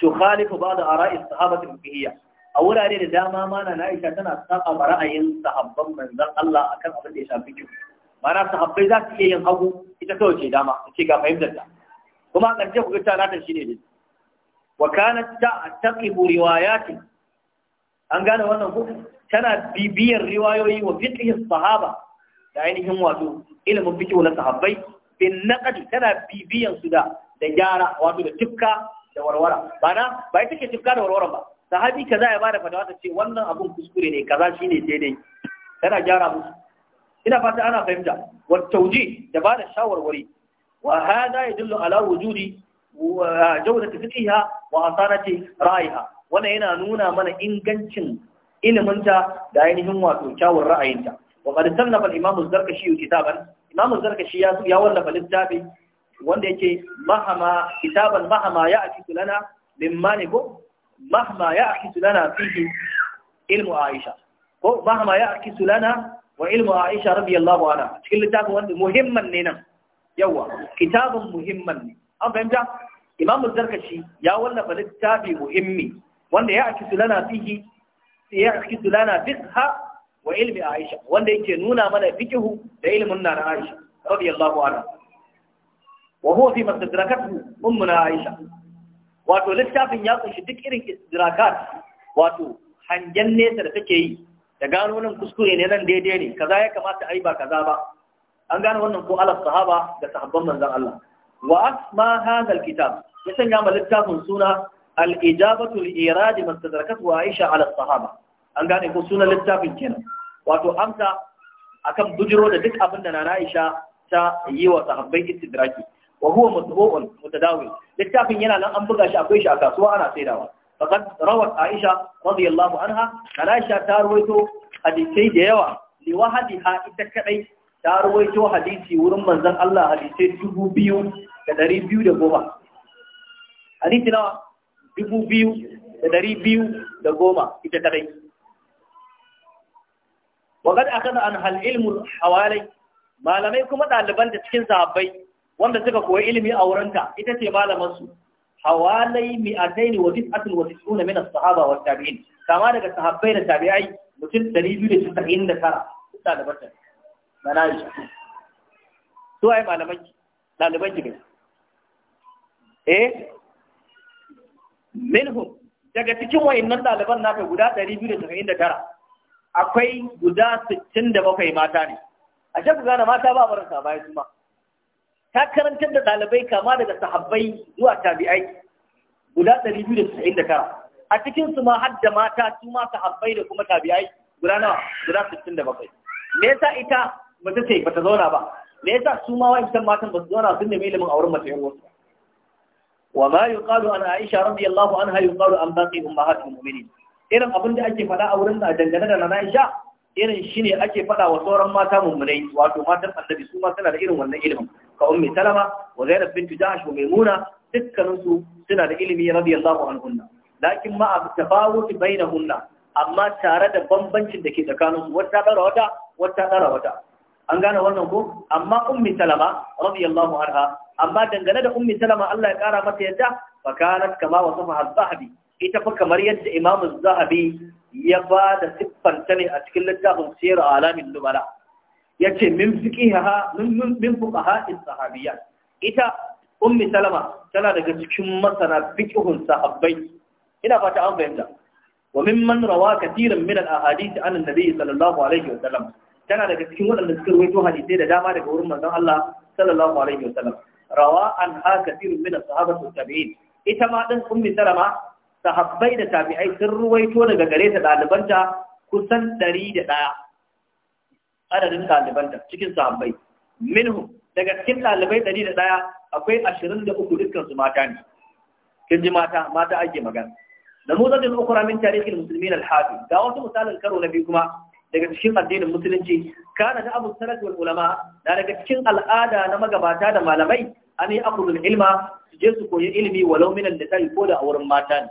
tukhalifu ba'd ara'i ta fiqhiyya a wurare da dama mana na Aisha tana saba ba ra'ayin sahabban manzon Allah akan abin da ya shafi kiwo mana sahabbai za su iya yin hagu ita ta ce dama ce ga fahimtar ta kuma a ƙarshe ku ga ta nata shine ne wa kanat ta'taqibu riwayati an gane wannan ku tana bibiyar riwayoyi wa fiqhi sahaba da ainihin wato ilimin fiqhi na sahabbai bin naqdi tana bibiyan su da da gyara wato da tukka da warwara ba na ba ita ke tufka da warwara ba sahabi a ya bada fatawa ta ce wannan abun kuskure ne kaza shine daidai tana gyara musu ina fata ana fahimta wa tauji da da shawarwari wa hada yadullu ala wujudi jawdat fiqhiha wa asanati ra'iha wannan yana nuna mana ingancin iliminta da ainihin wato kyawun ra'ayinta wa qad sannafa al-imam az-zarkashi kitaban imam az-zarkashi ya wallafa littafin wanda yake mahama kitaban mahama ya akitu lana Limmani ko mahama ya akitu lana fi ilmu Aisha ko mahama ya akitu lana wa ilmu Aisha radiyallahu anha cikin littafin wanda muhimman ne nan yawa kitabun muhimman ne an fahimta imam zarkashi ya wallafa littafi muhimmi wanda ya akitu lana fi ya akitu lana fiqha wa ilmi Aisha wanda yake nuna mana fiqhu da ilmin nan Aisha radiyallahu anha wa huwa fi mastadrakatu ummuna Aisha wato littafin ya kunshi duk irin istidrakat wato hangen nesa da take yi da gano nan kuskure ne nan daidai ne kaza ya kamata a yi ba kaza ba an gano wannan ko ala sahaba da sahabban manzon Allah wa asma hadha alkitab ya sanya ma littafin suna al-ijabatu li-iradi mastadrakatu Aisha ala sahaba an gane ko sunan littafin kenan wato amsa akan bujiro da duk abin da na Aisha ta yi wa sahabbai istidraki wa huwa matbu'un mutadawil littafin yana nan an buga shi akwai shi a kasuwa ana saidawa faqad rawat Aisha radiyallahu anha Aisha ta rawaito hadisai da yawa li wahadiha ita kadai ta rawaito hadisi wurin manzon Allah hadisai 2210 hadisi na 2210 ita kadai وقد أخذ عنها العلم حوالي ما لم يكن مدى لبند صحابي wanda suka koyi ilimi a wurinta ita ce malaman su hawalai mi'atayn wa tis'atun wa tis'una min as-sahaba wa tabi'in kama daga sahabbai da tabi'ai mutum 299 da bata na Aisha su ai malaman ki daliban ki eh minhu daga cikin wayannan daliban naka guda 299 akwai guda 67 mata ne a shekaru gane mata ba barin sa bayan su ta karantar da ɗalibai kama daga sahabbai zuwa tabi'ai guda 299 a cikinsu ma har da mata su ma sahabbai da kuma tabi'ai guda nawa guda 67 me yasa ita ba ta ce ba ta zauna ba me yasa su ma wa'ancan matan ba su zauna sun nemi ilimin auren mace yan wasu wa ma yuqalu an aisha radiyallahu anha yuqalu an baqi ummahatul mu'minin irin abin da ake faɗa a wurin da dangane da nana Aisha irin shine ake faɗa wa sauran mata mummunai wato matan annabi su ma suna da irin wannan ilimin ka ummi salama wa zainab bint jahsh wa maimuna dukkanin suna da ilimi radiyallahu anhunna lakin ma a tafawuti bainahunna amma tare da bambancin da ke tsakanin wata dara wata wata dara wata an gane wannan ko amma ummi salama radiyallahu anha amma dangane da ummi salama Allah ya kara mata yadda fa kanat kama wasafa az-zahabi ita fa kamar yadda imam az-zahabi ya ba da siffanta ne a cikin littafin sirr alamin nubala yace min fiqiha min min fuqaha as sahabiya". ita ummi salama tana daga cikin masana fiqhun sahabbai ina fata an fahimta wa mimman rawa katiran min al-ahadith an an sallallahu alaihi wa sallam tana daga cikin waɗanda suka rawaito hadisai da dama daga wurin manzon Allah sallallahu alaihi wa sallam rawa an ha katirun min as-sahabatu tabi'in ita ma din ummi salama sahabbai da tabi'ai sun ruwaito daga gare ta dalibanta kusan 101 adadin taliban da cikin sahabbai minhu daga cikin ɗalibai ɗari da ɗaya akwai ashirin da uku dukkan mata ne kin ji mata mata ake magana da muzajin ukura min tarihin musulmin alhafi ga wasu misalin karo na biyu kuma daga cikin addinin musulunci kana da abu sarat wal ulama da daga cikin al'ada na magabata da malamai an yi akulul ilma su je su koyi ilimi walau min al-lisan ko da auren mata ne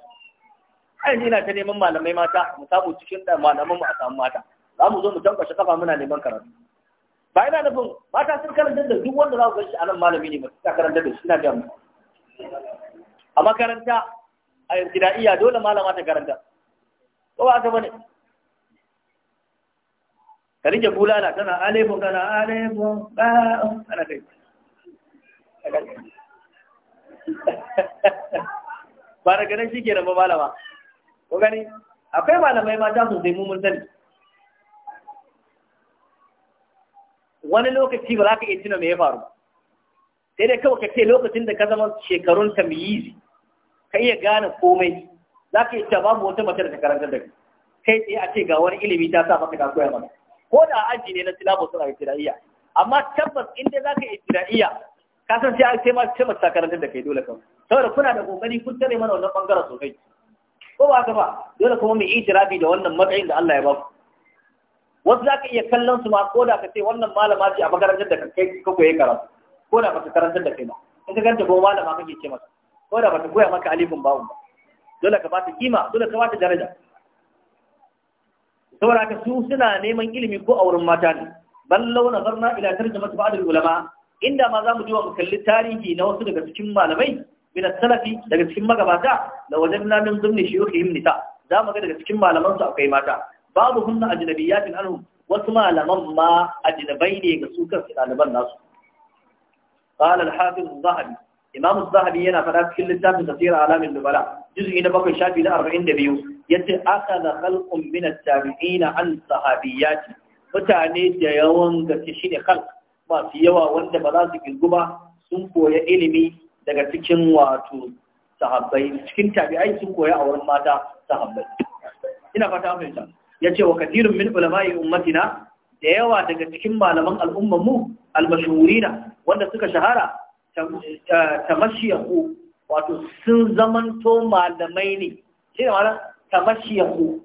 ai ina ta neman malamai mata mu samu cikin da malaman mu a samu mata za mu zo mu tankwashe kafa muna neman karatu ba ina nufin mata sun karanta da duk wanda za ku shi a nan malami ne ba ta karanta da shi na da a makaranta a iya dole malama ta karanta ko ba ka bane ka rike bulala tana alifun kana alifun ba'un kana kai ba da ganin shi ke ba malama ko gani akwai malamai mata sosai mu mun sani wani lokaci ba za ka iya tuna me ya faru sai dai kawai ka ce lokacin da ka zama shekarun tamyizi ka iya gane komai za ka iya cewa babu wata mace da ta karanta da kai tsaye a ce ga wani ilimi ta sa maka ta koya mana ko da aji ne na silabus suna ibtida'iyya amma tabbas in dai za ka ibtida'iyya ka san sai sai ma sai mace ta karanta da kai dole kan saboda kuna da kokari kun tare mana wannan bangaren sosai ko ba ka ba dole kuma mu itirafi da wannan matsayin da Allah ya ba ku wasu za ka iya kallon su ma ko da ka ce wannan malama ce a makarantar da kai ka koyi karatu ko da baka karantar da kai ba in ka ganta ko malama kake ce masa ko da bata koya maka alifin bawun ba dole ka bata kima dole ka bata daraja saboda ka su suna neman ilimi ko a wurin mata ne ballau na zarna ila masu ba'adul ulama inda ma za mu jiwa mu kalli tarihi na wasu daga cikin malamai min salafi daga cikin magabata la wajen min zumni shuyukhihim nisa mu ga daga cikin malaman su akwai mata babu hunna ajnabiyatin anhum wasu malaman ma ajnabai ne ga su kansu ɗaliban nasu Zahabi الحافظ الذهبي إمام الذهبي هنا فلا كل التاب تفسير أعلام النبلاء جزء إن بقي شافي إلى أربعين دبيو يتي أخذ خلق من التابعين an صحابيات mutane da yawan gaske shi ne khalq masu yawa wanda ba za su girgu ba sun koya ilimi daga cikin wato sahabbai cikin tabi'ai sun koya a wurin mata sahabbai ina fata fahimta Ya ce wa kathirun min ulama'i ummatina da yawa daga cikin malaman al'ummar mu al-mashhurina wanda suka shahara tamashiyahu wato sun zamanto malamai ne shi ne mana tamashiyahu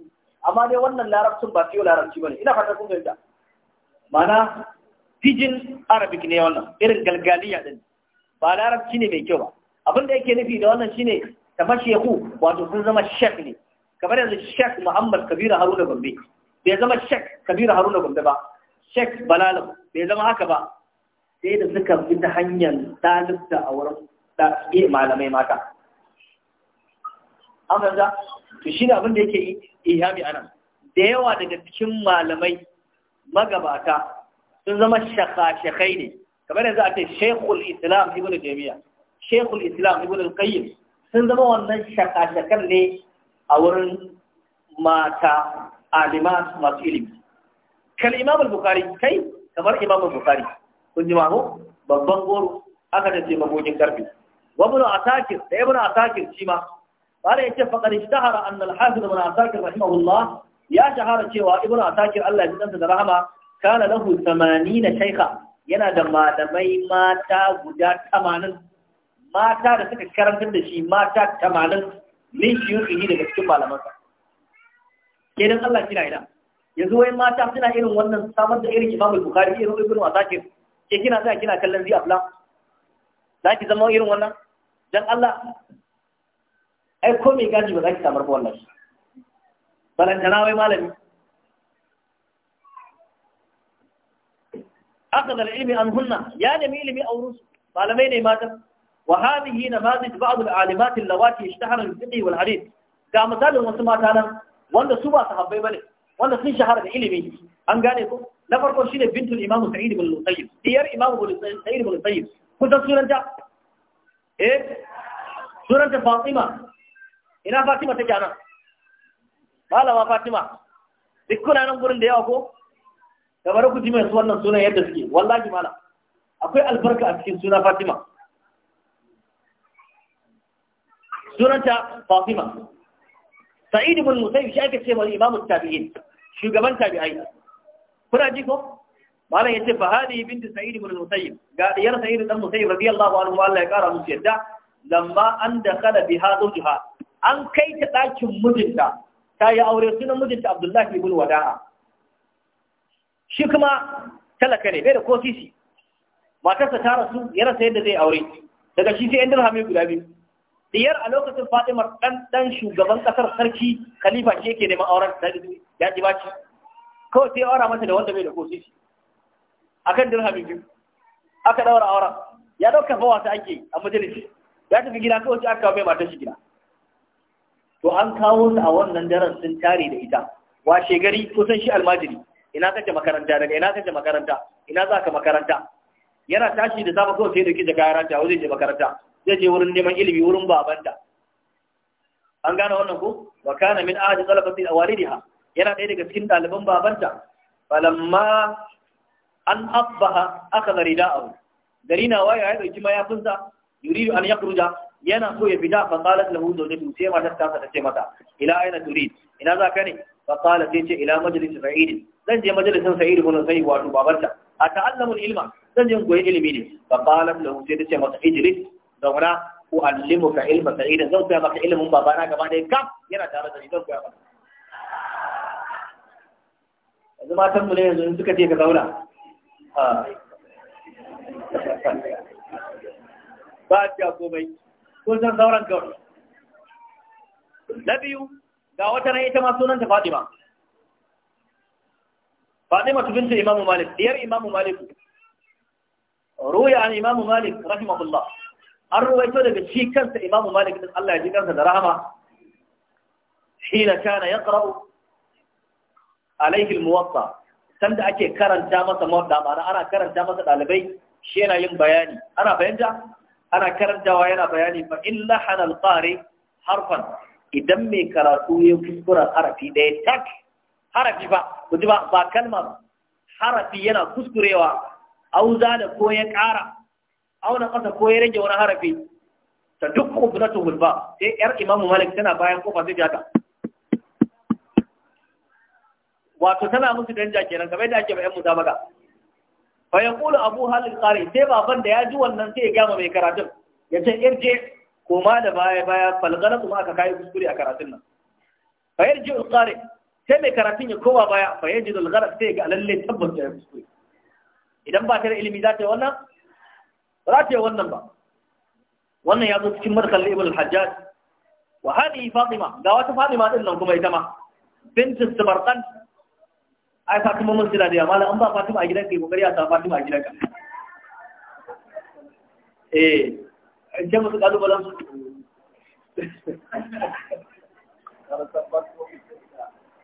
amma dai wannan larabcin ba fiye larabci ba ne, ina fata kun gaida mana pidgin arabic ne wannan irin galgaliya din ba larabci ne mai kyau ba abin da yake nufi da wannan shine tamashiyahu wato sun zama shek ne kamar yanzu shek Muhammad Kabiru Haruna Gombe bai zama shek Kabiru Haruna Gombe ba shek Balalam bai zama haka ba sai da suka bi ta hanyar dalibta a wurin malamai mata an fahimta to shi ne abin da yake ihami anan da yawa daga cikin malamai magabata sun zama shakashakai ne kamar yanzu a ce shekul islam ibn jami'a shekul islam ibn al sun zama wannan shakashakan ne a wurin mata alimat masu ilimi kal imam al-bukhari kai kamar imam al-bukhari kun ji mako babban goro aka tace magogin karfi wa ibn asakir da ibn asakir shi ma bare yace faqad ishtahara anna al-hafiz ibn asakir rahimahullah ya shahara cewa ibn asakir Allah ya tsanta da rahama kana lahu 80 shaykha yana da malamai mata guda 80 mata da suka karantar da shi mata 80 min shiyuhi daga cikin malamansa ke dan Allah kina ina yanzu wai mata suna irin wannan samar da irin Imam Bukhari irin Ibn Asakir ke kina sa kina kallon zi afla za ki zama irin wannan dan Allah ai ko me gadi ba za ki samar ba wallahi balantana wai malami أخذ العلم عنهن يا نمي علمي أو رسل malamai ne mata وهذه نماذج بعض العالمات اللواتي اشتهر بالفقه والحديث ga misalin wasu mata nan wanda su ba sahabbai bane wanda sun shahara da ilimi an gane ko na farko shine bintul imamu sa'id ibn al-sayyid diyar imamu sa'id ibn al-sayyid kusan sunanta eh sunanta fatima ina fatima take nan malama fatima duk nan gurin da yawa ko da bari ku ji mai wannan sunan yadda suke wallahi malam akwai albarka a cikin suna fatima sunanta Fatima Sa'id ibn shi ake ce wa imamu tabi'in shugaban tabi'ai kuna ji ko malam yace fa hadi bint Sa'id ibn Musayyib ga diyar Sa'id ibn Musayyib radiyallahu anhu Allah ya kara musu yadda lamma an dakhala biha zawjiha an kai ta dakin mijinta ta yi aure sunan mijinta Abdullahi ibn Wada'a shi kuma talaka ne bai da ko sisi matarsa ta rasu ya rasa yadda zai aure daga shi sai ɗan dirhami guda biyu diyar a lokacin fatimar ɗan shugaban ƙasar sarki khalifa shi yake neman auren da ya ji baci kawai sai aura mata da wanda bai da kosi akan dirha biyu aka daura auren ya ɗauka fa wasa ake a majalisi ya tafi gida kawai sai aka kawo mai matar shi gida to an kawo su a wannan daren sun tare da ita washe gari kusan shi almajiri ina kace makaranta daga ina kace makaranta ina za ka makaranta yana tashi da safa kawai sai da kije kayara rata wajen je makaranta zai je wurin neman ilimi wurin babanta an gane wannan ku wa kana min ahadi talabati awalidiha yana ɗaya daga cikin ɗaliban babanta falamma an abbaha akhadha rida'ahu gari na waya ya ɗauki mayafinsa yuridu an yakhruja yana so ya fita fa qalat lahu zawjatu sai matar ta ta ce mata ila aina turid ina za ka ne fa qala sai ce ila majlis sa'id zan je majalisin sa'id ibn sa'id wato babarta ata'allamu ilma zan je goyi ilimi ne fa qalat lahu sai ta ce mata ijlis zauna ko allimu ka ilma ka idan zan koya maka ilimin babana gaba ɗaya kam yana tare da ni zan koya maka yanzu matan mu ne yanzu suka ce ka zauna ba a ciya komai ko san sauran kawai na biyu ga wata nan ita ma sunanta Fatima Fatima bintu Imam Malik diyar Imam Malik ruya an Imam Malik rahimahullah an ruwaito daga shi kansa imamu malik din Allah ya ji kansa da rahama hina kana ya alayhi al-muwatta sanda ake karanta masa mawadda ma'ana ana karanta masa dalibai shi yana yin bayani ana bayanta ana karantawa yana bayani Ba in lahana al harfan idan mai karatu ya kuskura harafi ɗaya tak harafi ba kuji ba ba harafi yana kuskurewa auza da ko ya ƙara auna kasa ko ya rage wani harafi ta duk kudratu gulba sai yar imamu malik tana bayan kofa zai ta wato tana musu danja kenan kamar da ake bayan musabaka fa yaqulu abu halil qari sai baban da ya ji wannan sai ya gama mai karatun ya ce irje ma da baya baya falgana kuma aka kai kuskure a karatun nan fa yarji al qari sai mai karatun ya koma baya fa yaji al gharar sai ga lalle tabbata ya kuskure idan ba ta da ilimi za ta yi wannan ba za ta yi wannan ba wannan ya zo cikin markal ibn al-hajjaj wa hadi fatima ga wata fatima din nan kuma ita ma bint sabarqan ai fatima mun jira da ya mala an ba fatima a gidanka yi kokari a sa fatima a gidanka eh je musu kalubalen su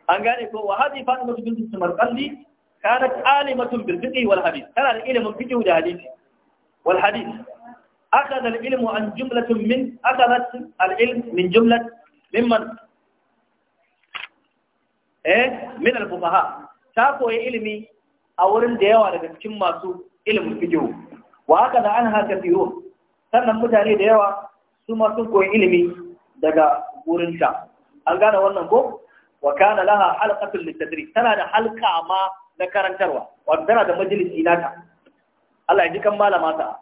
an gane ko wa hadi fatima bint sabarqan kanat alimatun bil fiqh wal hadith Kana da ilimin fiqh da hadisi wal hadith akhadha al ilmu an jumlatin min akhadhat al min jumlat eh, min al ta koyi ilimi a wurin da yawa daga cikin masu ilimin fiqh wa haka da anha kathirun sannan mutane da yawa su ma sun koyi ilimi daga wurinta an gane wannan ko wa kana laha halqatul litadrik tana da halka ma na karantarwa wato tana da majalisi nata Allah ya ji kan malama ta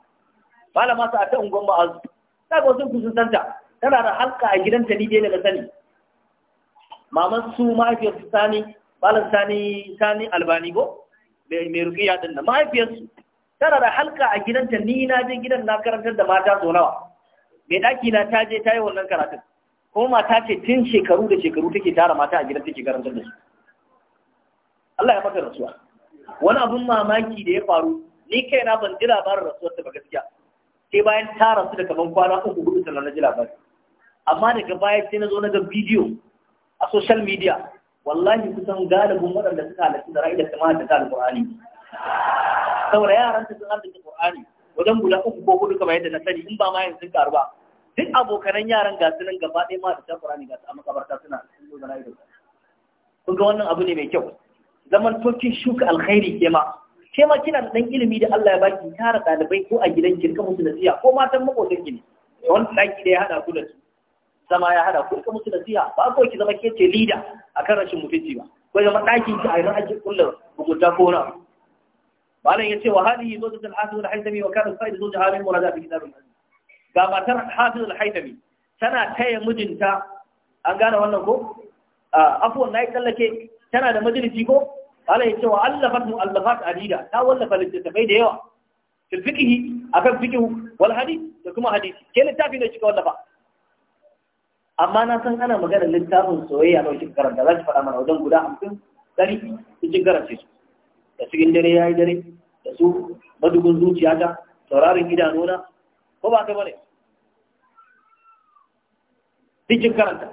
malama ta ta ungon ba'az ta ga sun kusun santa tana da halka a gidanta ni dai daga sani maman su mahaifiyar su sani malam sani sani albani go mai rukiya din da mahaifiyar su tana da halka a gidanta ni na je gidan na karantar da mata so nawa mai daki na ta je ta yi wannan karatun kuma mata ce tun shekaru da shekaru take tara mata a gidan take karantar da su Allah ya maka rasuwa wani abun mamaki da ya faru ni kai na ban ji labarin ta ba gaskiya sai bayan ta rasu da kaman kwana uku hudu sannan na ji labarin amma daga baya sai na zo na ga bidiyo a social media wallahi kusan galibin waɗanda suka halarci da ra'ayi da kama da ta alƙur'ani saboda yaran sun halarci alƙur'ani wajen guda uku ko hudu kamar yadda na sani in ba ma yanzu karu ba duk abokanan yaran ga nan gaba ɗaya ma da ta alƙur'ani ga su a makabarta suna sun zo da ra'ayi da kun ga wannan abu ne mai kyau zaman tokin shuka alkhairi ke ma ke ma kina da dan ilimi da Allah ya baki tara dalibai ko a gidan kirka musu nasiha ko matan makotan ki ne Don daki da ya hada ku da su zama ya hada ku ka musu nasiha ba ko ki zama ke ce leader akan rashin mutunci ba ko zama daki ki a ran ake kullu hukunta ko na malam yace wa hadihi zawjatu al-hafiz al-haythami wa kana sa'id zawjaha min murada fi kitab al-hadith ga matar hafiz al-haythami tana taya mijinta an gane wannan ko ah, afwan nayi tsallake tana da majalisi ko kala yace wa allafat mu'allafat adida ta wallafa littattafai da yawa fil fiqhi akan fiqhi wal hadith da kuma hadisi ke littafi ne kika wallafa amma na san ana magana littafin soyayya da kika karanta za ki faɗa mana wajen guda 50 dari kika karanta su da cikin dare ya yi dare da su madugun zuciyata sauraron idanuna ko ba kai bane duk karanta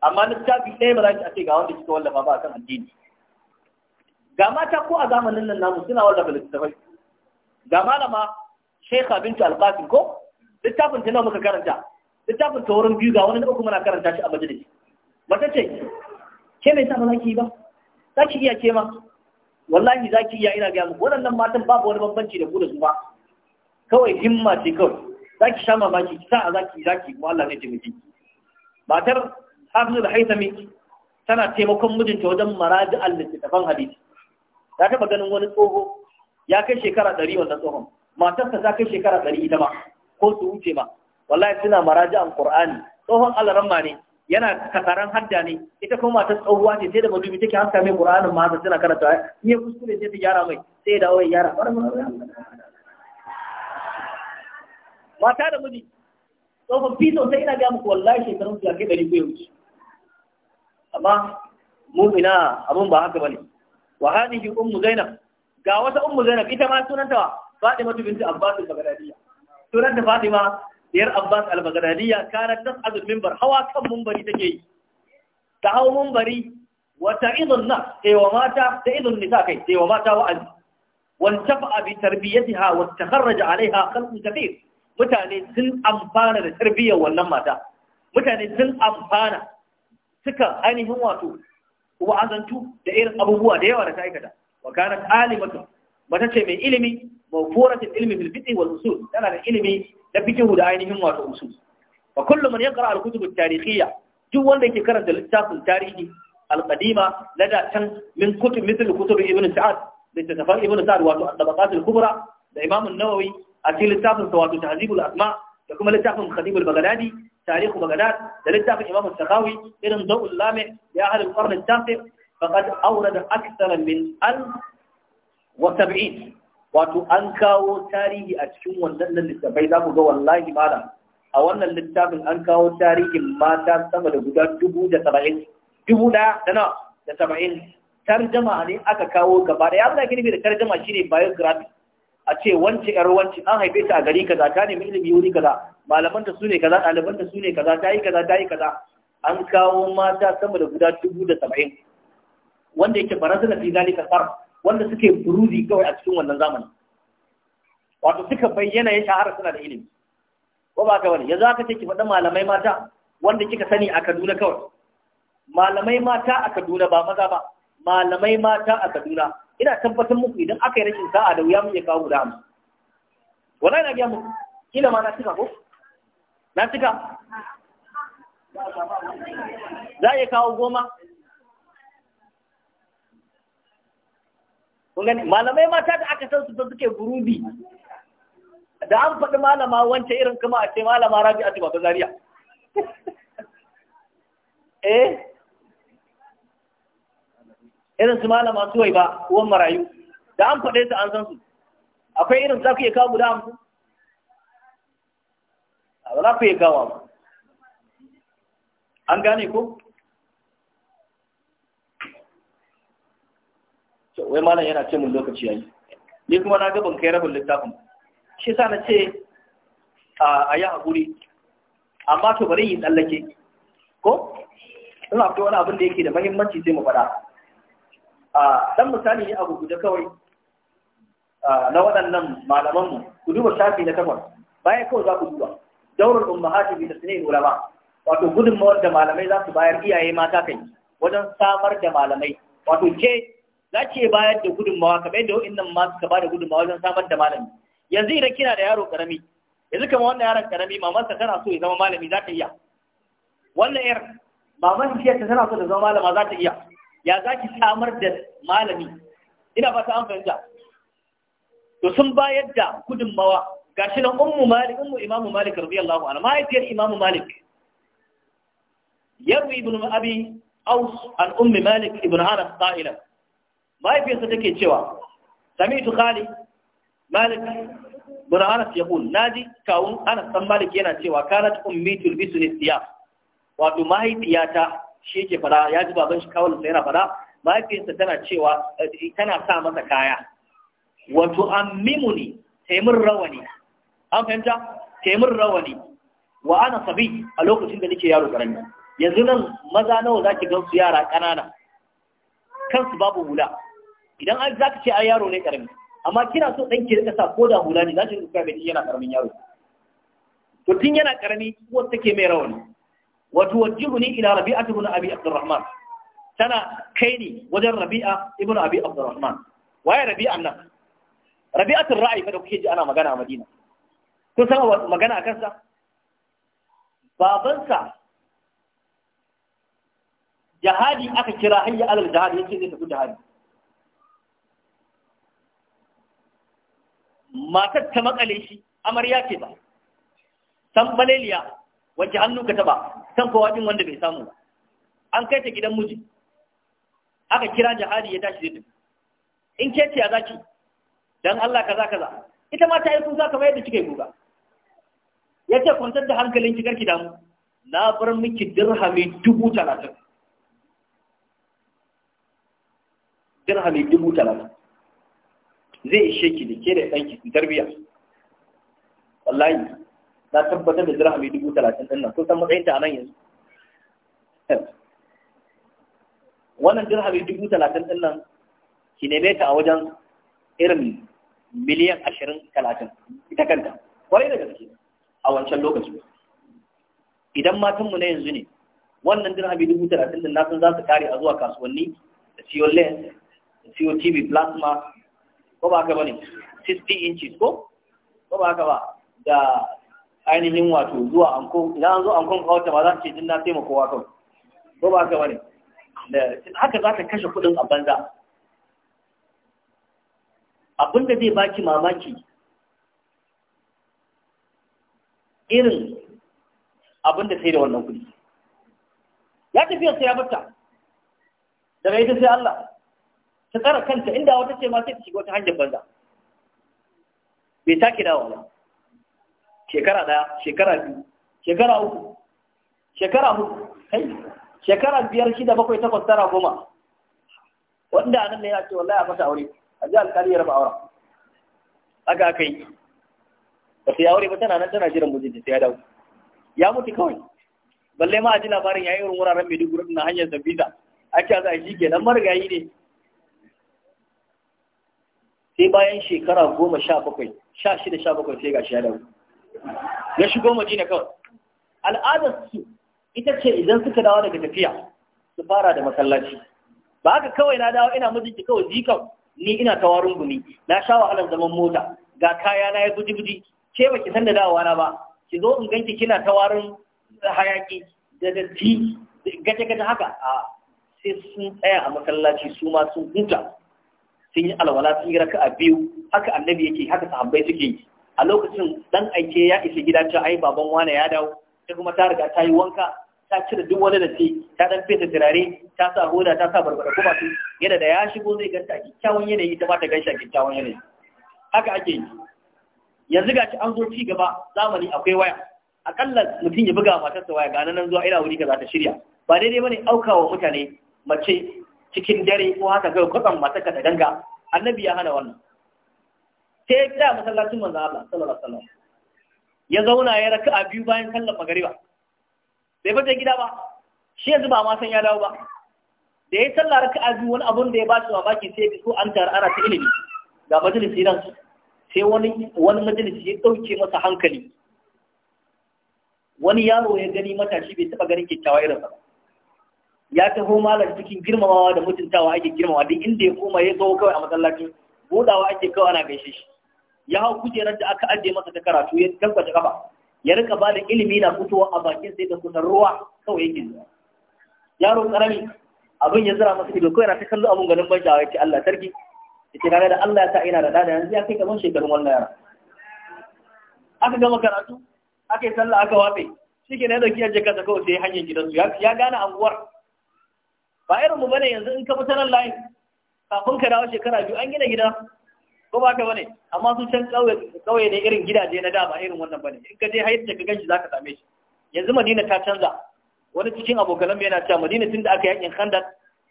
amma littafi ɗaya ba za ki a ce ga wanda kika wallafa ba a kan addini ga mata ko a zamanin nan namu suna wallafa littattafai ga malama Sheikh bintu Al-Qasim ko littafin ta nawa muka karanta littafin ta wurin biyu ga wani na uku muna karanta shi a majalisi mata ce ke mai sa ba ki yi ba za ki iya ke ma wallahi za ki iya ina gaya muku waɗannan matan babu wani bambanci da ku da su ba kawai himma ce kawai za ki sha mamaki ki sa a za ki za ki kuma Allah ne jimi matar Hafizu da Haitami tana taimakon mijinta wajen maraji al-littafan hadisi ta taba ganin wani tsoho ya kai shekara ɗari wannan tsohon matarsa ta kai shekara ɗari ita ma ko su wuce ma wallahi suna maraji'an qur'ani tsohon alaramma ne yana kasaran hadda ne ita kuma matar tsohuwa ne sai da madubi take haska mai qur'anin ma haka suna karanta in ya kuskure sai ta gyara mai sai dawo ya gyara mata da miji tsofaffi sosai ina gaya muku wallahi shekarun su ya kai ɗari ko ya wuce amma mu ina abin ba haka ba ne. wa hadihi ummu zainab ga wata ummu zainab ita ma sunanta Fatima binti Abbas al-Baghdadiyya sunanta Fatima diyar Abbas al-Baghdadiyya kanat tas'adu minbar hawa kan munbari take yi ta hawo munbari wa ta'idun na sai eh, wa mata ta'idun nisa kai sai eh, wa mata wa'azi wan tafa'a bi tarbiyatiha wa takharraja 'alayha khalqun kathir mutane sun amfana da tarbiyyar wannan mata mutane sun amfana suka ainihin wato kuma azantu da irin abubuwa da yawa da ta aikata wa kanat alimatu mata ce mai ilimi mawfuratul ilmi bil fiqh wal usul tana da ilimi da fiqh da ainihin wato usul wa kullu man yaqra al kutub al tarikhiyya duk wanda yake karanta littafin tarihi al qadima na da can min kutub mithl kutub ibn sa'ad littafin ibn sa'ad wato al tabaqat al kubra da imam an-nawawi a cikin littafin sa wato al asma da kuma littafin khatib al baghdadi tarihu bagdad da littafin imam sakawi irin dawul lame ya ahli al-qarn al-tasi faqad awrada akthar al wa wato an kawo tarihi a cikin wannan littafai za ku ga wallahi malam a wannan littafin an kawo tarihin mata sama da guda dubu da saba'in dubu da da saba'in tarjama ne aka kawo gaba Ɗaya ya zama da tarjama shine biography a ce wance yar wance an haife ta a gari kaza ta nemi ilimi wuri kaza malamanta su ne kaza ɗalibanta su ne kaza ta yi kaza ta yi kaza an kawo mata sama da guda dubu da saba'in wanda yake barazana fi zalika sar wanda suke buruzi kawai a cikin wannan zamani. wato suka bayyana ya shahara suna da ilimi ko ba ka wani za ka ce ki faɗi malamai mata wanda kika sani a Kaduna kawai malamai mata a Kaduna ba maza ba malamai mata a Kaduna ina tabbatar muku idan aka yi rashin sa'a da wuya mun ya kawo guda mu wallahi na biya muku kila ma na cika ko na cika za a iya kawo goma malamai mata da aka san su da suke gurubi da an faɗi malama wance irin kuma a ce malama Rabi ce ba ta zariya <laughs> eh irin su malama suwai ba uwan marayu da an faɗe su an san su akwai irin za ku iya kawo guda hamsin a ba za ku iya kawo ba an gane ko wai malam yana ce mun lokaci yayi ni kuma na ga ban kai rabin littafin shi sa na ce a yi haƙuri amma to bari yi tsallake ko ina akwai wani abin da yake da mahimmanci sai mu faɗa dan misali ne abu guda kawai na waɗannan malamanmu ku duba shafi na takwas bayan kawai za ku duba daurar ummahati bi tasnil ulama wato gudunmawar da malamai za su bayar iyaye mata kai wajen samar da malamai wato ke za ki bayar da gudunmawa kamar yadda wa'annan ma suka ba da gudunmawa wajen samar da malami yanzu idan kina da yaro karami yanzu kamar wannan yaron karami mamansa tana so ya zama malami za ta iya wannan yar mamansa ta tana so ta zama malama za ta iya ya za ki samar da malami ina fata an fahimta to sun bayar da ga shi na umu malik umu imamu malik radiyallahu anha mahaifiyar imamu malik yarwi ibn abi aus an ummi malik ibn anas qa'ila mahaifiyarsa take cewa sami'tu khali malik ibn anas na naji kawun anas dan malik yana cewa kanat ummi tulbisu ni siya wato mahaifiyata shi ke fada ya ji baban shi kawalin sa yana fada mahaifiyarsa tana cewa eh, tana sa masa kaya wato ammimuni taimur rawani an fahimta taimur rawani wa ana sabi a lokacin da nake yaro garanni yanzu nan maza nawa zaki gan su yara kanana kansu babu hula idan an zaka ce ai yaro ne karami amma kina so ɗan ki rika sa ko da hula ne za ki rika bai yana karamin yaro to tun yana karami uwar take mai rawani وتوجهني إلى ربيعة بن أبي عبد الرحمن تنا كيني وجر ربيعة ابن أبي عبد الرحمن وهي ربيعة من ربيعة الرأي فلو كيجي أنا مجانا مدينة كنت سمع مجانا أكسا بابنسا جهادي aka كراهية على الجهاد jihadi yace تكون جهادي ما matar ta أمر ياكي با ce ba wacce hannu ka taba san kowa din wanda bai samu an kai ta gidan miji aka kira jihadi ya tashi zai in ke ce a zaki dan Allah kaza kaza ita ma ta yi kuka kamar yadda kika yi kuka ya ce kwantar da hankalin ki garki damu na bar miki dirhami dubu talatin dirhami dubu talatin zai ishe ki da ke da ɗanki tarbiyya wallahi na tabbatar da dirhami dubu talatin ɗin nan san matsayinta a nan yanzu wannan dirhami dubu talatin ɗin nan ki neme ta a wajen irin miliyan ashirin talatin ita kanta kwarai da gaske a wancan lokaci idan matanmu na yanzu ne wannan dirhami dubu talatin ɗin nasan za su kare a zuwa kasuwanni da siyo lens da siyo tv plasma ko ba haka ba ne 60 inches ko ko ba haka ba da ainihin wato zuwa anko idan an zo ankon kawata ba za su ce jin na taimako wa kawai ko ba ka bane da haka za ka kashe kuɗin a banza abin da zai baki mamaki irin abin da sai da wannan kuɗi ya tafiya sai ya bata daga ita sai Allah ta tsara kanta inda wata ce ma sai ta shiga wata hanyar banza bai take dawa ba shekara ɗaya shekara biyu shekara uku shekara uku kai shekara biyar shida bakwai takwas tara goma wanda anan ne ya ce wallahi a masa aure a ji alƙali ya raba auren haka aka yi ba sai aure ba tana nan tana jiran mijinta sai ya dawo ya mutu kawai balle ma a ji labarin yi irin wuraren Maiduguri na hanyar Zambiza ake za a shi nan marigayi ne sai bayan shekara goma sha bakwai sha shida sha bakwai sai ga shi ya dawo ya shigo madina kawai al'adarsu ita ce idan suka dawo daga tafiya su fara da masallaci ba haka kawai na dawo ina mijinki kawai jikan ni ina tawarin gumi na sha wahalar zaman mota ga kaya na ya guji-guji ke ba ki san da dawowa na ba ki zo in ganki kina tawarin hayaki da datti gaje-gaje haka a sai sun tsaya a masallaci su ma sun huta sun yi alwala sun yi raka'a biyu haka annabi yake haka sahabbai suke yi a lokacin dan aike ya isa gida cewa ai baban wane ya dawo ta kuma ta riga ta yi wanka ta cire duk wani da ce ta dan fesa turare ta sa hoda ta sa barbara kuma su yadda da ya shigo zai ganta a kyakkyawan yanayi ta ba ta gaisha kyakkyawan yanayi haka ake yi yanzu ga ci an zo ci gaba zamani akwai waya akalla mutum ya buga matarsa waya ga nan zuwa ina wuri kaza ta shirya ba daidai bane wa mutane mace cikin dare ko haka kai kwatsam matarka ta ganga annabi ya hana wannan sai ya tsaya masallacin manzo Allah sallallahu alaihi wasallam ya zauna ya raka a biyu bayan sallar magariba bai fita gida ba shi yanzu ba ma san ya dawo ba da ya sallar raka a biyu wani abun da ya ba shi mamaki sai ya so an tar ana ta ilimi ga majalisi nan sai wani wani majalisi ya dauke masa hankali wani yaro ya gani matashi bai taba ganin kyakkyawa irin sa ya taho malar cikin girmamawa da mutuntawa ake girmamawa duk inda ya koma ya zo kawai a masallaci budawa ake kawai ana gaishe shi ya hau kujerar da aka ajiye masa ta karatu ya tabbata kafa ya rika ba da ilimi na fitowa a bakin sai da kusan ruwa kawai yake zuwa yaro karami abin ya zira masa ido kawai na ta kallo abin ganin ban sha'awa ce Allah sarki yace kaga da Allah ya sa ina da dada yanzu ya kai kamar shekarun wannan yara aka gama karatu aka yi sallah aka wafe ke na ya dauki yaje ta kawai sai hanyar gidansu ya gane anguwar ba irin mu bane yanzu in ka fita nan layin kafin ka dawo shekara biyu an gina gida ko ba ka bane amma su can kauye ne irin gidaje na dama irin wannan bane in ka je hayar da ka ganshi zaka same shi yanzu Madina ta canza wani cikin abokanan yana cewa Madina tun da aka yakin Khandaq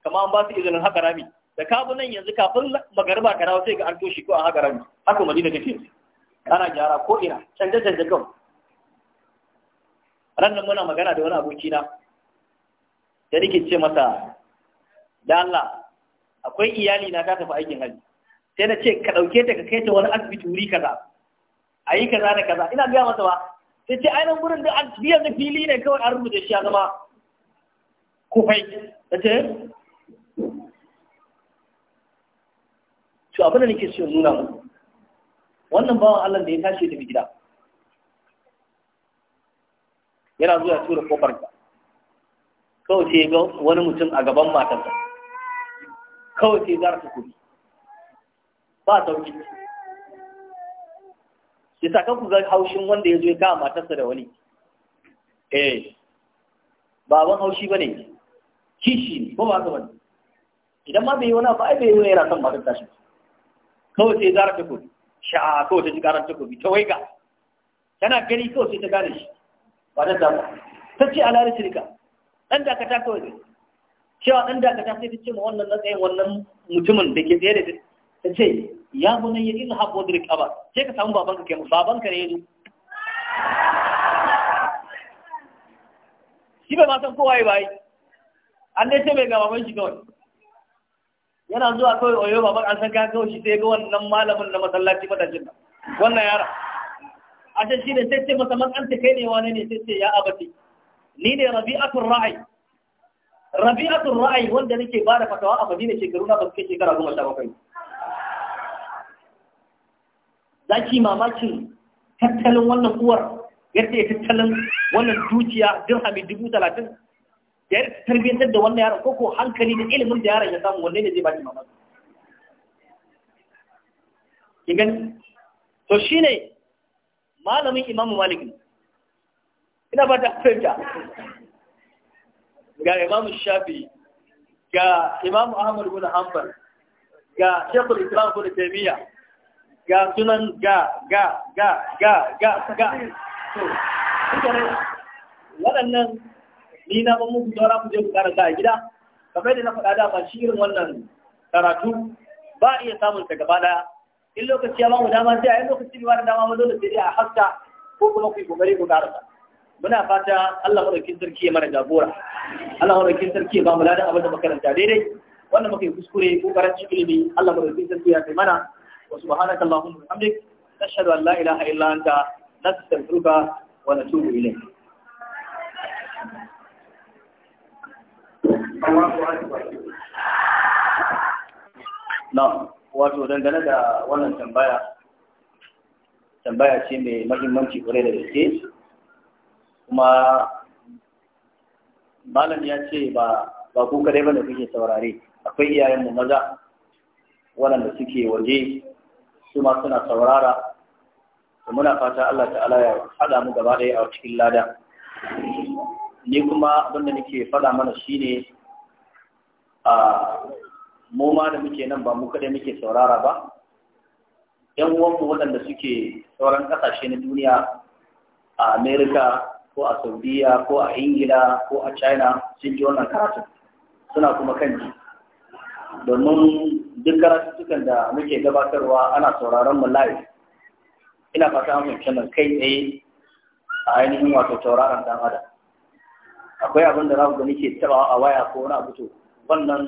kamar an ba su izinin haka rami da kabu nan yanzu kafin magariba ka dawo sai ga an toshi ko a haka rami haka Madina take ana gyara ko ina canje canje ran nan muna magana da wani abokina da nake ce masa da Allah akwai iyali na ta tafi aikin hajji sai na ce ka ɗauke ta ka kai ta wani asibiti wuri kaza a yi kaza da kaza ina gaya masa ba sai ce ainihin gurin da an biyan da fili ne kawai an rubuta shi a zama kufai da ce to abin da nake so nuna wannan bawan Allah da ya tashi da gida yana zuwa tura kofar ka kawai sai ga wani mutum a gaban matarsa kawai sai zara ta kudi ba sauki shi kan ku ga haushin wanda ya zo ya kama matarsa da wani eh baban haushi ba ne kishi ne ko ba ka bane idan ma bai yi wani abu ai bai yi wani yana son matar tashi kawai sai zara takobi sha'a kawai ta ji karar takobi ta waiga tana gani kawai sai ta gane shi ba da samu ta ce alari shirka ɗan dakata kawai ne cewa ɗan dakata sai ta ce ma wannan na tsayin wannan mutumin da ke tsaye da ta ce ya gunan yi ila haɓo dirik aba ce ka samu babanka kai babanka ne yanzu shi bai matan kowa yi bayi an dai ce mai ga baban shi kawai yana zuwa kawai oyo baban an san ka kawai shi sai ga wannan malamin na masallaci matashin nan wannan yara a can shi ne sai ce masa man an ta kai ne wane ne sai ce ya abati ni ne rabi'atul ra'ayi rabi'atul ra'ayi wanda nake ba da fatawa a madina shekaru na ba su kai shekara goma sha bakwai za ki mamakin tattalin wannan uwar yadda ya tattalin wannan dukiya dirhami dubu talatin da ya tarbiyyantar da wannan yaron koko hankali da ilimin da yaron ya samu wanne ne zai ba ki mamaki ki gani to shine malamin imamu malik ina ba ta fahimta ga imamu shafi ga imamu ahmad bin hanbal ga shekul islam bin taymiya ga sunan ga ga ga ga ga ga waɗannan ni na ban muku saura ku je ku karanta a gida kamar da na faɗa da ba shi irin wannan karatu ba iya samun ta gaba ɗaya. in lokaci ya bamu dama sai a yin lokaci ba da dama ma dole sai a haska ko kuma ku yi kokari ku karanta muna fata Allah madaukin sarki ya mara jagora Allah madaukin sarki ya ba mu ladan abin da makaranta daidai wannan muka yi kuskure ko karanci ilimi Allah madaukin sarki ya kai mana wa subhanaka allahumma wa bihamdik nashhadu an la ilaha illa anta nastaghfiruka wa natubu ilayk na wato dangane da wannan tambaya tambaya ce mai mahimmanci kwarai da gaske kuma malam ya ce ba ba ku kadai bane kuke saurare akwai iyayenmu maza waɗanda suke waje su ma suna saurara da muna fata Allah ta'ala ya haɗa mu gaba ɗaya a cikin lada ni kuma abinda nake faɗa mana shine a mu da muke nan ba mu kaɗai muke saurara ba yan uwanmu waɗanda suke sauran ƙasashe na duniya a amerika ko a saudiya ko a ingila ko a china sun ji wannan karatu suna kuma kan ji domin duk karatuttukan da muke gabatarwa ana sauraron mu live ina fata an fahimci nan kai tsaye a ainihin wato tauraron dan adam akwai abin da za ku gani taba a waya ko wani abu to wannan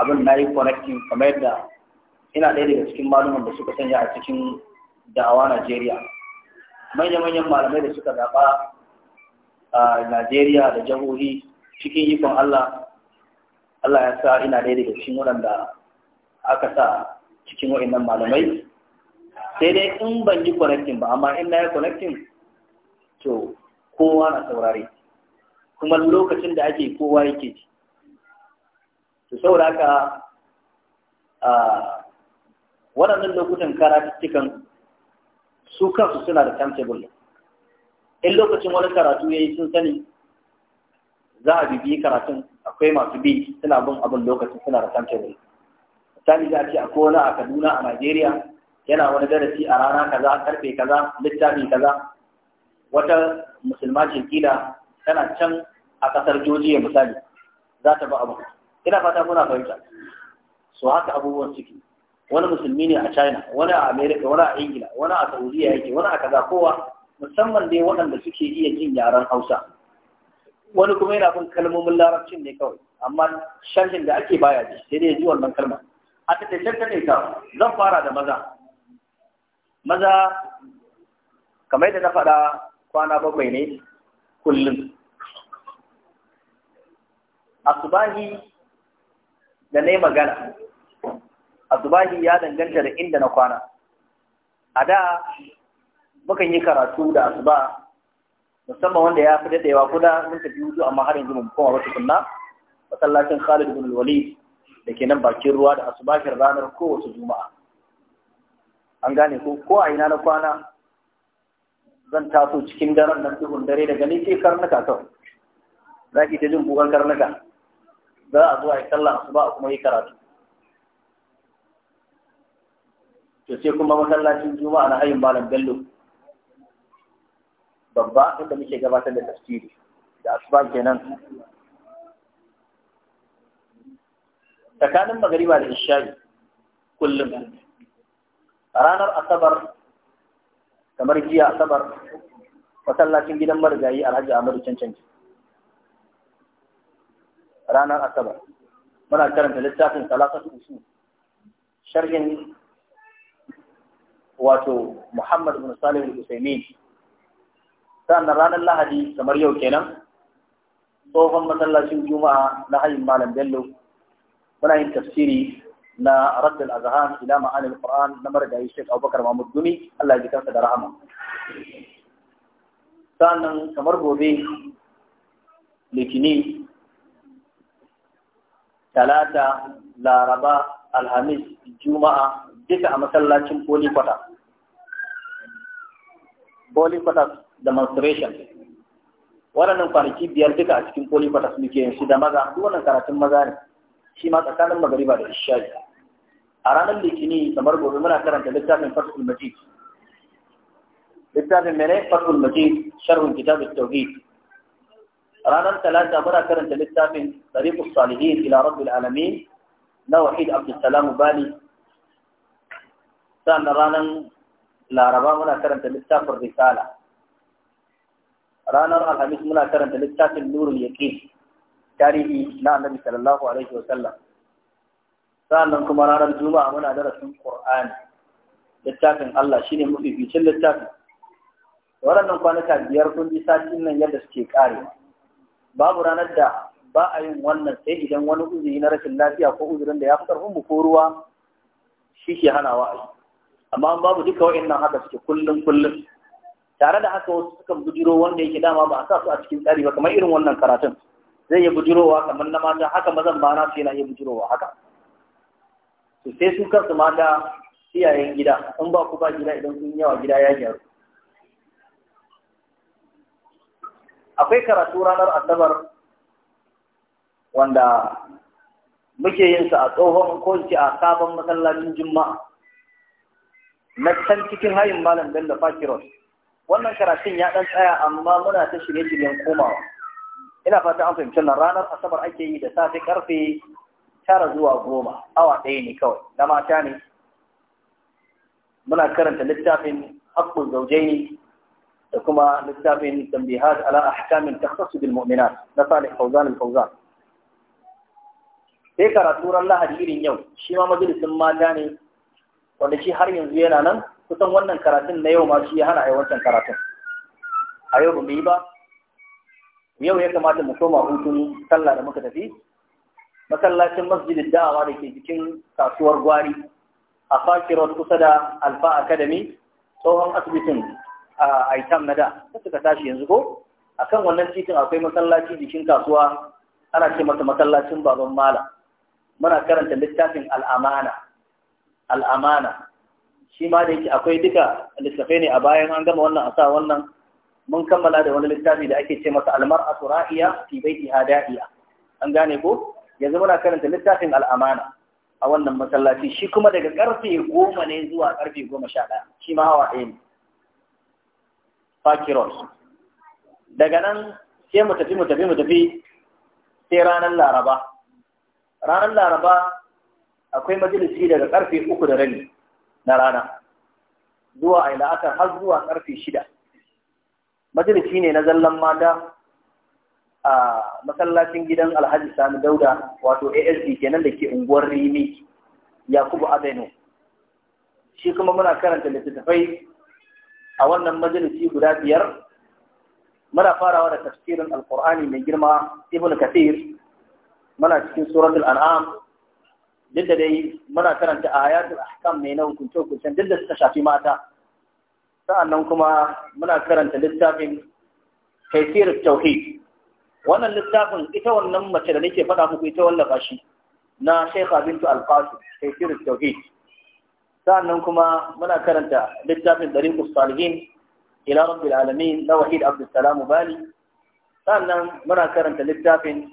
abin na yi connecting kamar yadda ina ɗaya daga cikin malumin da suka sanya a cikin da'awa Najeriya manya-manyan malamai da suka zaɓa a Najeriya da jihohi cikin ikon Allah Allah ya sa ina ɗaya daga cikin waɗanda aka sa cikin wa'annan malamai sai dai in ban yi connecting ba amma in na yi connecting to kowa na saurare kuma lokacin da ake kowa yake ji to saboda haka a waɗannan lokutan karatuttukan su kansu suna da timetable in lokacin wani karatu ya yi sun sani za a bibiyi karatun akwai masu bi suna bin abin lokacin suna da timetable misali za a ce a wani a kaduna a najeriya yana wani darasi a rana kaza karfe kaza littafi kaza wata musulma ce kila tana can a kasar jojiya misali za ta ba abu ina fata muna fahimta so haka abubuwan ciki wani musulmi ne a china wani a america wani a ingila wani a saudiya yake wani a kaza kowa musamman dai waɗanda suke iya jin yaren hausa wani kuma yana bin kalmomin larabcin ne kawai amma sharhin da ake baya ji sai dai ji wannan kalmar a taƙaicen taƙaita zan fara da maza maza kamar yadda na faɗa kwana bakwai ne kullum subahi da na yi magana asubahi ya danganta da inda na kwana a da mukan yi karatu da asuba musamman wanda ya fi daɗewa kuda mun tafi hutu amma har yanzu mun koma wata sunna masallacin Khalid bin Walid da ke nan bakin ruwa da asubahin ranar kowace juma'a an gane ko ko a ina na kwana zan taso cikin daren nan duhun dare daga ni karnuka kawai za ki ta jin kukan karnuka za a zo a yi sallah asuba a kuma yi karatu to sai kuma masallacin juma'a na hayin malam bello babba inda muke gabatar da tafsiri da asuba kenan tsakanin magariba da ishari kullum ranar asabar kamar jiya asabar masallacin gidan marigayi alhaji amadu cancanci ranar asabar muna karanta littafin salasatu usu sharhin wato muhammad bin salihu al-usaimin sannan ranar lahadi kamar yau kenan tsohon masallacin juma'a na hayin malam bello muna yin tafsiri na raddul azhan ila ma'anil qur'an na marigayi Sheikh Abubakar Mahmud Gumi Allah ya ji kansa da rahama sannan kamar gobe litini talata laraba alhamis juma'a duka a masallacin poli kwata poli kwata demonstration waɗannan kwanaki biyar duka a cikin poli kwata muke yin da maza duk wannan karatun maza ne shi ma tsakanin magariba da isha'i a ranar litini kamar gobe muna karanta littafin fatul majid littafin mene fatul majid sharhun kitab tauhid ranar talata muna karanta littafin tariqus salihin ila rabbil alamin na wahid abdul salam bali sannan ranan laraba muna karanta littafin risala ranar alhamis muna karanta littafin nurul yaqin tarihi na annabi sallallahu alaihi wasallam sannan kuma ranar juma'a muna darasin qur'ani littafin Allah shine mafificin littafin waɗannan kwanaka biyar kun ji satin nan yadda suke kare babu ranar da ba a yin wannan sai idan wani uzuri na rashin lafiya ko uzurin da ya fi karfin ko ruwa shi ke hana a yi amma babu duka wa'annan haka suke kullum kullum tare da haka wasu sukan bujiro wanda yake dama ba a sa su a cikin tsari ba kamar irin wannan karatun zai yi bujirowa kamar na mata haka mazan ba na su yana yi bujirowa haka Su sai su kansu mata iyayen gida in ba ku ba gida idan sun yawa gida ya gyaru akwai karatu ranar asabar wanda muke yin sa a tsohon ko a sabon masallacin juma'a na can cikin hayin malam bello fakiros wannan karatun ya dan tsaya amma muna ta shirye-shiryen komawa ina fata an fahimci nan ranar asabar ake yi da safe karfe tara zuwa goma awa ɗaya ne kawai na mata ne muna karanta littafin haƙƙun zaujaini da kuma littafin tambihat ala ahkamin takhassu bil mu'minat na Salih Fawzan al-Fawzan sai karatu ran Lahadi irin yau shi ma majalisin mata ne wanda shi har yanzu yana nan kusan wannan karatun na yau ma shi ya hana a wancan karatun a yau ba mu yi ba yau ya kamata mu koma hutun sallah da muka tafi masallacin masjidin da'awa da ke cikin kasuwar gwari a fakirar kusa da alfa academy tsohon asibitin a aitam na da ta suka tashi yanzu ko A kan wannan titin akwai masallaci jikin kasuwa ana ce masa masallacin baban mala muna karanta littafin al'amana al'amana shi ma da yake akwai duka littafai ne a bayan an gama wannan a sa wannan mun kammala da wani littafi da ake ce masa almar'atu ra'iya fi baitiha da'iya an gane ko yanzu muna karanta littafin al'amana a wannan masallaci shi kuma daga karfe goma ne zuwa karfe goma sha ɗaya shi ma hawa ɗaya ne fakiros daga nan sai mu tafi mu tafi mu tafi sai ranar laraba ranar laraba akwai majalisi daga karfe uku da rani na rana zuwa a la'akar har zuwa karfe shida majalisi ne na zallan mata a masallacin gidan alhaji sani dauda wato asd kenan da ke unguwar rimi yakubu abeno shi kuma muna karanta littattafai a wannan majalisi guda biyar muna farawa da tafsirin alkur'ani mai girma ibn kathir muna cikin suratul an'am duk da dai muna karanta ayatul ahkam mai na hukunce hukuncen duk da suka shafi mata sa'annan kuma muna karanta littafin kaifiyar tauhid wannan littafin ita wannan mace da nake faɗa muku ita wannan bashi na Sheikha Bintu Al-Qasim kaifiyar tauhid sa'annan kuma muna karanta littafin Dariqus Salihin ila Rabbil Alamin na Wahid Abdul Bali sa'annan muna karanta littafin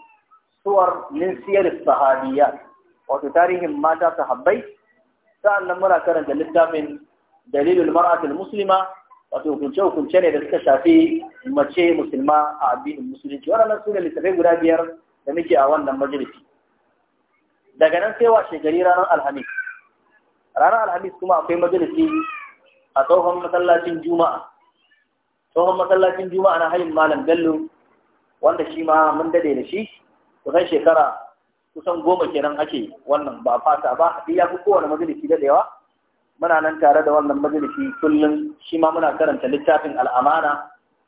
suwar min siyar sahabiyya wato tarihin mata sahabbai sa'annan muna karanta littafin dalilul mar'atul muslima wato ukunce hukunce ne da suka shafi mace musulma a addinin musulunci waɗannan su ne littafai guda biyar da muke a wannan majalisi daga nan sai washe gari ranar alhamis ranar alhamis kuma akwai majalisi a tsohon masallacin juma'a tsohon masallacin juma'a na hayin malam bello wanda shi ma mun dade da shi kusan shekara kusan goma kenan ake wannan ba fata ba ya fi kowane majalisi dadewa muna nan tare da wannan majalisi kullum shi ma muna karanta littafin al'amana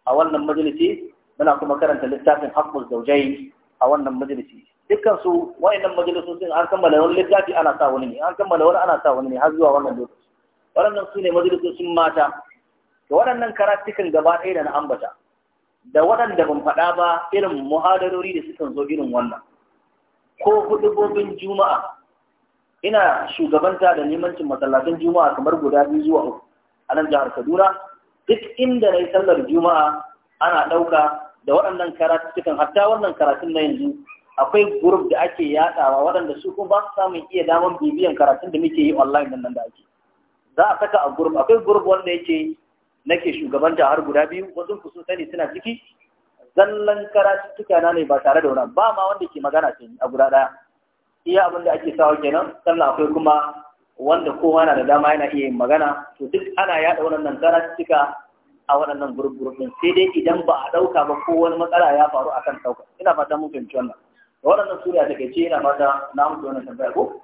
a wannan majalisi muna kuma karanta littafin haƙƙul zaujai a wannan majalisi dukkan su wayannan sun an kammala wani littafi ana sa wani ne an kammala wani ana sa wani ne har zuwa wannan lokaci waɗannan su ne majalisosin mata da waɗannan karatukan gaba ɗaya da na ambata da waɗanda ban faɗa ba irin muhadarori da sukan zo irin wannan ko hudubobin juma'a ina shugabanta da nemancin masallacin juma'a kamar guda biyu zuwa uku a nan jihar kaduna duk inda na yi sallar juma'a ana ɗauka da waɗannan karatun hatta wannan karatun na yanzu akwai group da ake yaɗawa waɗanda su kuma ba su samun iya damar bibiyan karatun da muke yi online nan da ake za a saka a group akwai group wanda yake nake shugabanta har guda biyu wasu ku sun sani suna ciki zallan karatuttuka na ne ba tare da wani ba ma wanda ke magana ce a guda ɗaya iya abin da ake sawa kenan sannan akwai kuma wanda kowa na da dama yana iya yin magana to duk ana yada waɗannan karatuttuka a waɗannan gurgurup ɗin sai dai idan ba a ɗauka ba ko wani matsala ya faru akan ɗauka ina fata mun fahimci wannan da waɗannan suriya da ce yana fata na mutu wannan tambaya ko